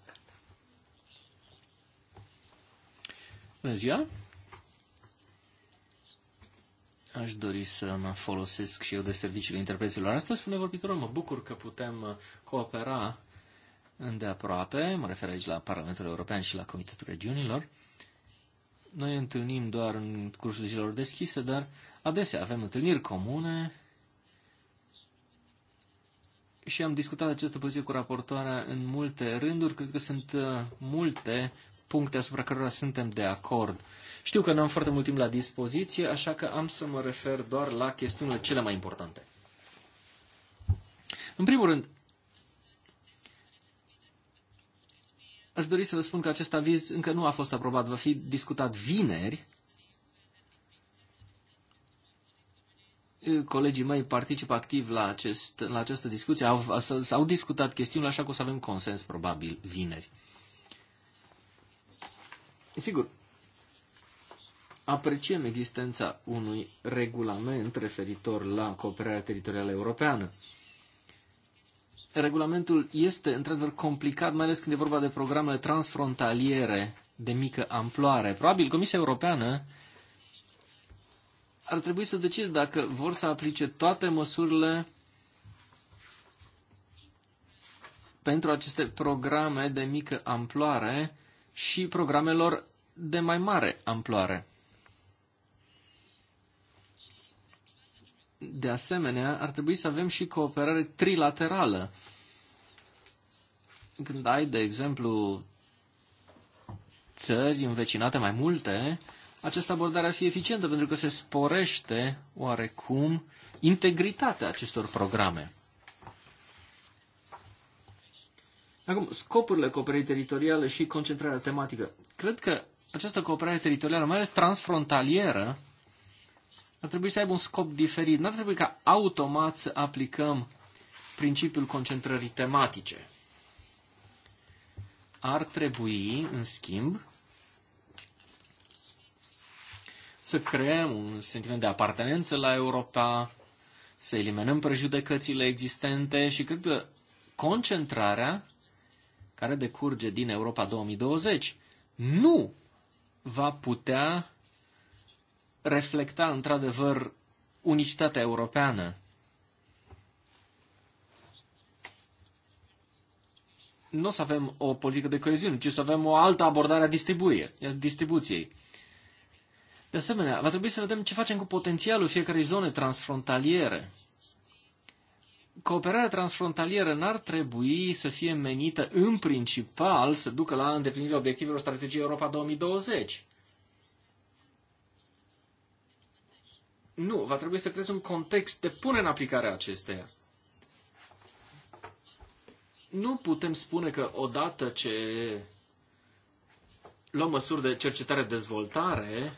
Bună ziua! Aș dori să eh, mă folosesc și eu de serviciile interpreților. Asta spune vorbitorul, mă bucur că putem eh, coopera îndeaproape, mă refer aici la Parlamentul European și la Comitetul Regiunilor. Noi ne întâlnim doar în mm, cursul zilor deschise, dar adesea avem întâlniri comune și am discutat această poziție cu raportoarea în multe rânduri. Cred că sunt eh, multe puncte asupra cărora suntem de acord. Știu că nu am foarte mult timp la dispoziție, așa că am să mă refer doar la chestiunile cele mai importante. În primul rând, aș dori să vă spun că acest aviz încă nu a fost aprobat, va fi discutat vineri. Colegii mei participă activ la, acest, la această discuție, au, s-au discutat chestiunile, așa că o să avem consens probabil vineri. E sigur, apreciem existența unui regulament referitor la cooperarea teritorială europeană. Regulamentul este, într-adevăr, complicat, mai ales când e vorba de programele transfrontaliere de mică amploare. Probabil Comisia Europeană ar trebui să decide dacă vor să aplice toate măsurile pentru aceste programe de mică amploare și programelor de mai mare amploare. De asemenea, ar trebui să avem și cooperare trilaterală. Când ai, de exemplu, țări învecinate mai multe, această abordare ar fi eficientă pentru că se sporește oarecum integritatea acestor programe. Acum, scopurile cooperării teritoriale și concentrarea tematică. Cred că această cooperare teritorială, mai ales transfrontalieră, ar trebui să aibă un scop diferit. Nu ar trebui ca automat să aplicăm principiul concentrării tematice. Ar trebui, în schimb, să creăm un sentiment de apartenență la Europa, să eliminăm prejudecățile existente și cred că concentrarea care decurge din Europa 2020 nu va putea reflecta într-adevăr unicitatea europeană. Nu o să avem o politică de coeziune, ci să avem o altă abordare a distribuie, a distribuției. De asemenea, va trebui să vedem ce facem cu potențialul fiecarei zone transfrontaliere cooperarea transfrontalieră n-ar trebui să fie menită în principal să ducă la îndeplinirea obiectivelor strategiei Europa 2020. Nu, va trebui să creezi un context de pune în aplicare acesteia. Nu putem spune că odată ce luăm măsuri de cercetare-dezvoltare,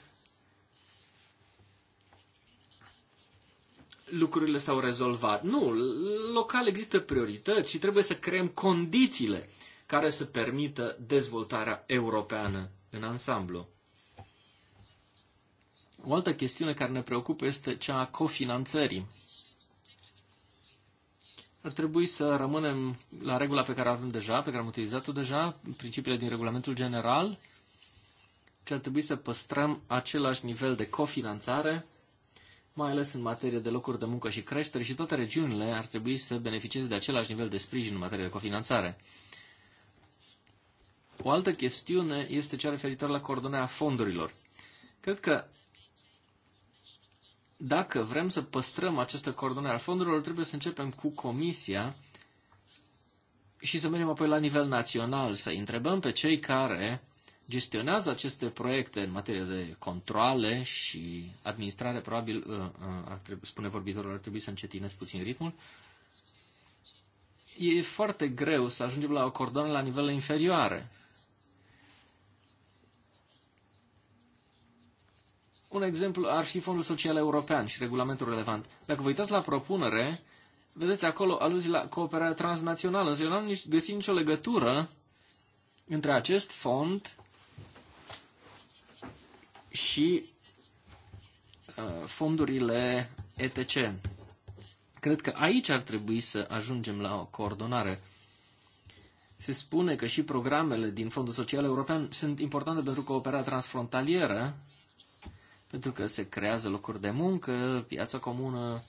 lucrurile s-au rezolvat. Nu, local există priorități și trebuie să creăm condițiile care să permită dezvoltarea europeană în ansamblu. O altă chestiune care ne preocupă este cea a cofinanțării. Ar trebui să rămânem la regula pe care avem deja, pe care am utilizat-o deja, principiile din regulamentul general, ce ar trebui să păstrăm același nivel de cofinanțare mai ales în materie de locuri de muncă și creștere și toate regiunile ar trebui să beneficieze de același nivel de sprijin în materie de cofinanțare. O altă chestiune este cea referitoare la coordonarea fondurilor. Cred că dacă vrem să păstrăm această coordonare a fondurilor, trebuie să începem cu Comisia și să mergem apoi la nivel național, să întrebăm pe cei care gestionează aceste proiecte în materie de controle și administrare, probabil, uh, uh, ar trebui, spune vorbitorul, ar trebui să încetinesc puțin ritmul, e foarte greu să ajungem la o coordonare la nivel inferioare. Un exemplu ar fi Fondul Social European și regulamentul relevant. Dacă vă uitați la propunere, vedeți acolo aluzii la cooperarea transnațională. Eu n-am găsit nicio legătură între acest fond și uh, fondurile ETC. Cred că aici ar trebui să ajungem la o coordonare. Se spune că și programele din Fondul Social European sunt importante pentru cooperarea transfrontalieră, pentru că se creează locuri de muncă, piața comună.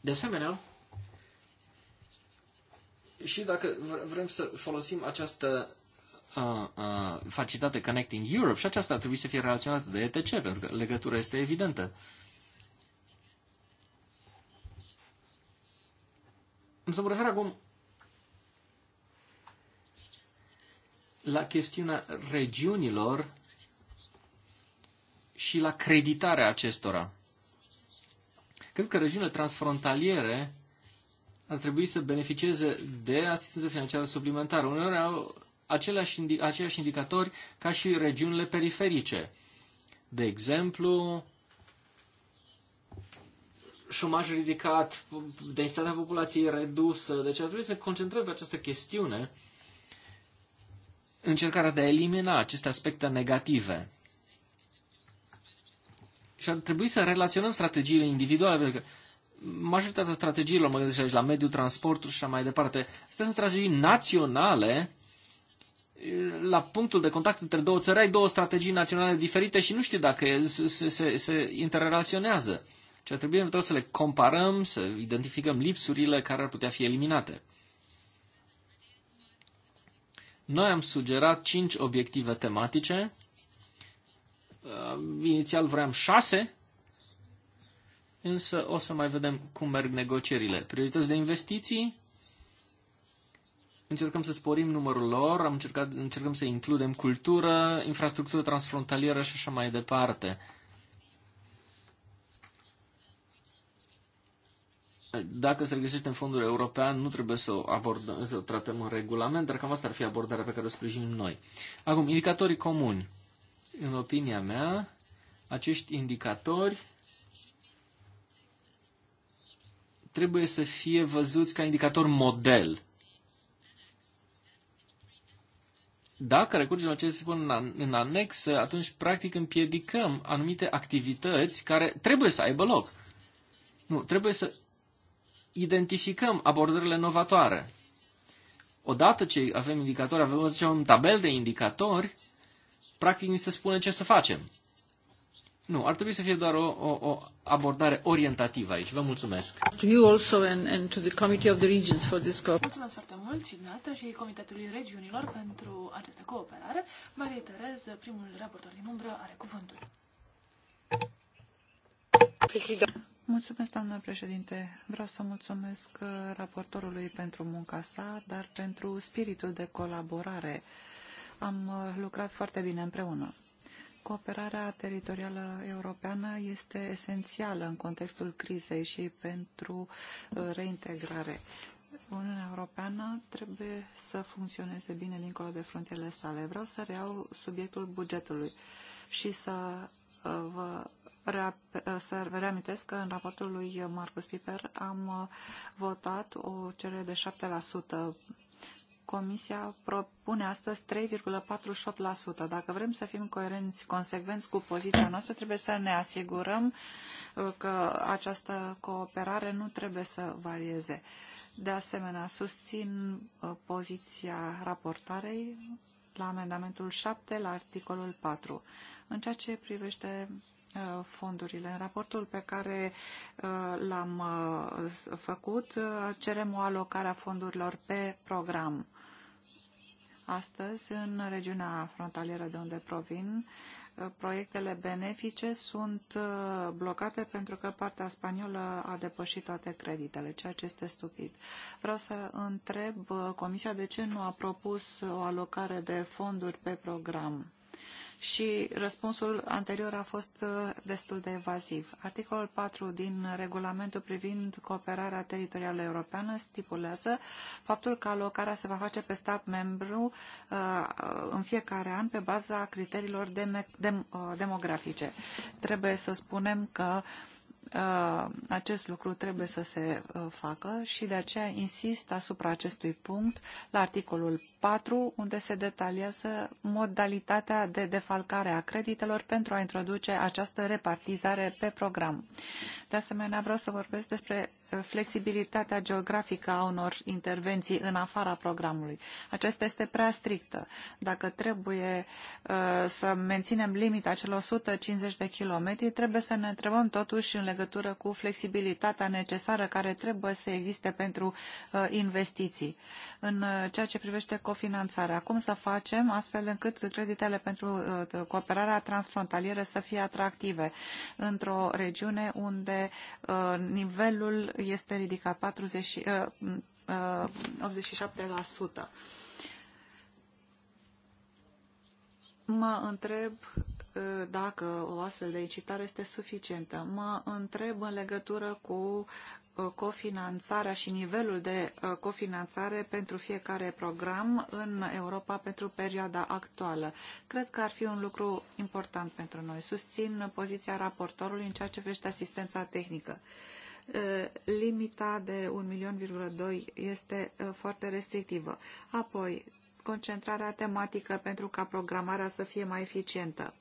De asemenea, și dacă vrem să folosim această uh, Connecting Europe și aceasta ar trebui să fie relaționată de ETC, pentru că legătura este evidentă. Îmi să mă refer acum la chestiunea regiunilor și la creditarea acestora. Cred că regiunile transfrontaliere ar trebui să beneficieze de asistență financiară suplimentară. Uneori au aceleași, aceleași indicatori ca și regiunile periferice. De exemplu, șomaj ridicat, densitatea populației redusă. Deci ar trebui să ne concentrăm pe această chestiune, încercarea de a elimina aceste aspecte negative. Și ar trebui să relaționăm strategiile individuale, pentru că majoritatea strategiilor, mă gândesc aici la mediul, transportul și așa mai departe, astea sunt strategii naționale la punctul de contact între două țări ai două strategii naționale diferite și nu știi dacă ele se, se, se interrelaționează. Ce ar trebui să le comparăm, să identificăm lipsurile care ar putea fi eliminate. Noi am sugerat cinci obiective tematice. Uh, inițial vreau șase, însă o să mai vedem cum merg negocierile. Priorități de investiții, Încercăm să sporim numărul lor, am încercat, încercăm să includem cultură, infrastructură transfrontalieră și așa mai departe. Dacă se regăsește în fondul european, nu trebuie să o, abordăm, să o tratăm în regulament, dar cam asta ar fi abordarea pe care o sprijinim noi. Acum, indicatorii comuni. În opinia mea, acești indicatori trebuie să fie văzuți ca indicator model. Dacă recurgem la ce se spun în anexă, atunci practic împiedicăm anumite activități care trebuie să aibă loc. Nu, trebuie să identificăm abordările novatoare. Odată ce avem indicatori, avem un tabel de indicatori, practic ni se spune ce să facem. Nu, ar trebui să fie doar o, o, o abordare orientativă aici. Vă mulțumesc. To you also and, and to the Committee of the Regions for this
Mulțumesc foarte mult și dumneavoastră și Comitetului Regiunilor pentru această cooperare. Marie Terez, primul raportor din umbră, are cuvântul. President.
Mulțumesc, doamnă președinte. Vreau să mulțumesc uh, raportorului pentru munca sa, dar pentru spiritul de colaborare. Am uh, lucrat foarte bine împreună. Cooperarea teritorială europeană este esențială în contextul crizei și pentru uh, reintegrare. Uniunea Europeană trebuie să funcționeze bine dincolo de frontierele sale. Vreau să reiau subiectul bugetului și să uh, vă uh, să reamintesc că în raportul lui Marcus Piper am votat o cerere de 7% Comisia propune astăzi 3,48%. Dacă vrem să fim coerenți, consecvenți cu poziția noastră, trebuie să ne asigurăm uh, că această cooperare nu trebuie să varieze. De asemenea, susțin uh, poziția raportarei la amendamentul 7, la articolul 4. În ceea ce privește uh, fondurile. În raportul pe care l-am făcut cerem o alocare a fondurilor pe program. Astăzi, în regiunea frontalieră de unde provin, proiectele benefice sunt uh, blocate pentru că partea spaniolă a depășit toate creditele, ceea ce este stupid. Vreau să întreb uh, Comisia de ce nu a propus o alocare de fonduri pe program și răspunsul anterior a fost uh, destul de evaziv. Articolul 4 din regulamentul privind cooperarea teritorială europeană stipulează faptul că alocarea se va face pe stat membru uh, în fiecare an pe baza criteriilor dem uh, demografice. Trebuie să spunem că uh, Uh, acest lucru trebuie să se uh, facă și de aceea insist asupra acestui punct la articolul 4, unde se detaliază modalitatea de defalcare a creditelor pentru a introduce această repartizare pe program. De asemenea, vreau să vorbesc despre Eh, flexibilitatea geografică a unor intervenții în afara programului. Aceasta este prea strictă. Dacă trebuie eh, să menținem limita celor 150 de kilometri, trebuie să ne întrebăm totuși în legătură cu flexibilitatea necesară care trebuie să existe pentru eh, investiții. În ceea ce privește cofinanțarea, cum să facem astfel încât creditele pentru cooperarea transfrontalieră să fie atractive într-o regiune unde nivelul este ridicat 40, 87%. Eh, mm, eh, mă întreb eh, dacă o astfel de incitare este suficientă. Mă întreb în legătură cu cofinanțarea și nivelul de cofinanțare pentru fiecare program în Europa pentru perioada actuală. Cred că ar fi un lucru important pentru noi. Susțin poziția raportorului în ceea ce privește asistența tehnică. Eh, limita de 1.2 este eh, foarte restrictivă. Apoi, concentrarea tematică pentru ca programarea să fie mai eficientă.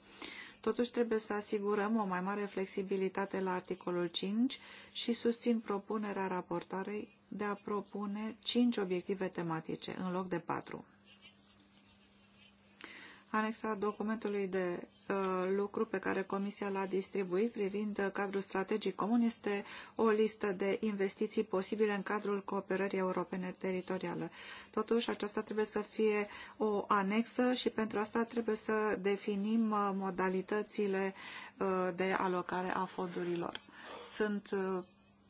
Totuși trebuie să asigurăm o mai mare flexibilitate la articolul 5 și susțin propunerea raportoarei de a propune 5 obiective tematice în loc de 4 anexa documentului de uh, lucru pe care Comisia l-a distribuit privind uh, cadrul strategic comun este o listă de investiții posibile în cadrul cooperării europene teritoriale. Totuși, aceasta trebuie să fie o anexă și pentru asta trebuie să definim uh, modalitățile uh, de alocare a fondurilor. Sunt uh,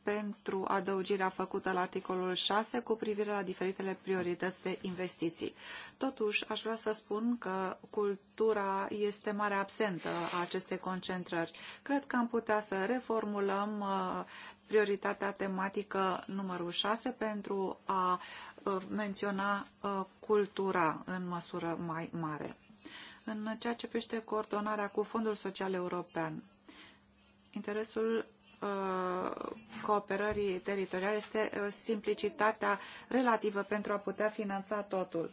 pentru adăugirea făcută la articolul 6 cu privire la diferitele priorități de investiții. Totuși, aș vrea să spun că cultura este mare absentă a acestei concentrări. Cred că am putea să reformulăm uh, prioritatea tematică numărul 6 pentru a uh, menționa uh, cultura în măsură mai mare. În ceea ce privește coordonarea cu Fondul Social European, interesul Uh, cooperării teritoriale este uh, simplicitatea relativă pentru a putea finanța totul.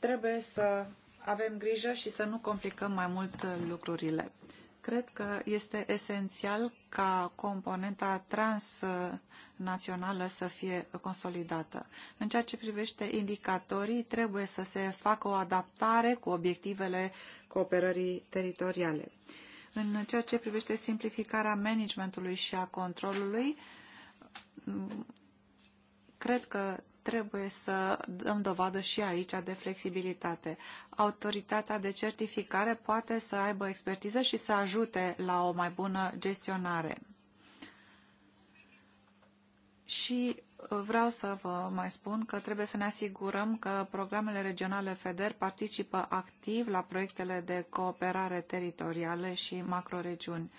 Trebuie să avem grijă și să nu complicăm mai mult uh, lucrurile. Cred că este esențial ca componenta transnațională să fie consolidată. În ceea ce privește indicatorii, trebuie să se facă o adaptare cu obiectivele cooperării teritoriale. În ceea ce privește simplificarea managementului și a controlului, cred că trebuie să dăm dovadă și aici de flexibilitate. Autoritatea de certificare poate să aibă expertiză și să ajute la o mai bună gestionare. Și vreau să vă mai spun că trebuie să ne asigurăm că programele regionale FEDER participă activ la proiectele de cooperare teritoriale și macroregiuni.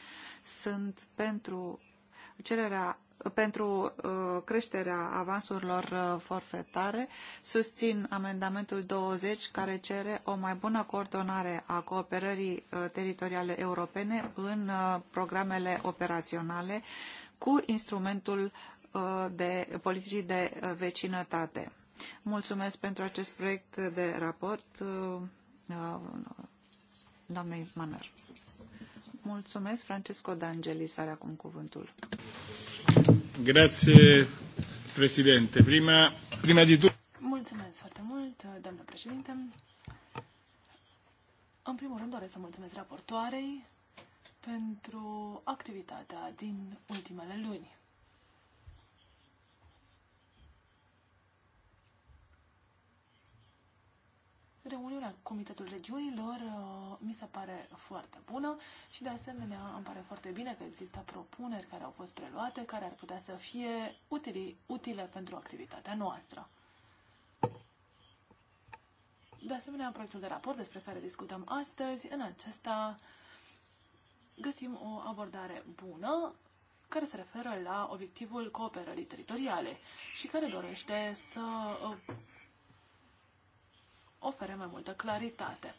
Sunt pentru cererea pentru uh, creșterea avansurilor uh, forfetare. Susțin amendamentul 20 care cere o mai bună coordonare a cooperării uh, teritoriale europene în programele operaționale cu instrumentul Uh, de politicii de vecinătate. Mulțumesc pentru acest proiect de raport, uh, uh, doamnei Manar. Mulțumesc, Francesco D'Angelis are acum cuvântul.
Grazie, președinte. Prima, prima di tutto...
Mulțumesc foarte mult, doamnă președinte. În primul rând doresc să mulțumesc raportoarei pentru activitatea din ultimele luni. de reuniunea Comitetul Regiunilor uh, mi se pare foarte bună și de asemenea îmi pare foarte bine că există propuneri care au fost preluate, care ar putea să fie utili, utile pentru activitatea noastră. De asemenea, proiectul de raport despre care discutăm astăzi, în acesta găsim o abordare bună care se referă la obiectivul cooperării teritoriale și care dorește să uh, ofere mai multă claritate.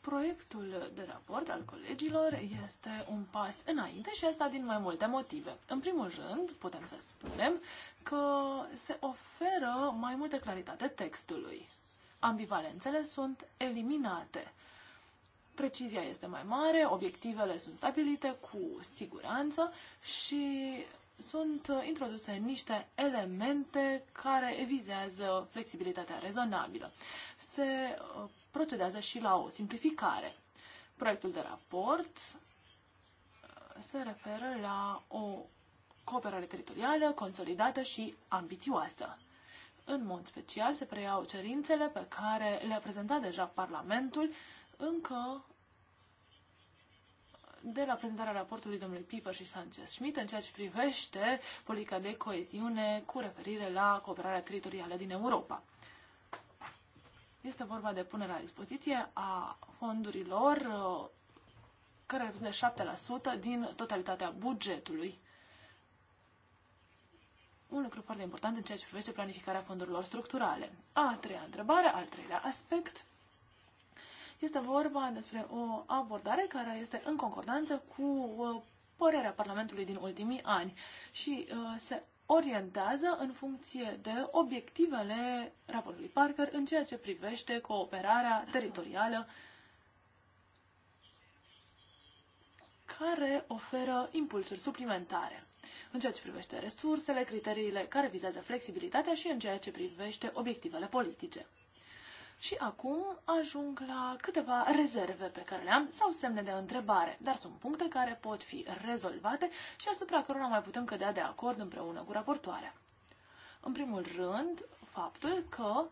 Proiectul de raport al colegilor este un pas înainte și asta din mai multe motive. În primul rând, putem să spunem că se oferă mai multă claritate textului. Ambivalențele sunt eliminate precizia este mai mare, obiectivele sunt stabilite cu siguranță și sunt uh, introduse niște elemente care evizează flexibilitatea rezonabilă. Se uh, procedează și la o simplificare. Proiectul de raport uh, se referă la o cooperare teritorială consolidată și ambițioasă. În mod special se preiau cerințele pe care le-a prezentat deja Parlamentul încă de la prezentarea raportului domnului Piper și Sanchez-Schmidt în ceea ce privește politica de coeziune cu referire la cooperarea teritorială din Europa. Este vorba de punerea la dispoziție a fondurilor uh, care reprezintă 7% din totalitatea bugetului. Un lucru foarte important în ceea ce privește planificarea fondurilor structurale. A treia întrebare, al treilea aspect, Este vorba despre o abordare care este în concordanță cu uh, părerea Parlamentului din ultimii ani și uh, se orientează în funcție de obiectivele raportului Parker în ceea ce privește cooperarea teritorială care oferă impulsuri suplimentare în ceea ce privește resursele, criteriile care vizează flexibilitatea și în ceea ce privește obiectivele politice. Și acum ajung la câteva rezerve pe care le-am sau semne de întrebare, dar sunt puncte care pot fi rezolvate și asupra cărora mai putem cădea de acord împreună cu raportoarea. În primul rând, faptul că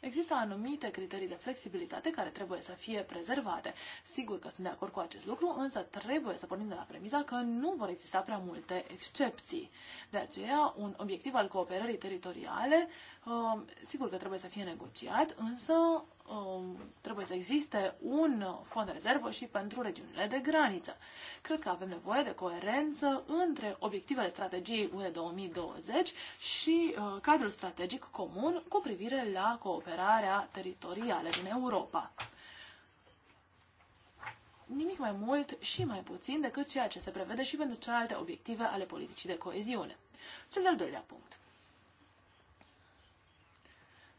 Există anumite criterii de flexibilitate care trebuie să fie prezervate. Sigur că sunt de acord cu acest lucru, însă trebuie să pornim de la premiza că nu vor exista prea multe excepții. De aceea, un obiectiv al cooperării teritoriale, uh, sigur că trebuie să fie negociat, însă Um, trebuie să existe un fond de rezervă și pentru regiunile de graniță. Cred că avem nevoie de coerență între obiectivele strategiei UE 2020 și uh, cadrul strategic comun cu privire la cooperarea teritorială din Europa. Nimic mai mult și mai puțin decât ceea ce se prevede și pentru celelalte obiective ale politicii de coeziune. Cel de-al doilea punct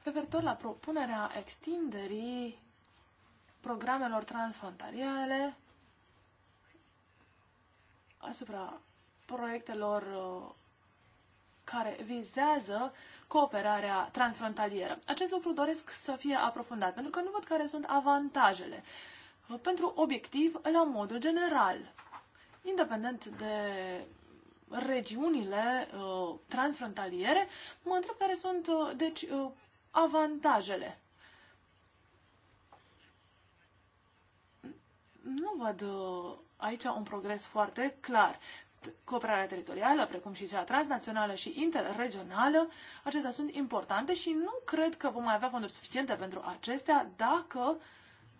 Referitor la propunerea extinderii programelor transfrontaliere asupra proiectelor uh, care vizează cooperarea transfrontalieră. Acest lucru doresc să fie aprofundat, pentru că nu văd care sunt avantajele. Uh, pentru obiectiv, la modul general, independent de regiunile uh, transfrontaliere, mă întreb care sunt, uh, deci, uh, avantajele. Nu văd uh, aici un progres foarte clar. Cooperarea teritorială, precum și cea transnațională și interregională, acestea sunt importante și nu cred că vom mai avea fonduri suficiente pentru acestea dacă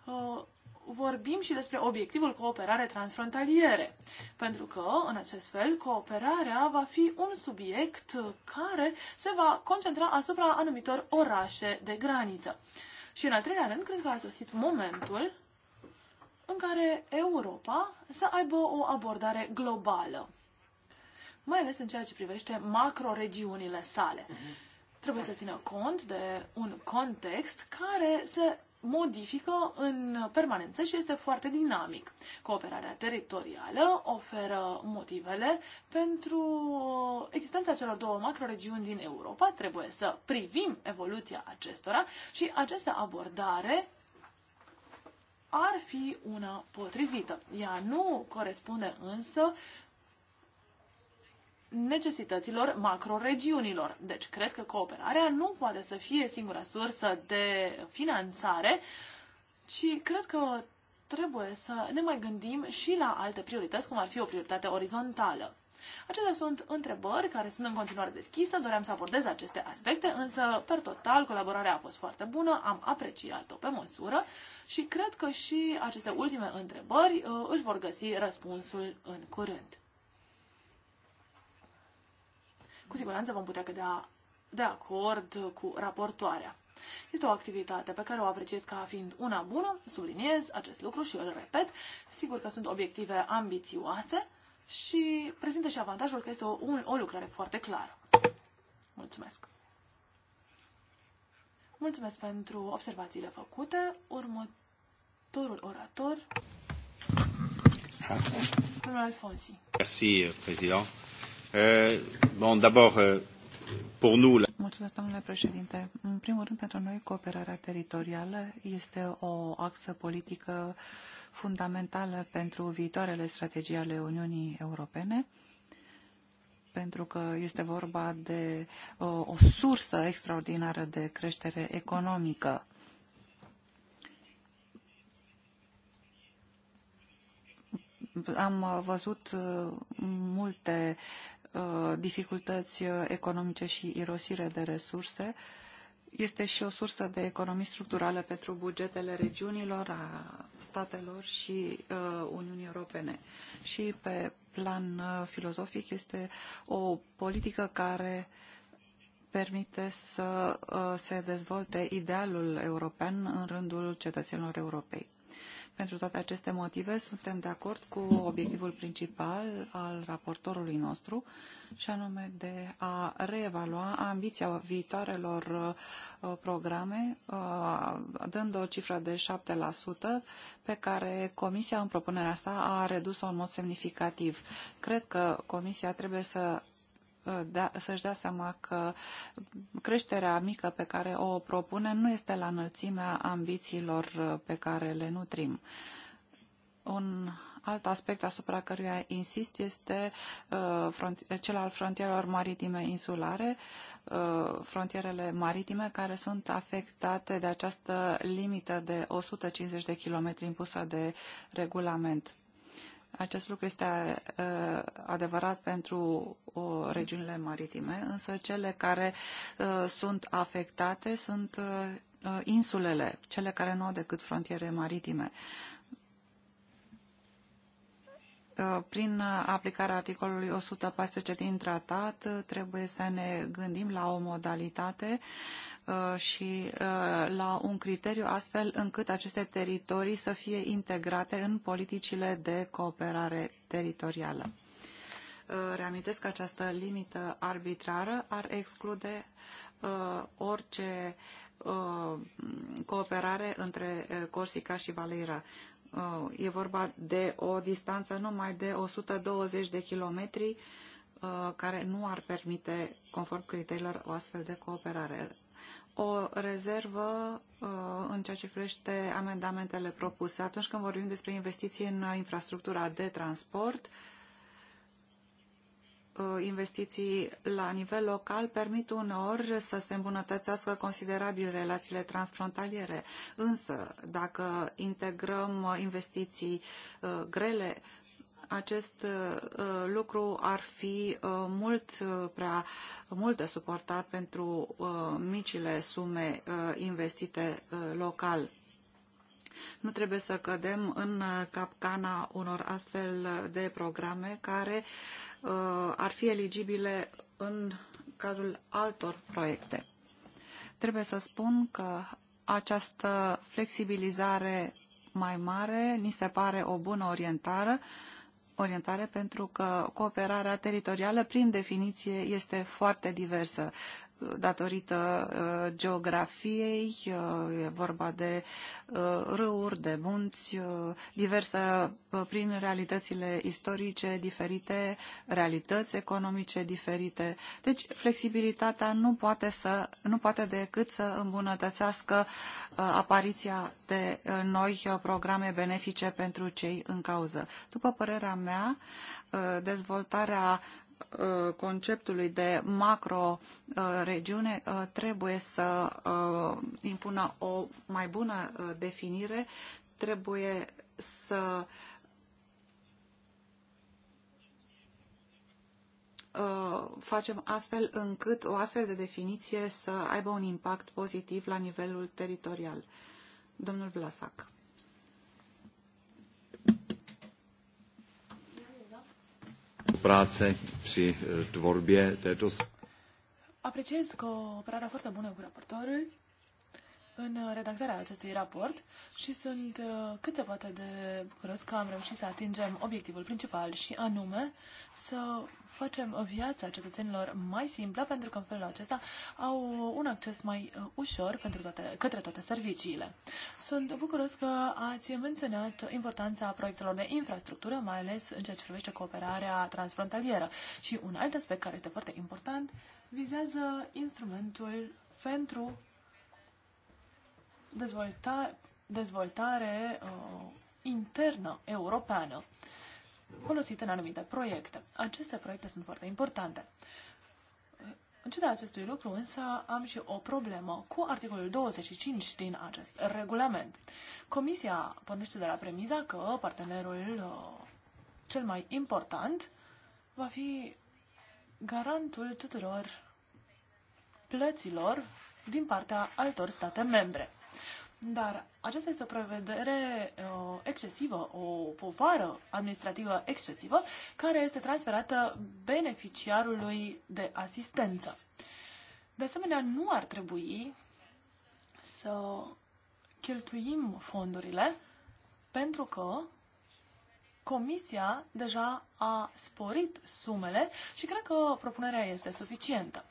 uh, vorbim și despre obiectivul cooperare transfrontaliere, pentru că, în acest fel, cooperarea va fi un subiect care se va concentra asupra anumitor orașe de graniță. Și, în al treilea rând, cred că a sosit momentul în care Europa să aibă o abordare globală, mai ales în ceea ce privește macroregiunile sale. Mhm. Trebuie să țină cont de un context care să modifică în permanență și este foarte dinamic. Cooperarea teritorială oferă motivele pentru uh, existența celor două macroregiuni din Europa. Trebuie să privim evoluția acestora și această abordare ar fi una potrivită. Ea nu corespunde însă necesităților macroregiunilor. Deci, cred că cooperarea nu poate să fie singura sursă de finanțare, ci cred că trebuie să ne mai gândim și la alte priorități, cum ar fi o prioritate orizontală. Acestea sunt întrebări care sunt în continuare deschise, doream să abordez aceste aspecte, însă, per total, colaborarea a fost foarte bună, am apreciat-o pe măsură și cred că și aceste ultime întrebări uh, își vor găsi răspunsul în curând. Cu siguranță vom putea cădea de acord cu raportoarea. Este o activitate pe care o apreciez ca fiind una bună, subliniez acest lucru și îl repet. Sigur că sunt obiective ambițioase și prezintă și avantajul că este o, o lucrare foarte clară. Mulțumesc! Mulțumesc pentru observațiile făcute. Următorul orator, domnul Alfonsi.
Merci, président. Eh, bon, d'abord, eh, pour nous... Mulțumesc, domnule președinte. În primul rând, pentru noi, cooperarea teritorială este o axă politică fundamentală pentru viitoarele strategii ale Uniunii Europene pentru că este vorba de o, eh, o sursă extraordinară de creștere economică. Am văzut multe Uh, dificultăți uh, economice și irosire de resurse. Este și o sursă de economii structurale pentru bugetele regiunilor, a statelor și uh, Uniunii Europene. Și pe plan uh, filozofic este o politică care permite să uh, se dezvolte idealul european în rândul cetățenilor europei. Pentru toate aceste motive, suntem de acord cu obiectivul principal al raportorului nostru, și anume de a reevalua ambiția viitoarelor uh, programe, uh, dând o cifră de 7%, pe care Comisia, în propunerea sa, a redus-o în mod semnificativ. Cred că Comisia trebuie să da, să-și dea seama că creșterea mică pe care o propune nu este la înălțimea ambițiilor pe care le nutrim. Un alt aspect asupra căruia insist este uh, front, cel al frontierelor maritime insulare, uh, frontierele maritime care sunt afectate de această limită de 150 de kilometri impusă de regulament Acest lucru este e, adevărat pentru regiunile maritime, însă cele care e, sunt afectate sunt e, insulele, cele care nu au decât frontiere maritime. Prin aplicarea articolului 114 din tratat, trebuie să ne gândim la o modalitate uh, Uh, și uh, la un criteriu astfel încât aceste teritorii să fie integrate în politicile de cooperare teritorială. Uh, reamintesc că această limită arbitrară ar exclude orice cooperare între Corsica și Valera. E vorba de o distanță numai de 120 de kilometri care nu ar permite, conform criteriilor, o astfel de cooperare o rezervă uh, în ceea ce privește amendamentele propuse. Atunci când vorbim despre investiții în infrastructura de transport, uh, investiții la nivel local permit uneori să se îmbunătățească considerabil relațiile transfrontaliere. Însă, dacă integrăm investiții uh, grele acest uh, uh, lucru ar fi uh, mult prea mult de suportat pentru micile sume investite local. Nu trebuie să cădem în capcana unor astfel de programe care ar fi eligibile în cadrul altor proiecte. Trebuie să spun că această flexibilizare mai mare ni se pare o bună orientare orientare pentru că cooperarea teritorială, prin definiție, este foarte diversă datorită uh, geografiei, uh, e vorba de uh, râuri, de munți, diversă prin realitățile istorice diferite, realități economice diferite. Deci flexibilitatea nu poate, să, nu poate decât să îmbunătățească apariția de noi programe benefice pentru cei în cauză. După părerea mea, dezvoltarea conceptului eh, de macro-regiune eh, eh, trebuie să impună o mai bună definire, trebuie să facem astfel încât o astfel de definiție să aibă un impact pozitiv la nivelul teritorial. Domnul Vlasac. spolupráce při eh, tvorbě této
Apreciez cooperarea foarte în redactarea acestui raport și sunt uh, cât se poate de bucuros că am reușit să atingem obiectivul principal și anume să facem viața cetățenilor mai simplă pentru că în felul acesta au un acces mai uh, ușor pentru toate, către toate serviciile. Sunt bucuros că ați menționat importanța proiectelor de infrastructură, mai ales în ceea ce privește cooperarea transfrontalieră. Și un alt aspect care este foarte important vizează instrumentul pentru dezvoltare, dezvoltare uh, internă europeană folosită în anumite proiecte. Aceste proiecte sunt foarte importante. În ciuda acestui lucru, însă, am și o problemă cu articolul 25 din acest regulament. Comisia pornește de la premiza că partenerul uh, cel mai important va fi garantul tuturor plăților din partea altor state membre. Dar aceasta este o prevedere uh, excesivă, o povară administrativă excesivă, care este transferată beneficiarului de asistență. De asemenea, nu ar trebui să cheltuim fondurile pentru că Comisia deja a sporit sumele și cred că propunerea este suficientă.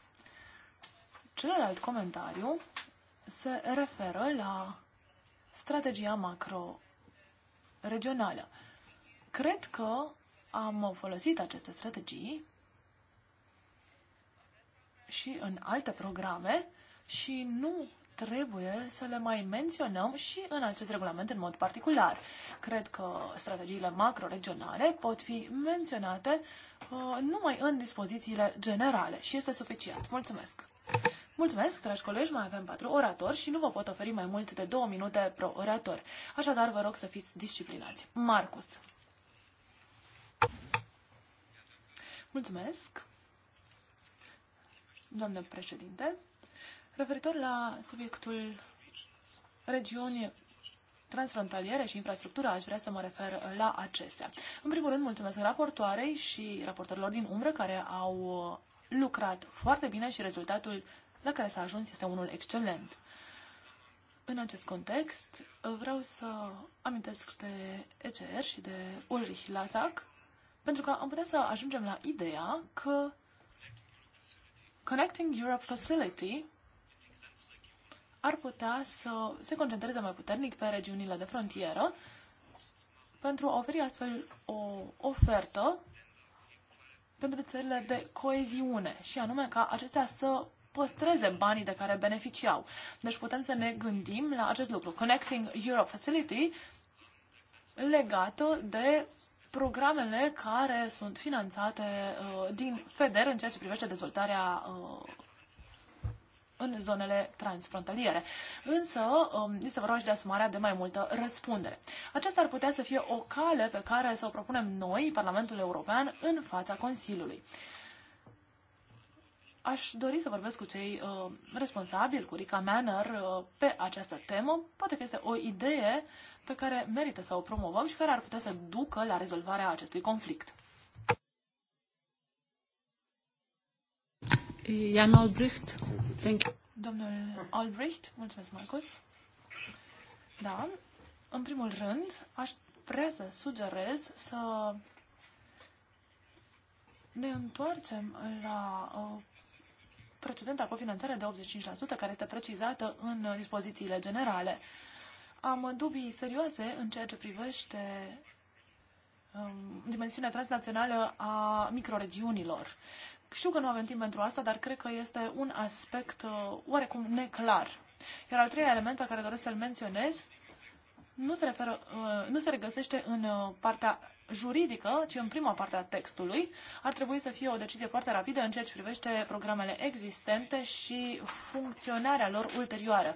Celălalt comentariu se referă la strategia macro-regională. Cred că am folosit aceste strategii și în alte programe și nu trebuie să le mai menționăm și în acest regulament în mod particular. Cred că strategiile macro-regionale pot fi menționate uh, numai în dispozițiile generale și este suficient. Mulțumesc! Mulțumesc, dragi colegi, mai avem patru oratori și nu vă pot oferi mai mult de două minute pro orator. Așadar, vă rog să fiți disciplinați. Marcus. Mulțumesc, domnule președinte. Referitor la subiectul regiunii transfrontaliere și infrastructura, aș vrea să mă refer la acestea. În primul rând, mulțumesc raportoarei și raportorilor din umbră care au lucrat foarte bine și rezultatul la care s-a ajuns este unul excelent. În acest context, vreau să amintesc de ECR și de Ulrich Lasak, pentru că am putea să ajungem la ideea că Connecting Europe Facility ar putea să se concentreze mai puternic pe regiunile de frontieră pentru a oferi astfel o ofertă pentru țările de coeziune și anume ca acestea să păstreze banii de care beneficiau. Deci putem să ne gândim la acest lucru. Connecting Europe Facility legată de programele care sunt finanțate uh, din FEDER în ceea ce privește dezvoltarea uh, în zonele transfrontaliere. Însă, um, ni se vorbește de asumarea de mai multă răspundere. Aceasta ar putea să fie o cale pe care să o propunem noi, Parlamentul European, în fața Consiliului aș dori să vorbesc cu cei uh, responsabili, cu Rica Manner, uh, pe această temă. Poate că este o idee pe care merită să o promovăm și care ar putea să ducă la rezolvarea acestui conflict.
Jan Albrecht.
Thank you. Domnul Albrecht, mulțumesc, Marcus. Da, în primul rând, aș vrea să sugerez să ne întoarcem la uh, precedenta cofinanțare de 85%, care este precizată în dispozițiile generale. Am dubii serioase în ceea ce privește um, dimensiunea transnațională a microregiunilor. Știu că nu avem timp pentru asta, dar cred că este un aspect uh, oarecum neclar. Iar al treilea element pe care doresc să-l menționez nu se, referă, uh, nu se regăsește în uh, partea juridică, ci în prima parte a textului. Ar trebui să fie o decizie foarte rapidă în ceea ce privește programele existente și funcționarea lor ulterioară.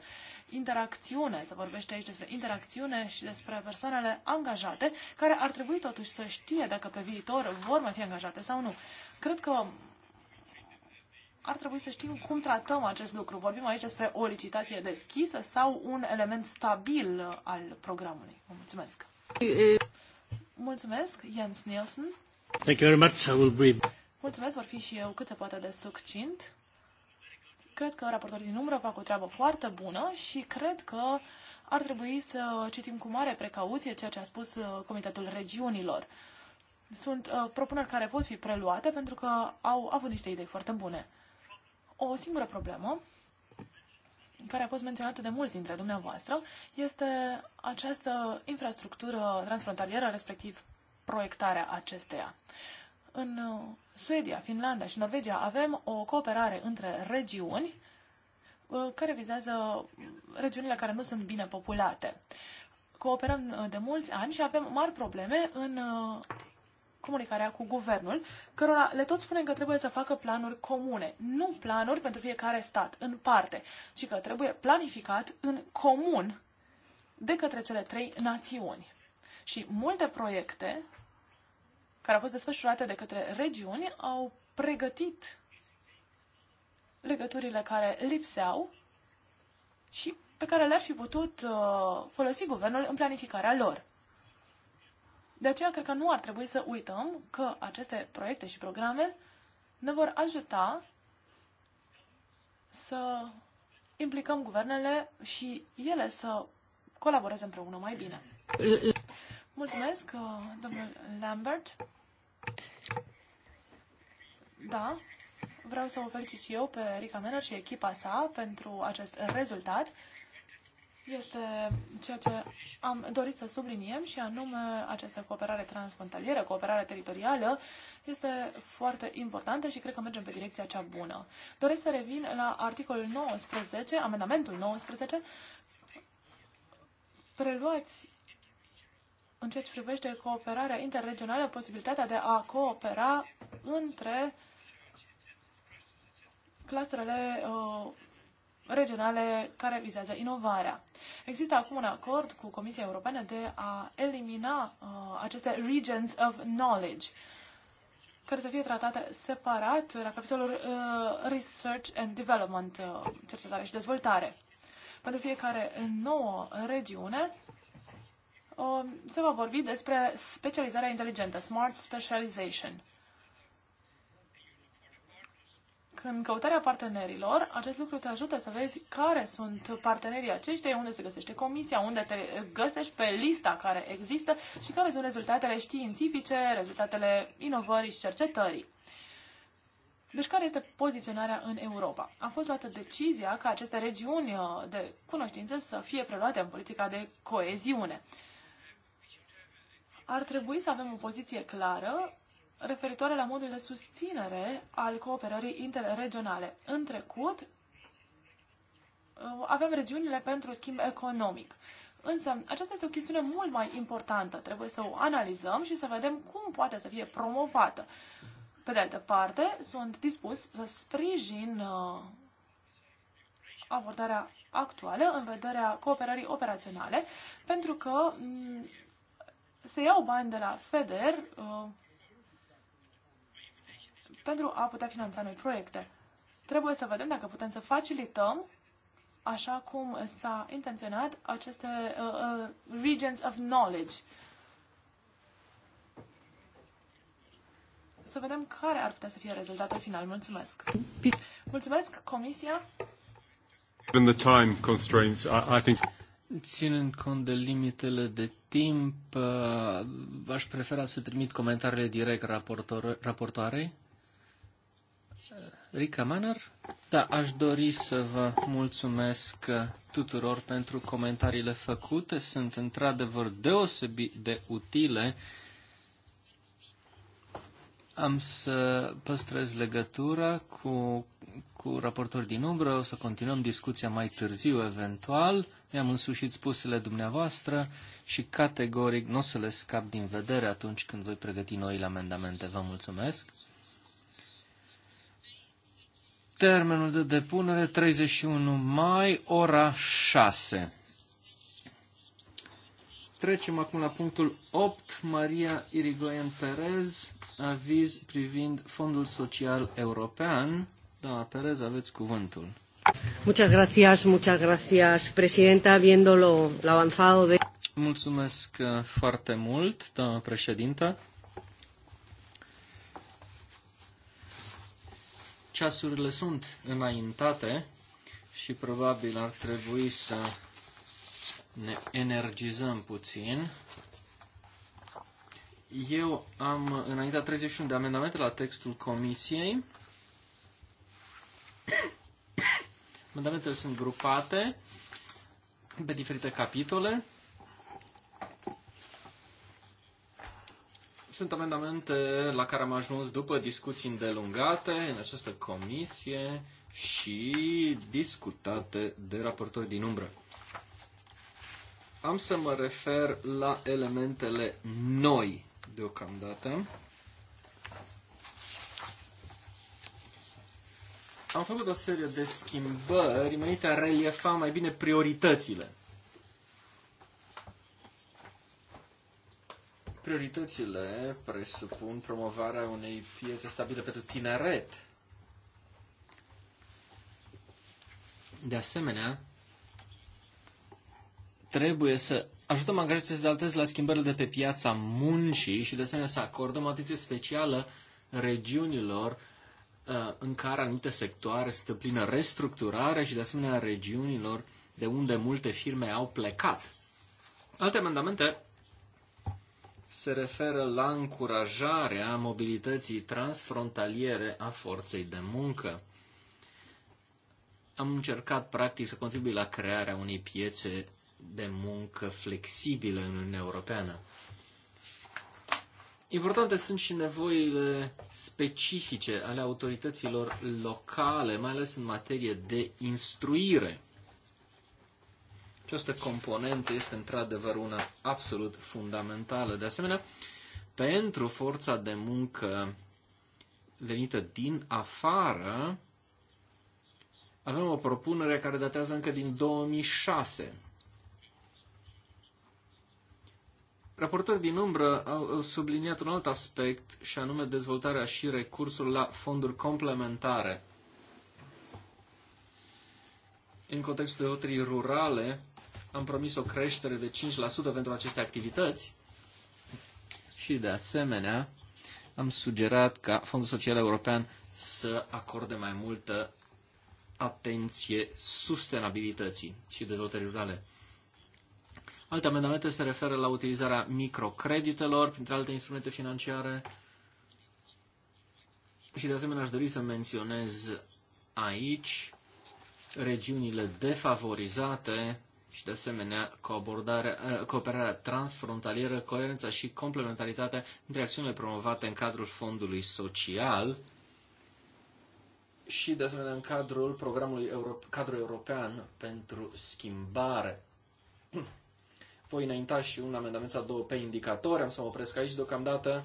Interacțiune, se vorbește aici despre interacțiune și despre persoanele angajate, care ar trebui totuși să știe dacă pe viitor vor mai fi angajate sau nu. Cred că ar trebui să știm cum tratăm acest lucru. Vorbim aici despre o licitație deschisă sau un element stabil al programului. Vă mulțumesc! Mulțumesc, Jens Nielsen.
Thank you very much. I will be...
Mulțumesc, vor fi și eu cât se poate de succint. Cred că raportorii din umbră fac o treabă foarte bună și cred că ar trebui să citim cu mare precauție ceea ce a spus uh, Comitetul Regiunilor. Sunt uh, propuneri care pot fi preluate pentru că au avut niște idei foarte bune. O singură problemă care a fost menționată de mulți dintre dumneavoastră este această infrastructură transfrontalieră, respectiv proiectarea acesteia. În uh, Suedia, Finlanda și Norvegia avem o cooperare între regiuni uh, care vizează regiunile care nu sunt bine populate. Cooperăm uh, de mulți ani și avem mari probleme în comunicarea cu guvernul, cărora le tot spunem că trebuie să facă planuri comune, nu planuri pentru fiecare stat în parte, ci că trebuie planificat în comun de către cele trei națiuni. Și multe proiecte care au fost desfășurate de către regiuni au pregătit legăturile care lipseau și pe care le-ar fi putut uh, folosi guvernul în planificarea lor. De aceea, cred că nu ar trebui să uităm că aceste proiecte și programe ne vor ajuta să implicăm guvernele și ele să colaboreze împreună mai bine. Mulțumesc, uh, domnul Lambert. Da, vreau să o felicit și eu pe Rica Mener și echipa sa pentru acest rezultat este ceea ce am dorit să subliniem și anume această cooperare transfrontalieră, cooperare teritorială, este foarte importantă și cred că mergem pe direcția cea bună. Doresc să revin la articolul 19, amendamentul 19, preluați în ceea ce privește cooperarea interregională, posibilitatea de a coopera între clusterele uh, regionale care vizează inovarea. Există acum un acord cu Comisia Europeană de a elimina uh, aceste regions of knowledge care să fie tratate separat la capitolul uh, Research and Development, uh, cercetare și dezvoltare. Pentru fiecare nouă regiune uh, se va vorbi despre specializarea inteligentă, Smart Specialization. în căutarea partenerilor, acest lucru te ajută să vezi care sunt partenerii aceștia, unde se găsește comisia, unde te găsești pe lista care există și care sunt rezultatele științifice, rezultatele inovării și cercetării. Deci care este poziționarea în Europa? A fost luată decizia ca aceste regiuni uh, de cunoștință să fie preluate în politica de coeziune. Ar trebui să avem o poziție clară referitoare la modul de susținere al cooperării interregionale. În trecut, uh, avem regiunile pentru schimb economic. Însă, aceasta este o chestiune mult mai importantă. Trebuie să o analizăm și să vedem cum poate să fie promovată. Pe de altă parte, sunt dispus să sprijin uh, abordarea actuală în vederea cooperării operaționale, pentru că mm, se iau bani de la FEDER uh, pentru a putea finanța noi proiecte. Trebuie să vedem dacă putem să facilităm, așa cum s-a intenționat, aceste uh, uh, regions of knowledge. Să vedem care ar putea să fie rezultatul final. Mulțumesc! Mulțumesc, Comisia!
Given the time constraints, I, I think... Ținând cont de limitele de timp, uh, aș prefera să trimit comentariile direct raportor, raportoarei. Rica Manar, da, aș dori să vă mulțumesc tuturor pentru comentariile făcute. Sunt într-adevăr deosebit de utile. Am să păstrez legătura cu, cu raportori din umbră, o să continuăm discuția mai târziu eventual. Mi-am însușit spusele dumneavoastră și categoric nu o să le scap din vedere atunci când voi pregăti noile amendamente. Vă mulțumesc! Termenul de depunere 31 mai, ora 6. Trecem acum la punctul 8, Maria Irigoyen Perez, aviz privind Fondul Social European. Doamna Perez, aveți cuvântul. Muchas gracias, muchas gracias, presidenta, viéndolo lo avanzado de... Mulțumesc uh, foarte mult, doamna președintă. ceasurile sunt înaintate și probabil ar trebui să ne energizăm puțin. Eu am înaintat 31 de amendamente la textul comisiei. Amendamentele sunt grupate pe diferite capitole. Sunt amendamente la care am ajuns după discuții îndelungate în această comisie și discutate de raportori din umbră. Am să mă refer la elementele noi deocamdată. Am făcut o serie de schimbări menite a reliefa mai bine prioritățile Prioritățile presupun promovarea unei piețe stabile pentru tineret. De asemenea, trebuie să ajutăm angajații să se adapteze la schimbările de pe piața muncii și de asemenea să acordăm atenție specială regiunilor uh, în care anumite sectoare sunt plină restructurare și de asemenea regiunilor de unde multe firme au plecat. Alte amendamente se referă la încurajarea mobilității transfrontaliere a forței de muncă. Am încercat, practic, să contribui la crearea unei piețe de muncă flexibile în Uniunea Europeană. Importante sunt și nevoile specifice ale autorităților locale, mai ales în materie de instruire. Această componentă este într-adevăr una absolut fundamentală. De asemenea, pentru forța de muncă venită din afară, avem o propunere care datează încă din 2006. Raportori din umbră au subliniat un alt aspect, și anume dezvoltarea și recursul la fonduri complementare. În contextul de rurale, Am promis o creștere de 5% pentru aceste activități și, de asemenea, am sugerat ca Fondul Social European să acorde mai multă atenție sustenabilității și dezvoltării rurale. Alte amendamente se referă la utilizarea microcreditelor, printre alte instrumente financiare. Și de asemenea aș dori să menționez aici regiunile defavorizate și de asemenea abordare, eh, cooperarea transfrontalieră, coerența și complementaritatea între acțiunile promovate în cadrul fondului social și de asemenea în cadrul programului Euro- cadru european pentru schimbare. Voi înainta și un amendament sau două pe indicatori, am să mă opresc aici deocamdată.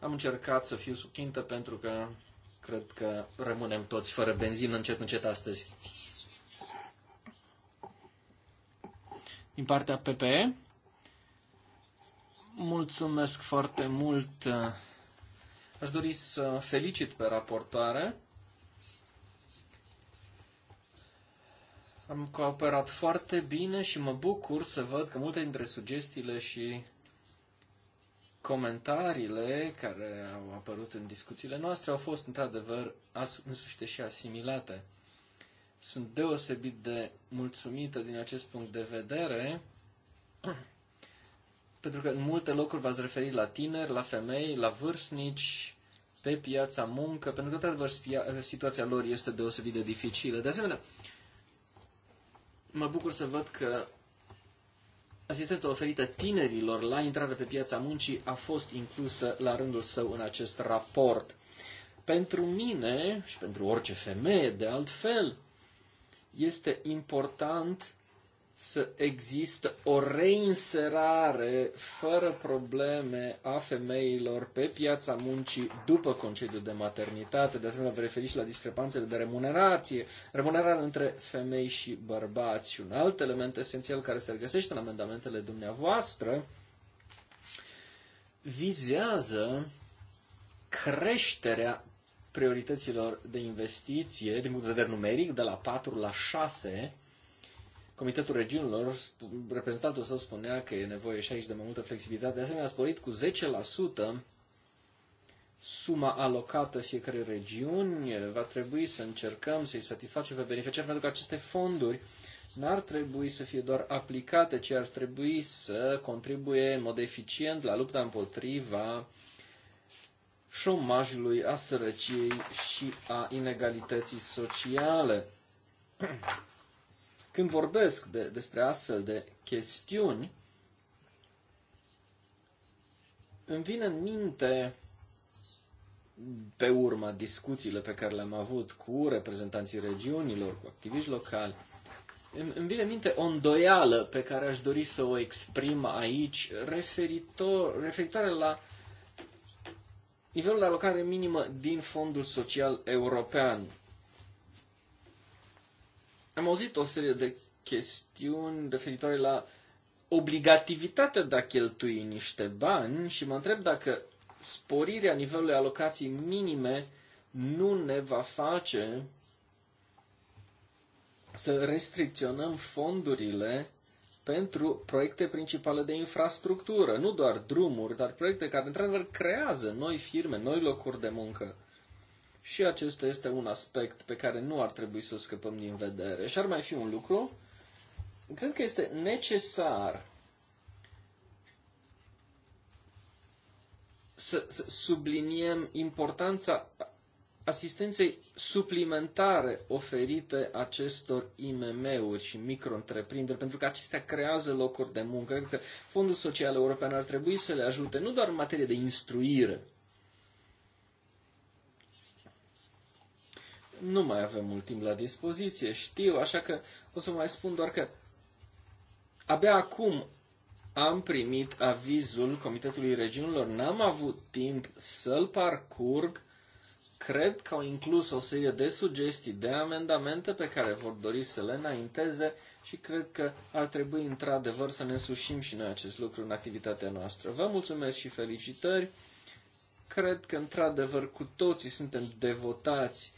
Am încercat să fiu succintă pentru că cred că rămânem toți fără benzină încet încet astăzi. din partea PPE. Mulțumesc foarte mult. Aș dori să felicit pe raportoare. Am cooperat foarte bine și mă bucur să văd că multe dintre sugestiile și comentariile care au apărut în discuțiile noastre au fost într-adevăr însușite și asimilate. Sunt deosebit de mulțumită din acest punct de vedere, pentru că în multe locuri v-ați referit la tineri, la femei, la vârstnici, pe piața muncă, pentru că, într-adevăr, situația lor este deosebit de dificilă. De asemenea, mă bucur să văd că asistența oferită tinerilor la intrare pe piața muncii a fost inclusă la rândul său în acest raport. Pentru mine și pentru orice femeie, de altfel, este important să există o reinserare fără probleme a femeilor pe piața muncii după concediul de maternitate. De asemenea, vă referiți la discrepanțele de remunerație, remunerare între femei și bărbați. Și un alt element esențial care se regăsește în amendamentele dumneavoastră vizează creșterea priorităților de investiție, din punct de vedere numeric, de la 4 la 6, Comitetul Regiunilor, reprezentantul său spunea că e nevoie și aici de mai multă flexibilitate. De asemenea, a sporit cu 10% suma alocată fiecare regiuni. Va trebui să încercăm să-i satisfacem pe beneficiari, pentru că aceste fonduri n-ar trebui să fie doar aplicate, ci ar trebui să contribuie în mod eficient la lupta împotriva șomajului, a sărăciei și a inegalității sociale. Când vorbesc de, despre astfel de chestiuni, îmi vine în minte pe urma discuțiile pe care le-am avut cu reprezentanții regiunilor, cu activiști locali, îmi vine în minte o îndoială pe care aș dori să o exprim aici referitor, referitoare la nivelul de alocare minimă din Fondul Social European. Am auzit o serie de chestiuni referitoare la obligativitatea de a cheltui niște bani și mă întreb dacă sporirea nivelului alocației minime nu ne va face să restricționăm fondurile pentru proiecte principale de infrastructură, nu doar drumuri, dar proiecte care într-adevăr creează noi firme, noi locuri de muncă. Și acesta este un aspect pe care nu ar trebui să scăpăm din vedere. Și ar mai fi un lucru, cred că este necesar să, să subliniem importanța asistenței suplimentare oferite acestor IMM-uri și micro-întreprinderi, pentru că acestea creează locuri de muncă. Cred că Fondul Social European ar trebui să le ajute nu doar în materie de instruire. Nu mai avem mult timp la dispoziție, știu, așa că o să mai spun doar că abia acum am primit avizul Comitetului Regiunilor, n-am avut timp să-l parcurg, cred că au inclus o serie de sugestii, de amendamente pe care vor dori să le înainteze și cred că ar trebui într-adevăr să ne sușim și noi acest lucru în activitatea noastră. Vă mulțumesc și felicitări. Cred că într-adevăr cu toții suntem devotați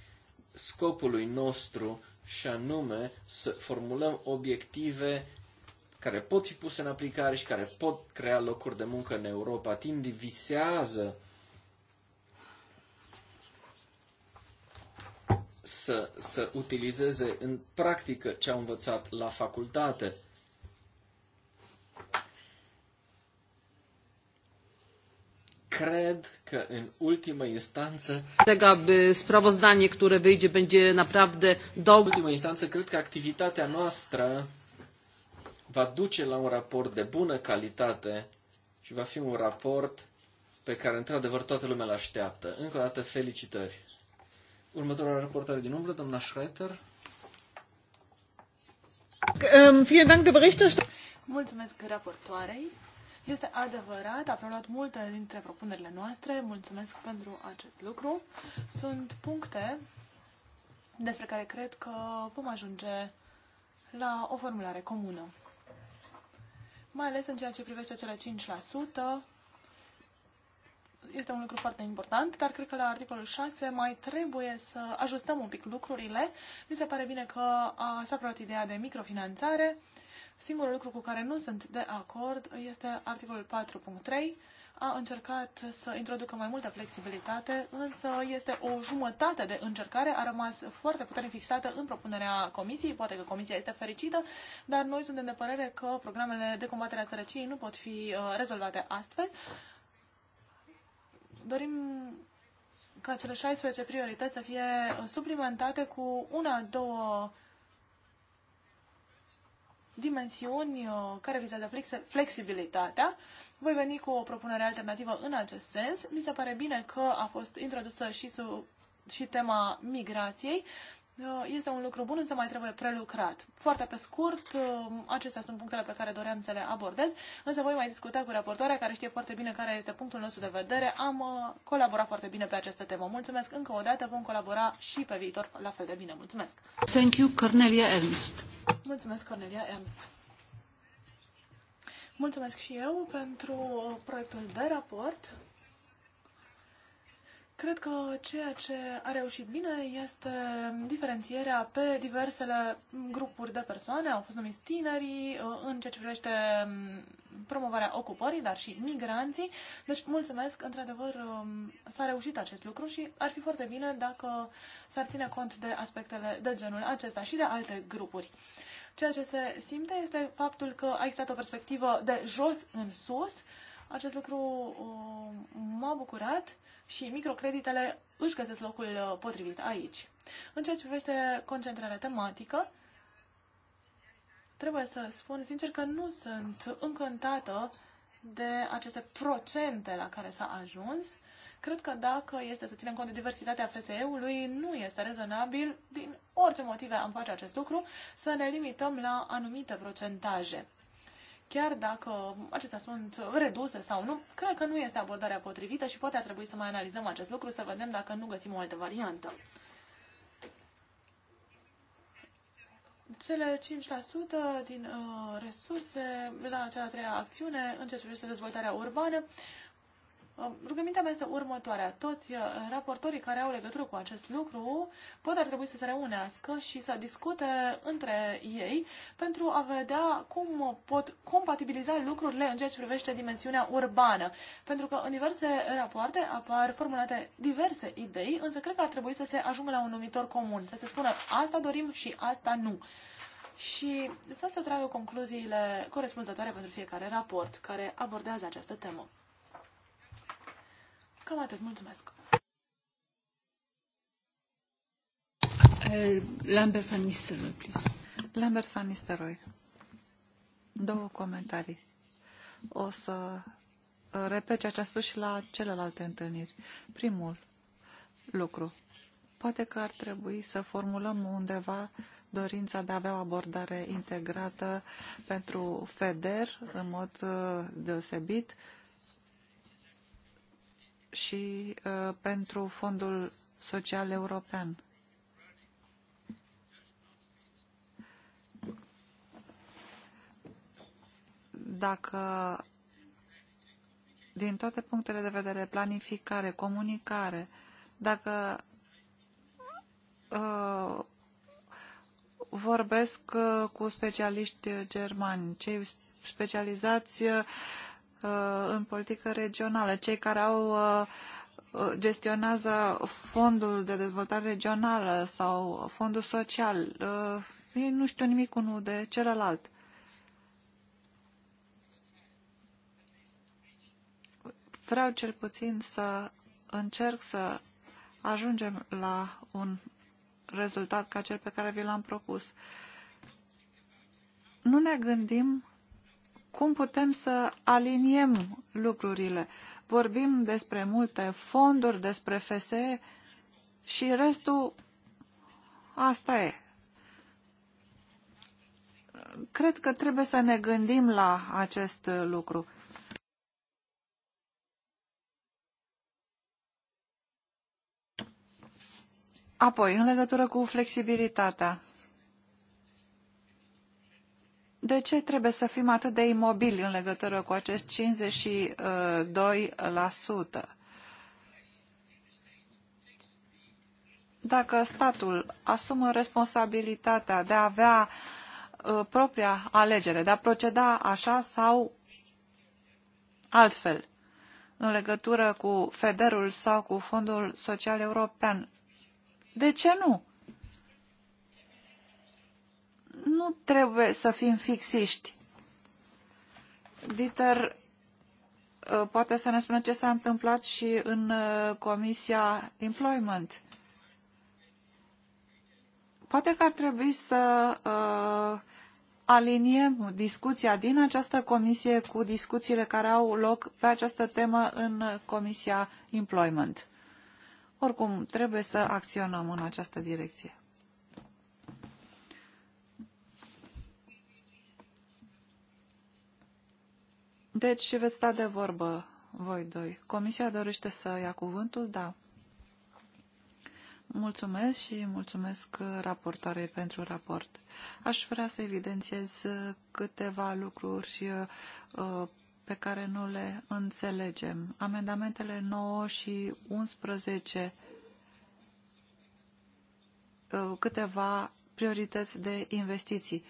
scopului nostru și anume să formulăm obiective care pot fi puse în aplicare și care pot crea locuri de muncă în Europa. Timp visează să, să utilizeze în practică ce au învățat la facultate. Cred că în ultimă instanță aby e, sprawozdanie, które wyjdzie, będzie naprawdę dobre. ultimă instanță, cred că activitatea noastră va duce la un raport de bună calitate și va fi un raport pe care, într-adevăr, toată lumea l așteaptă. Încă o dată, felicitări! Următoarea raportare din umbră, doamna Schreiter. Ehm,
Mulțumesc raportoarei. Este adevărat, a preluat multe dintre propunerile noastre. Mulțumesc pentru acest lucru. Sunt puncte despre care cred că vom ajunge la o formulare comună. Mai ales în ceea ce privește cele este un lucru foarte important, dar cred că la articolul 6 mai trebuie să ajustăm un pic lucrurile. Mi se pare bine că s-a preluat ideea de microfinanțare. Singurul lucru cu care nu sunt de acord este articolul 4.3. A încercat să introducă mai multă flexibilitate, însă este o jumătate de încercare, a rămas foarte puternic fixată în propunerea comisiei. Poate că comisia este fericită, dar noi suntem de părere că programele de combatere a sărăciei nu pot fi uh, rezolvate astfel dorim ca cele 16 priorități să fie suplimentate cu una, două dimensiuni uh, care vizează flexibilitatea. Voi veni cu o propunere alternativă în acest sens. Mi se pare bine că a fost introdusă și, su- și tema migrației. Uh, este un lucru bun, însă mai trebuie prelucrat. Foarte pe scurt, uh, acestea sunt punctele pe care doream să le abordez, însă voi mai discuta cu raportoarea care știe foarte bine care este punctul nostru de vedere. Am uh, colaborat foarte bine pe această temă. Mulțumesc încă o dată, vom colabora și pe viitor la fel de bine. Mulțumesc! Thank you, Cornelia Ernst. Mulțumesc, Cornelia Ernst. Mulțumesc și eu pentru proiectul de raport. Cred că ceea ce a reușit bine este diferențierea pe diversele grupuri de persoane. Au fost numiți tinerii uh, în ceea ce privește um, promovarea ocupării, dar și migranții. Deci, mulțumesc, într-adevăr, um, s-a reușit acest lucru și ar fi foarte bine dacă s-ar ține cont de aspectele de genul acesta și de alte grupuri. Ceea ce se simte este faptul că a existat o perspectivă de jos în sus. Acest lucru uh, m-a bucurat și microcreditele își găsesc locul uh, potrivit aici. În ceea ce privește concentrarea tematică, trebuie să spun sincer că nu sunt încântată de aceste procente la care s-a ajuns. Cred că dacă este să ținem cont de diversitatea FSE-ului, nu este rezonabil, din orice motive am face acest lucru, să ne limităm la anumite procentaje chiar dacă acestea sunt reduse sau nu, cred că nu este abordarea potrivită și poate ar trebui să mai analizăm acest lucru, să vedem dacă nu găsim o altă variantă. Cele 5% din uh, resurse la cea a treia acțiune în ce privește dezvoltarea urbană, uh, Rugămintea mea este următoarea. Toți uh, raportorii care au legătură cu acest lucru pot ar trebui să se reunească și să discute între ei pentru a vedea cum pot compatibiliza lucrurile în ceea ce privește dimensiunea urbană. Pentru că în diverse rapoarte apar formulate diverse idei, însă cred că ar trebui să se ajungă la un numitor comun, să se spună asta dorim și asta nu și să se tragă concluziile corespunzătoare pentru fiecare raport care abordează această temă. Cam atât. Mulțumesc.
Eh, Lambert van Nistelrooy, please. Lambert van Nistelrooy. Două comentarii. O să repet ceea ce a spus și la celelalte întâlniri. Primul lucru. Poate că ar trebui să formulăm undeva dorința de a avea o abordare integrată pentru FEDER în mod eh, deosebit și uh, pentru Fondul Social European. Dacă din toate punctele de vedere, planificare, comunicare, dacă uh, vorbesc uh, cu specialiști germani, cei specializați uh, Uh, în politică regională. Cei care au uh, uh, gestionează fondul de dezvoltare regională sau fondul social. Ei nu știu nimic unul de celălalt. Vreau cel puțin să încerc să ajungem la un rezultat ca cel pe care vi l-am propus. Nu ne gândim cum putem să aliniem lucrurile. Vorbim despre multe fonduri, despre FSE și restul asta e. Cred că trebuie să ne gândim la acest lucru. Apoi, în legătură cu flexibilitatea. De ce trebuie să fim atât de imobili în legătură cu acest 52%? Dacă statul asumă responsabilitatea de a avea uh, propria alegere, de a proceda așa sau altfel, în legătură cu Federul sau cu Fondul Social European, de ce nu? nu trebuie să fim fixiști. Dieter uh, poate să ne spună ce s-a întâmplat și în uh, Comisia Employment. Poate că ar trebui să uh, aliniem discuția din această comisie cu discuțiile care au loc pe această temă în uh, Comisia Employment. Oricum, trebuie să acționăm în această direcție. Deci veți sta de vorbă voi doi. Comisia dorește să ia cuvântul? Da. Mulțumesc și mulțumesc raportoarei pentru raport. Aș vrea să evidențiez câteva lucruri uh, pe care nu le înțelegem. Amendamentele 9 și 11, uh, câteva priorități de investiții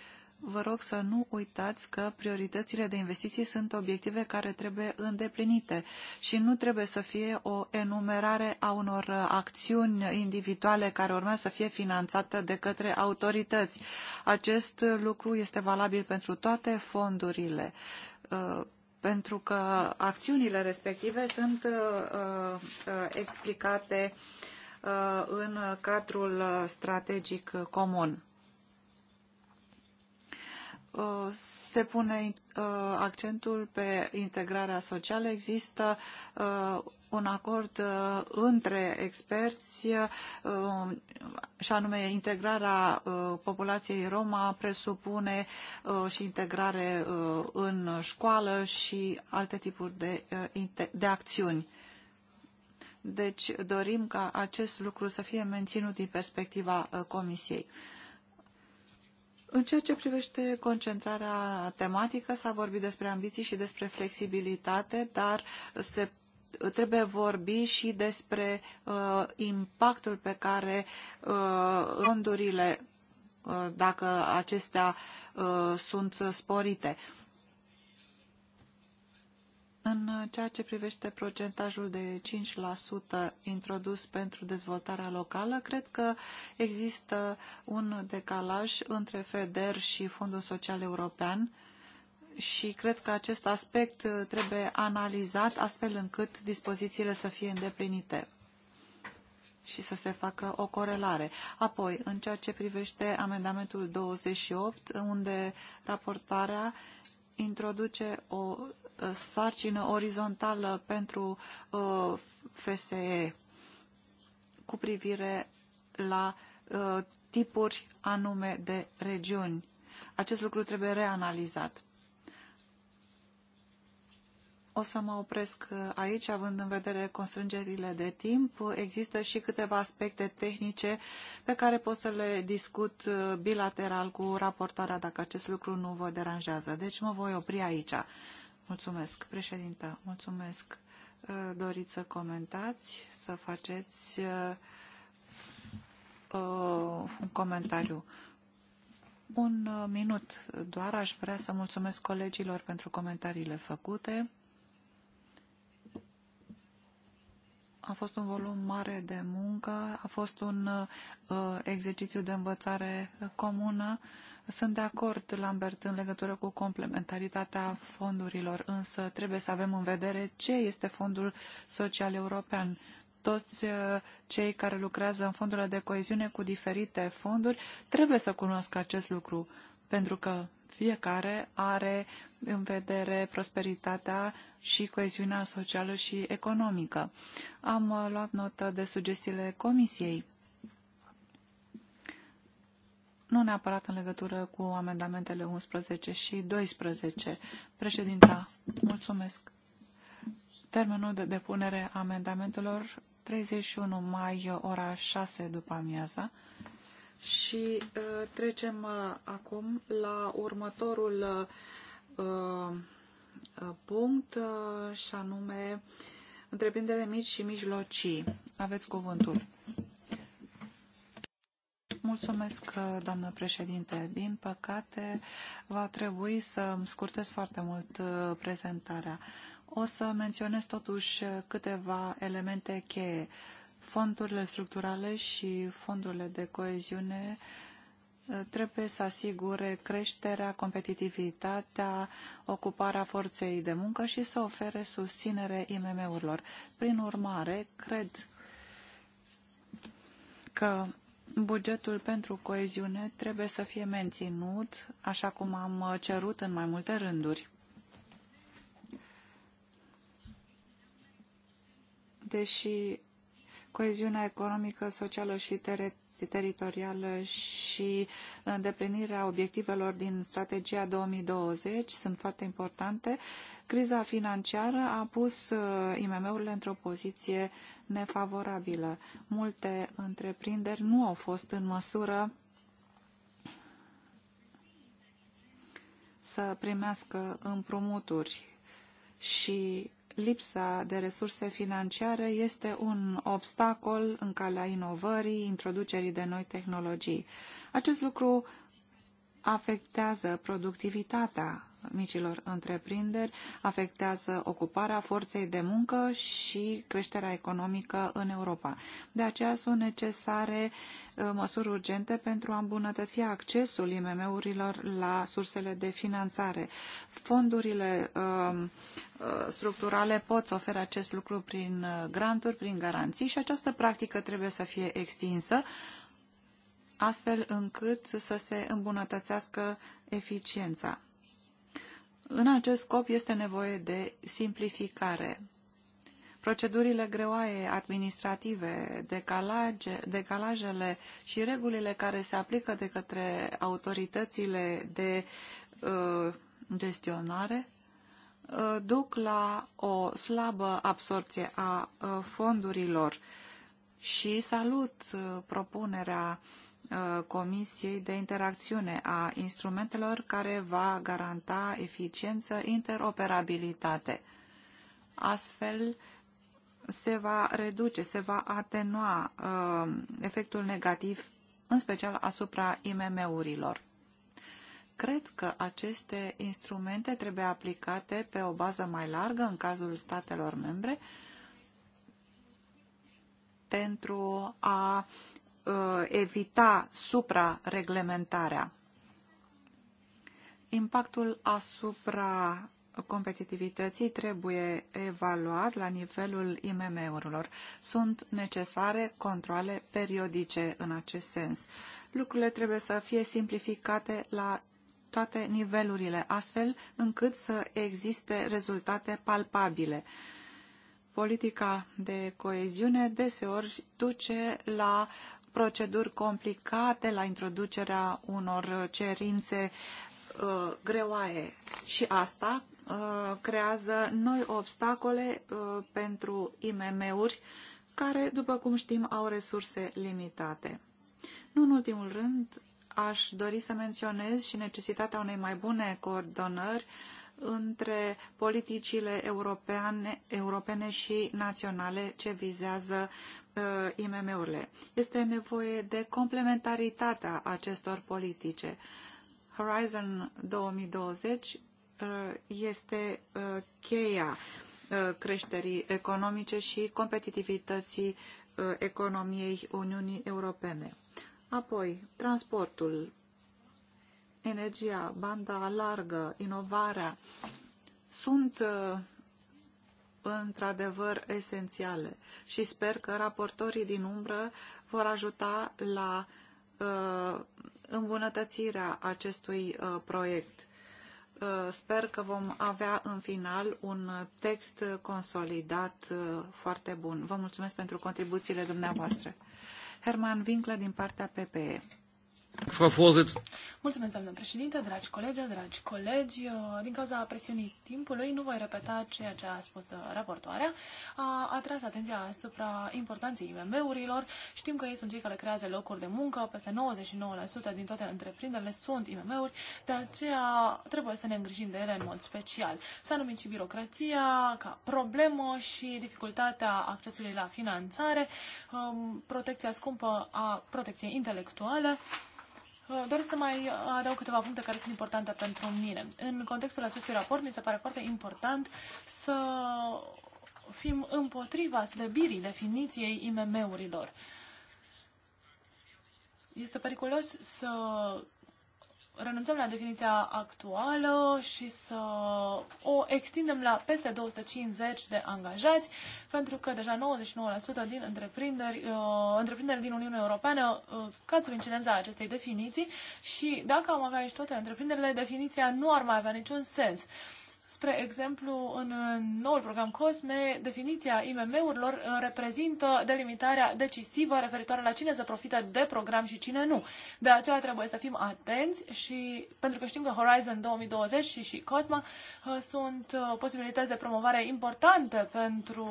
vă rog să nu uitați că prioritățile de investiții sunt obiective care trebuie îndeplinite și nu trebuie să fie o enumerare a unor acțiuni individuale care urmează să fie finanțate de către autorități. Acest lucru este valabil pentru toate fondurile uh, pentru că acțiunile respective sunt uh, uh, explicate în cadrul strategic comun. Uh, se pune uh, accentul pe integrarea socială. Există uh, un acord între experți și anume integrarea populației Roma presupune și integrare în școală și alte tipuri de, de acțiuni. Deci dorim ca acest lucru să fie menținut din perspectiva Comisiei. În ceea ce privește concentrarea tematică, s-a vorbit despre ambiții și despre flexibilitate, dar se trebuie vorbi și despre uh, impactul pe care uh, rândurile, uh, dacă acestea uh, sunt sporite. Uh, În uh, ceea ce privește procentajul de 5% introdus pentru dezvoltarea locală, cred că există un decalaj între FEDER și Fondul Social European și cred că acest aspect uh, trebuie analizat astfel încât dispozițiile să fie îndeplinite și să se facă o corelare. Apoi, în ceea ce privește amendamentul 28, unde raportarea introduce o sarcină orizontală pentru uh, FSE cu privire la uh, tipuri anume de regiuni. Acest lucru trebuie reanalizat. O să mă opresc uh, aici, având în vedere constrângerile de timp. Există și câteva aspecte tehnice pe care pot să le discut bilateral cu raportoarea dacă acest lucru nu vă deranjează. Deci mă voi opri aici. Mulțumesc, președinta. Mulțumesc. Uh, doriți să comentați, să faceți uh, uh un comentariu. Un uh, minut doar. Aș vrea să mulțumesc colegilor pentru comentariile făcute. A fost un volum mare de muncă, a fost un uh, exercițiu de învățare comună. Uh, Sunt de acord, Lambert, în legătură cu complementaritatea fondurilor, însă trebuie să avem în vedere ce este Fondul Social European. Toți uh, cei care lucrează în fondurile de coeziune cu diferite fonduri trebuie să cunoască acest lucru, pentru că fiecare are în vedere prosperitatea și coeziunea socială și economică. Am uh, luat notă de sugestiile Comisiei nu neapărat în legătură cu amendamentele 11 și 12. Președinta, mulțumesc. Termenul de depunere a amendamentelor 31 mai, ora 6 după amiaza. Și uh, trecem uh, acum la următorul uh, uh, punct, uh, și anume întreprindere mici și mijlocii. Aveți cuvântul. Mulțumesc, doamnă președinte. Din păcate, va trebui să îmi scurtez foarte mult uh, prezentarea. O să menționez totuși câteva elemente cheie. Fondurile structurale și fondurile de coeziune uh, trebuie să asigure creșterea, competitivitatea, ocuparea forței de muncă și să ofere susținere IMM-urilor. Prin urmare, cred că Bugetul pentru coeziune trebuie să fie menținut, așa cum am cerut în mai multe rânduri. Deși coeziunea economică, socială și teritorială coerenței teritoriale și îndeplinirea obiectivelor din strategia 2020 sunt foarte importante. Criza financiară a pus uh, IMM-urile într-o poziție nefavorabilă. Multe întreprinderi nu au fost în măsură să primească împrumuturi și lipsa de resurse financiare este un obstacol în calea inovării, introducerii de noi tehnologii. Acest lucru afectează productivitatea micilor întreprinderi, afectează ocuparea forței de muncă și creșterea economică în Europa. De aceea sunt necesare uh, măsuri urgente pentru a îmbunătăți accesul IMM-urilor la sursele de finanțare. Fondurile um, uh, structurale pot să ofere acest lucru prin uh, granturi, prin garanții și această practică trebuie să fie extinsă astfel încât să se îmbunătățească eficiența. În acest scop este nevoie de simplificare. Procedurile greoaie administrative, decalaje, decalajele și regulile care se aplică de către autoritățile de uh, gestionare uh, duc la o slabă absorție a uh, fondurilor și salut uh, propunerea uh, Uh, Comisiei de Interacțiune a instrumentelor care va garanta eficiență, interoperabilitate. Astfel, se va reduce, se va atenua uh, efectul negativ, în special asupra IMM-urilor. Cred că aceste instrumente trebuie aplicate pe o bază mai largă în cazul statelor membre pentru a uh, Eh, evita suprareglementarea. Impactul asupra competitivității trebuie evaluat la nivelul IMM-urilor. Sunt necesare controle periodice în acest sens. Lucrurile trebuie să fie simplificate la toate nivelurile, astfel încât să existe rezultate palpabile. Politica de coeziune deseori duce la proceduri complicate, la introducerea unor cerințe uh, greoaie. Și asta uh, creează noi obstacole uh, pentru IMM-uri care, după cum știm, au resurse limitate. Nu în ultimul rând, aș dori să menționez și necesitatea unei mai bune coordonări uh, între politicile europeane, europene și naționale ce vizează uh, IMM-urile. Este nevoie de complementaritatea acestor politice. Horizon 2020 uh, este uh, cheia uh, creșterii economice și competitivității uh, economiei Uniunii Europene. Apoi, transportul energia, banda largă, inovarea, sunt uh, într-adevăr esențiale și sper că raportorii din umbră vor ajuta la uh, îmbunătățirea acestui uh, proiect. Uh, sper că vom avea în final un text consolidat uh, foarte bun. Vă mulțumesc pentru contribuțiile dumneavoastră.
Herman Winkler din partea PPE. Mulțumesc, doamnă președinte, dragi colegi, dragi colegi. Din cauza presiunii timpului, nu voi repeta ceea ce a spus raportoarea. A atras atenția asupra importanței IMM-urilor. Știm că ei sunt cei care creează locuri de muncă. Peste 99% din toate întreprinderile sunt IMM-uri, de aceea trebuie să ne îngrijim de ele în mod special. S-a numit și birocrația ca problemă și dificultatea accesului la finanțare, um, protecția scumpă a protecției intelectuale Uh, doresc să mai adaug câteva puncte care sunt importante pentru mine. În contextul acestui raport, mi se pare foarte important să fim împotriva slăbirii definiției IMM-urilor. Este periculos să renunțăm la definiția actuală și să o extindem la peste 250 de angajați, pentru că deja 99% din întreprinderi, uh, întreprinderi din Uniunea Europeană uh, cad sub incidența acestei definiții și dacă am avea aici toate întreprinderile, definiția nu ar mai avea niciun sens. Uh, Spre exemplu, în noul program COSME, definiția IMM-urilor uh, reprezintă delimitarea decisivă referitoare la cine să profite de program și cine nu. De aceea trebuie să fim atenți și pentru că știm că Horizon 2020 și, și COSMA uh, sunt uh, posibilități de promovare importante pentru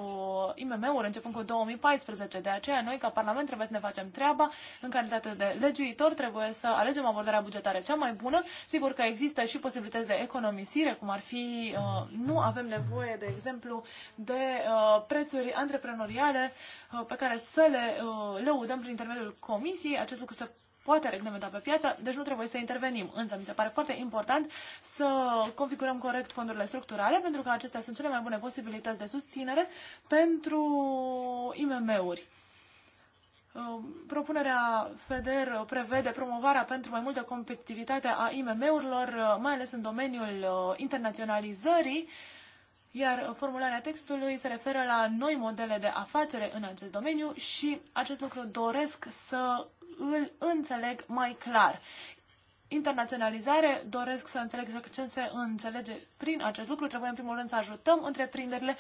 IMM-uri începând cu 2014. De aceea noi, ca Parlament, trebuie să ne facem treaba. În calitate de legiuitor, trebuie să alegem abordarea bugetară cea mai bună. Sigur că există și posibilități de economisire, cum ar fi uh, nu avem nevoie, de exemplu, de uh, prețuri antreprenoriale uh, pe care să le uh, lăudăm prin intermediul comisiei. Acest lucru să poate reglementa pe piață, deci nu trebuie să intervenim. Însă mi se pare foarte important să configurăm corect fondurile structurale, pentru că acestea sunt cele mai bune posibilități de susținere pentru IMM-uri. Uh, propunerea FEDER prevede promovarea pentru mai multă competitivitate a IMM-urilor, uh, mai ales în domeniul uh, internaționalizării, iar formularea textului se referă la noi modele de afacere în acest domeniu și acest lucru doresc să îl înțeleg mai clar. Internaționalizare, doresc să înțeleg ce se înțelege prin acest lucru. Trebuie în primul rând să ajutăm întreprinderile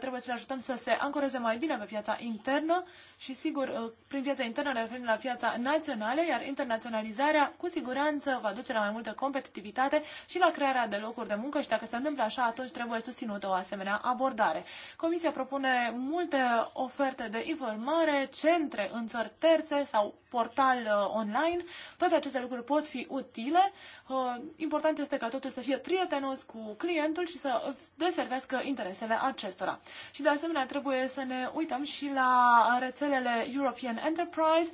trebuie să le ajutăm să se ancoreze mai bine pe piața internă și, sigur, uh, prin piața internă ne referim la piața națională, iar internaționalizarea cu siguranță va duce la mai multă competitivitate și la crearea de locuri de muncă și dacă se întâmplă așa, atunci trebuie susținută o asemenea abordare. Comisia propune multe oferte de informare, centre în țări terțe sau portal uh, online. Toate aceste lucruri pot fi utile. Important este ca totul să fie prietenos cu clientul și să deservească interesele acestor acestora. Și de asemenea trebuie să ne uităm și la rețelele European Enterprise,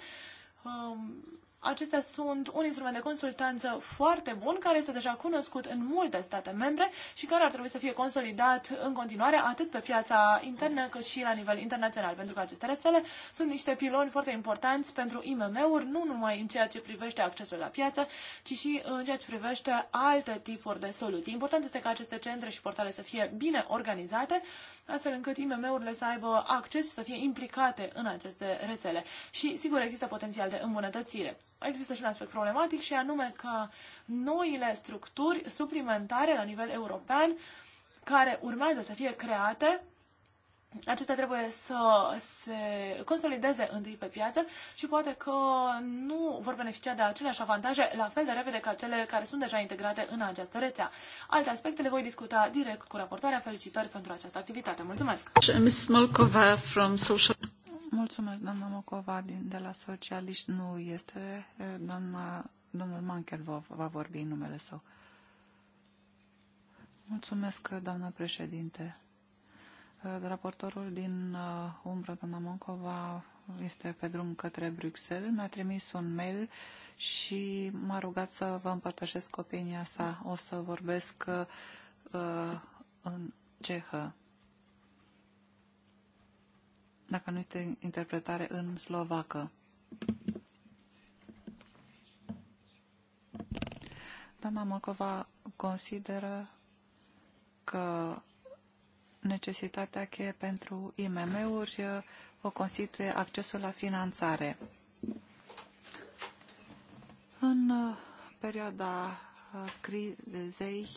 um, Acestea sunt un instrument de consultanță foarte bun, care este deja cunoscut în multe state membre și care ar trebui să fie consolidat în continuare, atât pe piața internă, cât și la nivel internațional, pentru că aceste rețele sunt niște piloni foarte importanți pentru IMM-uri, nu numai în ceea ce privește accesul la piață, ci și în ceea ce privește alte tipuri de soluții. Important este ca aceste centre și portale să fie bine organizate, astfel încât IMM-urile să aibă acces și să fie implicate în aceste rețele. Și, sigur, există potențial de îmbunătățire există și un aspect problematic și anume că noile structuri suplimentare la nivel european care urmează să fie create acestea trebuie să se consolideze întâi pe piață și poate că nu vor beneficia de aceleași avantaje la fel de repede ca cele care sunt deja integrate în această rețea. Alte aspecte le voi discuta direct cu raportoarea. Felicitări pentru această activitate. Mulțumesc!
Ms. Molkova from Social... Mulțumesc, doamna Mocova, din, de la Socialiști nu este. E, doamna, domnul Mancher va, va vorbi în numele său. Mulțumesc, doamna președinte. E, raportorul din e, umbră, doamna Mocova, este pe drum către Bruxelles. Mi-a trimis un mail și m-a rugat să vă împărtășesc opinia sa. O să vorbesc uh, în cehă dacă nu este interpretare în slovacă. Doamna Măcova consideră că necesitatea cheie pentru IMM-uri eh, o constituie accesul la finanțare. În eh, perioada eh, crizei,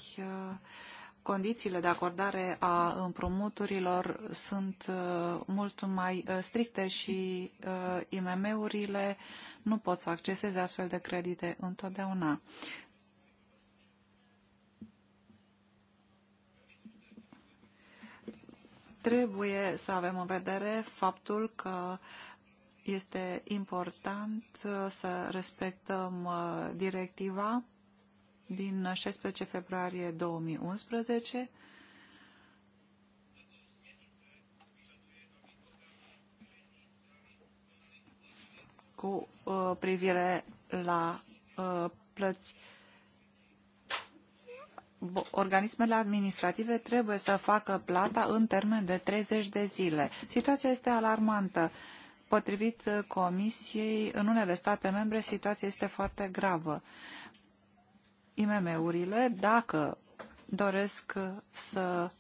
condițiile de acordare a împrumuturilor sunt uh, mult mai uh, stricte și uh, IMM-urile nu pot să acceseze astfel de credite întotdeauna. Trebuie să avem în vedere faptul că este important să respectăm directiva din 16 februarie 2011 cu uh, privire la uh, plăți. Organismele administrative trebuie să facă plata în termen de 30 de zile. Situația este alarmantă. Potrivit uh, Comisiei, în unele state membre, situația este foarte gravă. IMM-urile, dacă doresc să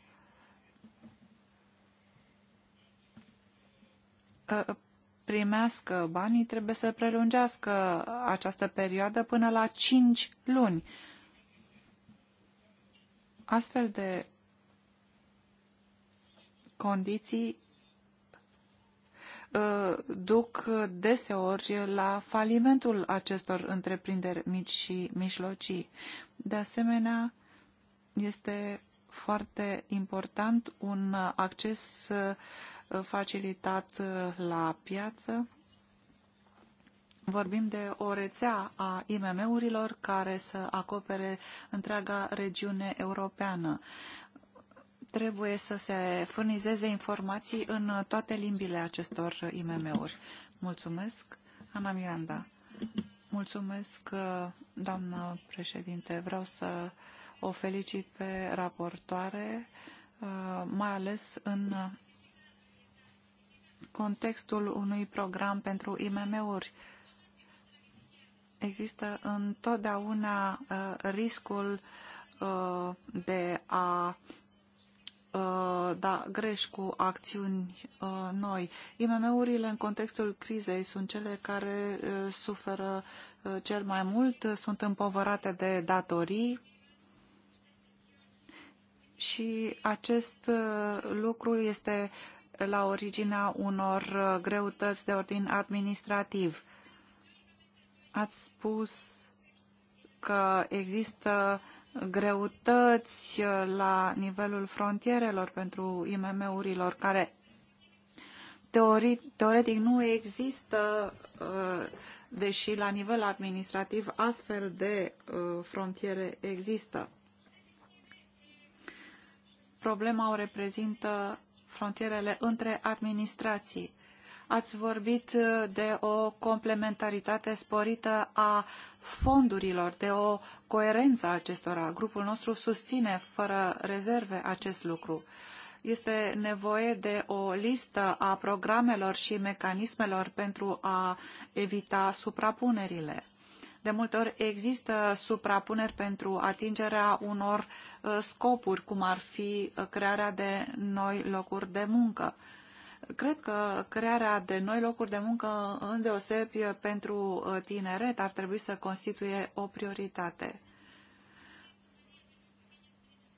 primească banii, trebuie să prelungească această perioadă până la 5 luni. Astfel de condiții Uh, duc deseori la falimentul acestor întreprinderi mici și mijlocii. De asemenea, este foarte important un acces uh, facilitat uh, la piață. Vorbim de o rețea a IMM-urilor care să acopere întreaga regiune europeană trebuie să se furnizeze informații în toate limbile acestor IMM-uri. Mulțumesc. Ana Miranda. Mulțumesc, doamnă președinte. Vreau să o felicit pe raportoare, mai ales în contextul unui program pentru IMM-uri. Există întotdeauna uh, riscul uh, de a Uh, da greș cu acțiuni uh, noi. IMM-urile în contextul crizei sunt cele care uh, suferă cel mai mult, sunt împovărate de datorii și acest lucru este la originea unor greutăți de ordin administrativ. Ați spus că există uh, greutăți la nivelul frontierelor pentru IMM-urilor care teoretic nu există, uh, deși la nivel administrativ astfel de uh, frontiere există. Problema o reprezintă frontierele între administrații Ați vorbit uh, de o complementaritate sporită a fondurilor, de o coerență a acestora. Grupul nostru susține fără rezerve acest lucru. Este nevoie de o listă a programelor și mecanismelor pentru a evita suprapunerile. De multe ori există suprapuneri pentru atingerea unor uh, scopuri, cum ar fi uh, crearea de noi locuri de muncă Cred că crearea de noi locuri de muncă, îndeosebi pentru uh, tineret, ar trebui să constituie o prioritate.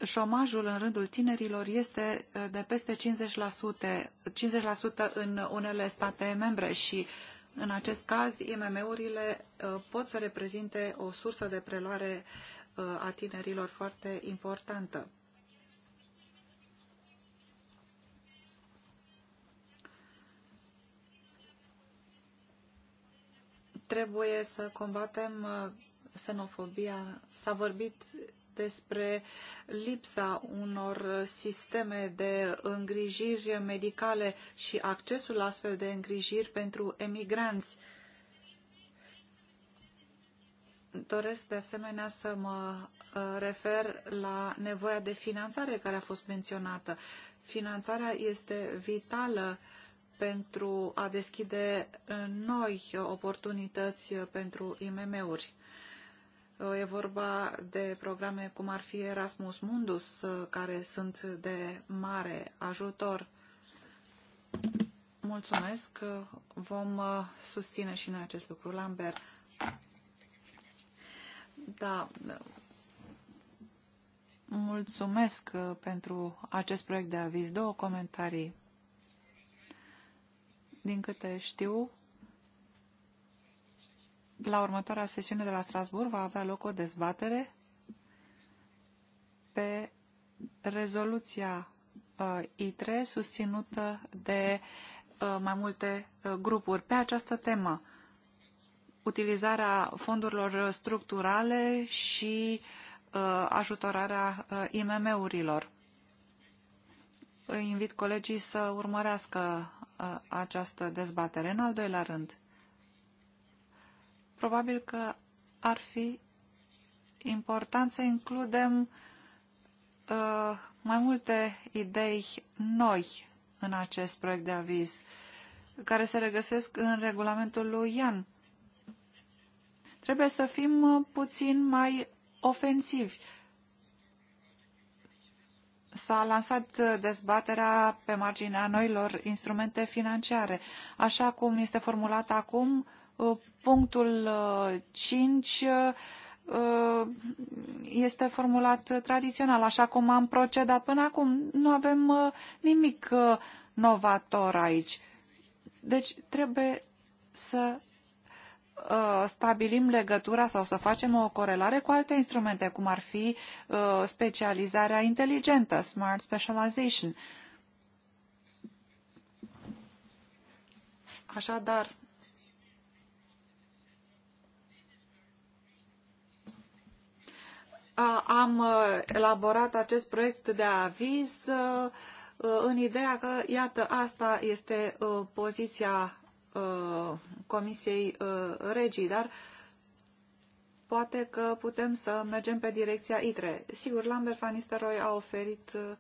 Șomajul în rândul tinerilor este uh, de peste 50%, 50% în unele state membre și în acest caz IMM-urile uh, pot să reprezinte o sursă de preluare a tinerilor foarte importantă. trebuie să combatem uh, xenofobia. S-a vorbit despre lipsa unor sisteme de îngrijiri medicale și accesul astfel de îngrijiri pentru emigranți. Doresc de asemenea să mă uh, refer la nevoia de finanțare care a fost menționată. Finanțarea este vitală uh, pentru a deschide e, noi oportunități e, pentru IMM-uri. E, e vorba de programe cum ar fi Erasmus Mundus, care sunt de mare ajutor. Mulțumesc, vom susține și noi acest lucru. Lambert. Da, mulțumesc pentru acest proiect de aviz. Două comentarii Din câte știu, la următoarea sesiune de la Strasburg va avea loc o dezbatere pe rezoluția uh, I3 e, susținută de uh, mai multe uh, grupuri pe această temă. Utilizarea fondurilor structurale și uh, ajutorarea uh, IMM-urilor. Îi invit colegii să urmărească această dezbatere. În al doilea rând, probabil că ar fi important să includem uh, mai multe idei noi în acest proiect de aviz, care se regăsesc în regulamentul lui Ian. Trebuie să fim uh, puțin mai ofensivi s-a lansat uh, dezbaterea pe marginea noilor instrumente financiare. Așa cum este formulat acum, uh, punctul 5 uh, este formulat tradițional, așa cum am procedat până acum. Nu avem nimic novator aici. Deci trebuie să Uh, stabilim legătura sau să facem o corelare cu alte instrumente, cum ar fi uh, specializarea inteligentă, smart specialization. Așadar, uh, am elaborat acest proiect de aviz în ideea că, iată, asta este poziția Uh, Comisiei uh, Regii, dar poate că putem să mergem pe direcția ITRE. Sigur, Lambert Van Nistelrooy a oferit uh,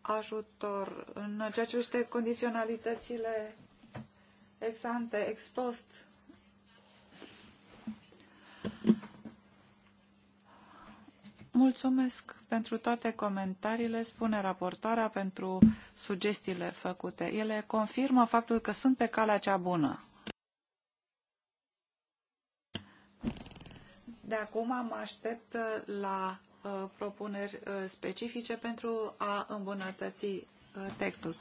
ajutor în ceea ce privește condiționalitățile ex ante, ex post. Mulțumesc pentru toate comentariile, spune raportoarea, pentru sugestiile făcute. Ele confirmă faptul că sunt pe calea cea bună. De acum mă aștept la uh, propuneri uh, specifice pentru a îmbunătăți uh, textul.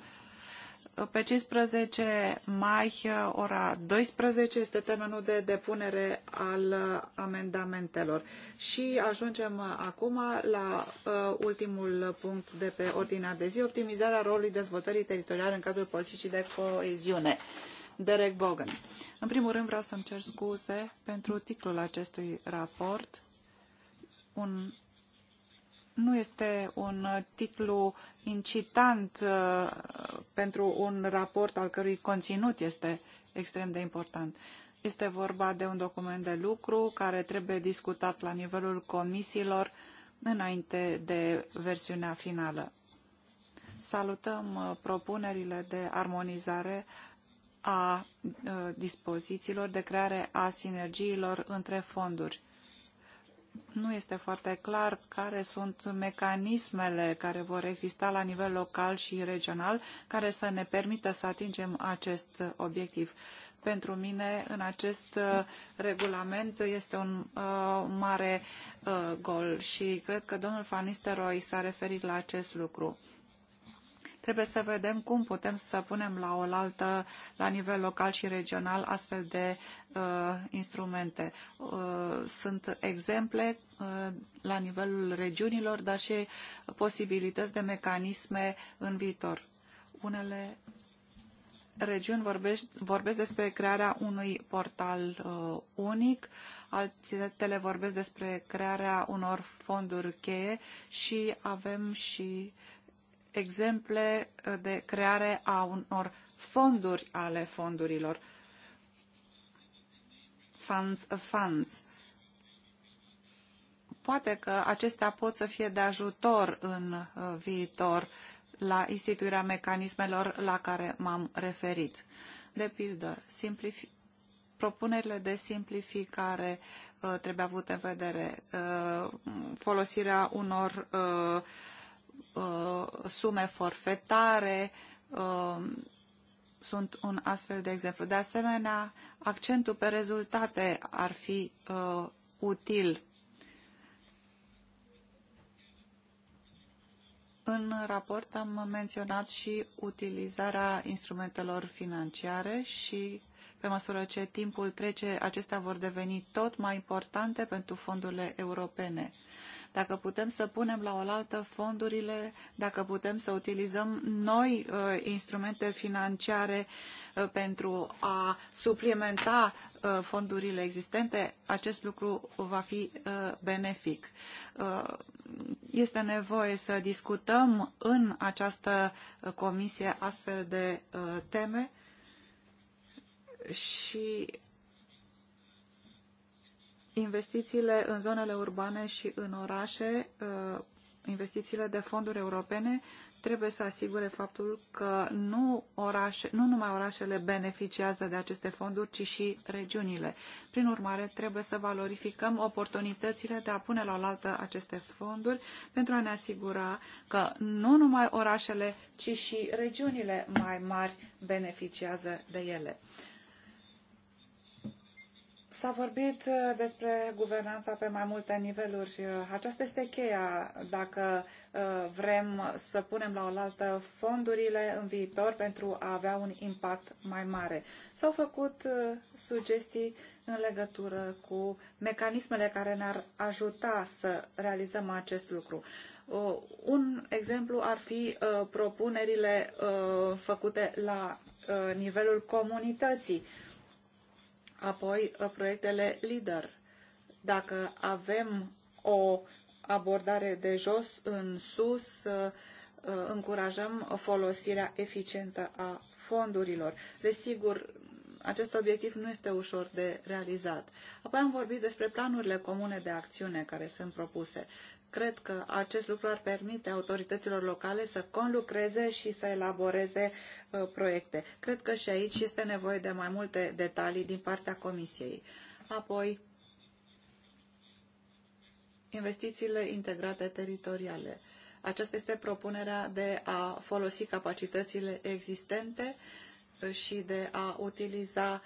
Pe 15 mai, ora 12, este termenul de depunere al amendamentelor. Și ajungem acum la uh, ultimul punct de pe ordinea de zi, optimizarea rolului dezvoltării teritoriale în cadrul politicii de coeziune. Derek Bogan. În primul rând vreau să-mi cer scuze pentru titlul acestui raport, un nu este un titlu incitant uh, pentru un raport al cărui conținut este extrem de important. Este vorba de un document de lucru care trebuie discutat la nivelul comisiilor înainte de versiunea finală. Salutăm uh, propunerile de armonizare a uh, dispozițiilor de creare a sinergiilor între fonduri nu este foarte clar care sunt mecanismele care vor exista la nivel local și regional care să ne permită să atingem acest obiectiv. Pentru mine, în acest uh, regulament este un uh, mare uh, gol și cred că domnul Van Nistelrooy s-a referit la acest lucru. Uh, Trebuie să vedem cum putem să punem la oaltă, la nivel local și regional, astfel de uh, instrumente. Uh, sunt exemple uh, la nivelul regiunilor, dar și posibilități de mecanisme în viitor. Unele regiuni vorbesc, vorbesc despre crearea unui portal uh, unic, altele vorbesc despre crearea unor fonduri cheie și avem și uh, exemple de creare a unor fonduri ale fondurilor, funds of funds. Poate că acestea pot să fie de ajutor în uh, viitor la instituirea mecanismelor la care m-am referit. De pildă, simplifi- propunerile de simplificare uh, trebuie avute în vedere, uh, folosirea unor uh, Uh, sume forfetare um, sunt un astfel de exemplu. De asemenea, accentul pe rezultate ar fi uh, util În raport am menționat și utilizarea instrumentelor financiare și pe măsură ce timpul trece, acestea vor deveni tot mai importante pentru fondurile europene dacă putem să punem la oaltă fondurile, dacă putem să utilizăm noi uh, instrumente financiare uh, pentru a suplimenta uh, fondurile existente, acest lucru va fi benefic. Este nevoie să discutăm în această comisie astfel de teme și investițiile în zonele urbane și în orașe, uh, investițiile de fonduri europene trebuie să asigure faptul că nu, orașe, nu numai orașele beneficiază de aceste fonduri, ci și regiunile. Prin urmare, trebuie să valorificăm oportunitățile de a pune la oaltă aceste fonduri pentru a ne asigura că nu numai orașele, ci și regiunile mai mari beneficiază de ele. S-a vorbit eh, despre guvernanța pe mai multe niveluri. Eh, aceasta este cheia dacă eh, vrem să punem la oaltă fondurile în viitor pentru a avea un impact mai mare. S-au făcut sugestii în legătură cu mecanismele care ne-ar ajuta să realizăm acest lucru. Un exemplu ar fi propunerile făcute la nivelul comunității Apoi, uh, proiectele LEADER. Dacă avem o abordare de jos în sus, uh, uh, încurajăm folosirea eficientă a fondurilor. Desigur, acest obiectiv nu este ușor de realizat. Apoi am vorbit despre planurile comune de acțiune care sunt propuse. Cred că acest lucru ar permite autorităților locale să conlucreze și să elaboreze uh, proiecte. Cred că și aici este nevoie de mai multe detalii din partea Comisiei. Apoi, investițiile integrate teritoriale. Aceasta este propunerea de a folosi capacitățile existente uh, și de a utiliza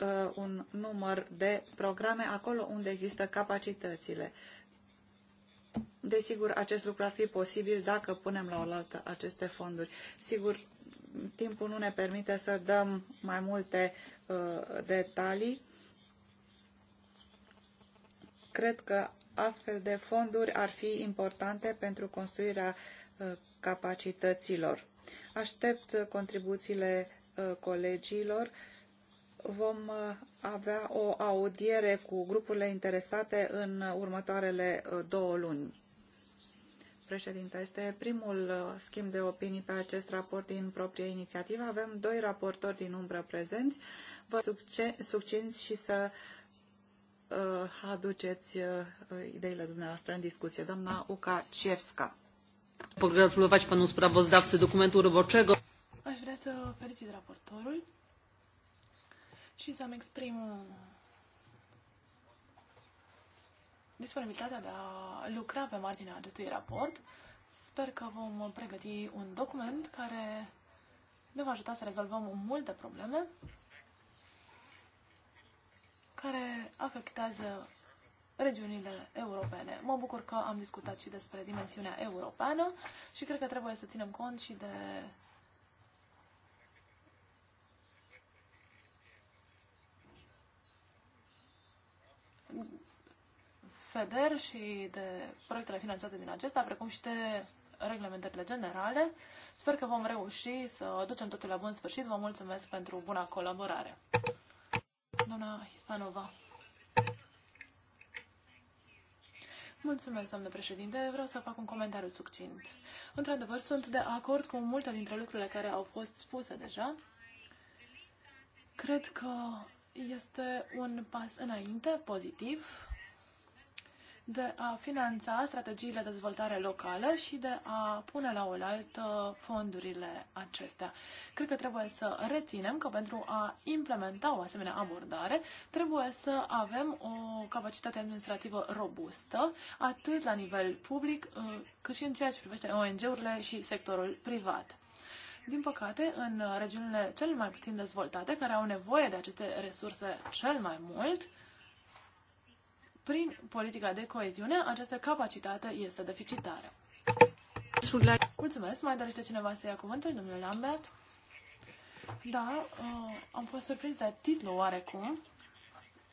uh, un număr de programe acolo unde există capacitățile. Desigur, acest lucru ar fi posibil dacă punem la oaltă aceste fonduri. Sigur, timpul nu ne permite să dăm mai multe uh, detalii. Cred că astfel de fonduri ar fi importante pentru construirea uh, capacităților. Aștept uh, contribuțiile uh, colegilor vom avea o audiere cu grupurile interesate în următoarele uh, două luni. Președinte, este primul uh, schimb de opinii pe acest raport din proprie inițiativă. Avem doi raportori din umbră prezenți. Vă succinți și să uh, aduceți ideile dumneavoastră în discuție. Doamna Uca Cievska. Pogratulować panu sprawozdawcy documentul roboczego.
Aș vrea să felicit raportorul și să-mi exprim uh, disponibilitatea de a lucra pe marginea acestui raport. Sper că vom pregăti un document care ne va ajuta să rezolvăm multe probleme care afectează regiunile europene. Mă bucur că am discutat și despre dimensiunea europeană și cred că trebuie să ținem cont și de FEDER și de proiectele finanțate din acesta, precum și de reglementările generale. Sper că vom reuși să ducem totul la bun sfârșit. Vă mulțumesc pentru buna colaborare. Doamna Hispanova. Mulțumesc, doamnă președinte. Vreau să fac un comentariu succint. Într-adevăr, sunt de acord cu multe dintre lucrurile care au fost spuse deja. Cred că este un pas înainte, pozitiv, de a finanța strategiile de dezvoltare locală și de a pune la oaltă fondurile acestea. Cred că trebuie să reținem că pentru a implementa o asemenea abordare trebuie să avem o capacitate administrativă robustă, atât la nivel public, uh, cât și în ceea ce privește ONG-urile și sectorul privat. Din păcate, în regiunile cel mai puțin dezvoltate, care au nevoie de aceste resurse cel mai mult, prin politica de coeziune, această capacitate este deficitară. Mulțumesc. Mai dorește cineva să ia cuvântul, domnule Lambert? Da, uh, am fost surprins de titlul oarecum.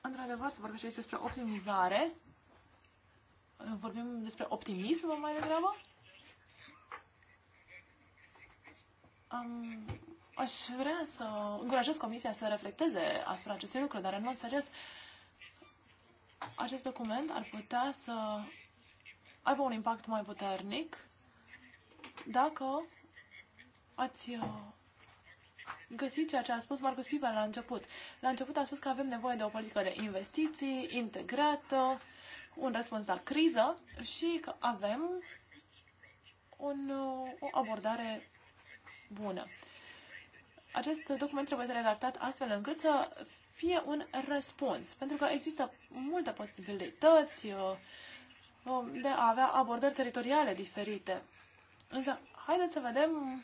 Într-adevăr, se vorbește despre optimizare. Vorbim despre optimism mai degrabă? Um, aș vrea să încurajez Comisia să reflecteze asupra acestui lucru, dar în mod serios, uh, acest document ar putea să aibă un impact mai puternic dacă ați uh, găsit ceea ce a spus Marcus Piper la început. La început a spus că avem nevoie de o politică de investiții integrată, un răspuns la criză și că avem un, uh, o abordare bună. Acest document trebuie să redactat astfel încât să fie un răspuns, pentru că există multe posibilități uh, um, de a avea abordări teritoriale diferite. Însă, haideți să vedem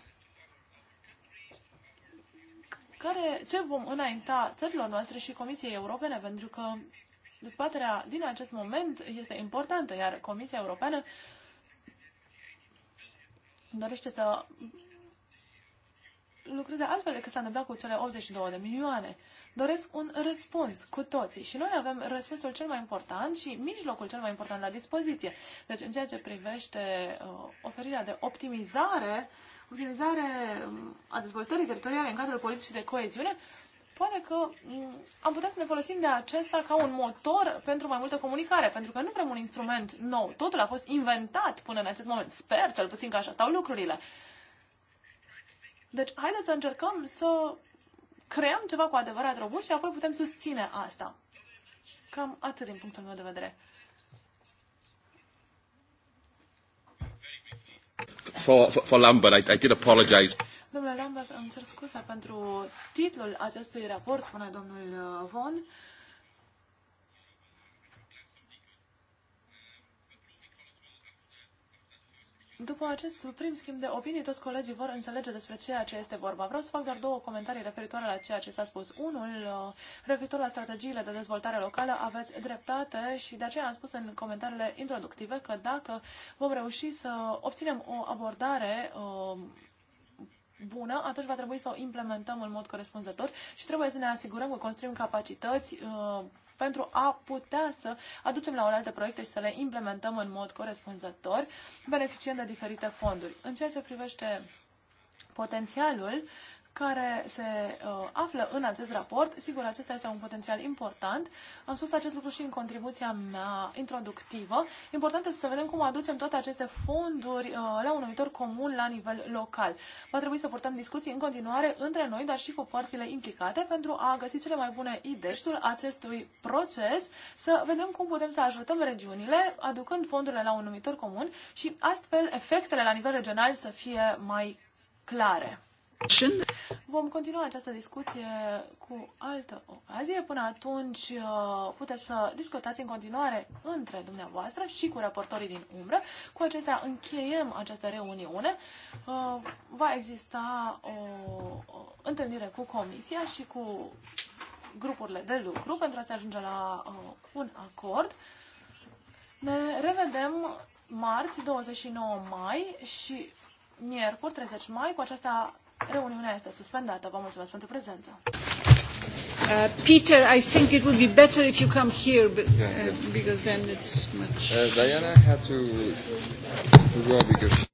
care, ce vom înainta țărilor noastre și Comisiei Europene, pentru că dezbaterea din acest moment este importantă, iar Comisia Europeană dorește să lucreze altfel decât s-a întâmplat cu cele 82 de milioane. Doresc un răspuns cu toții și noi avem răspunsul cel mai important și mijlocul cel mai important la dispoziție. Deci în ceea ce privește uh, oferirea de optimizare, optimizare um, a dezvoltării teritoriale în cadrul politicii de coeziune, poate că um, am putea să ne folosim de acesta ca un motor pentru mai multă comunicare, pentru că nu vrem un instrument nou. Totul a fost inventat până în acest moment. Sper cel puțin că așa stau lucrurile. Deci, haideți să încercăm să creăm ceva cu adevărat robust și apoi putem susține asta. Cam atât din punctul meu de vedere. For, for,
for Lambert, I, I did apologize.
Domnule Lambert, îmi cer scuze pentru titlul acestui raport, spune domnul Von. după acest prim schimb de opinii, toți colegii vor înțelege despre ceea ce este vorba. Vreau să fac doar două comentarii referitoare la ceea ce s-a spus. Unul, uh, referitor la strategiile de dezvoltare locală, aveți dreptate și de aceea am spus în comentariile introductive că dacă vom reuși să obținem o abordare uh, bună, atunci va trebui să o implementăm în mod corespunzător și trebuie să ne asigurăm că construim capacități uh, pentru a putea să aducem la alte proiecte și să le implementăm în mod corespunzător, beneficiind de diferite fonduri. În ceea ce privește potențialul, care se uh, află în acest raport. Sigur, acesta este un potențial important. Am spus acest lucru și în contribuția mea introductivă. Important este să vedem cum aducem toate aceste fonduri uh, la un numitor comun la nivel local. Va trebui să purtăm discuții în continuare între noi, dar și cu părțile implicate, pentru a găsi cele mai bune idei acestui proces, să vedem cum putem să ajutăm regiunile, aducând fondurile la un numitor comun și astfel efectele la nivel regional să fie mai clare. Vom continua această discuție cu altă ocazie. Până atunci uh, puteți să discutați în continuare între dumneavoastră și cu raportorii din umbră. Cu acestea încheiem această reuniune. Uh, va exista o întâlnire cu comisia și cu grupurile de lucru pentru a se ajunge la uh, un acord. Ne revedem marți 29 mai și miercuri 30 mai. Cu aceasta Reuniunea este suspendată. Vă mulțumesc pentru prezență.
Uh, Peter, I think it would be better if you come here but, uh, because then
it's much. Uh, Diana had to, to go because.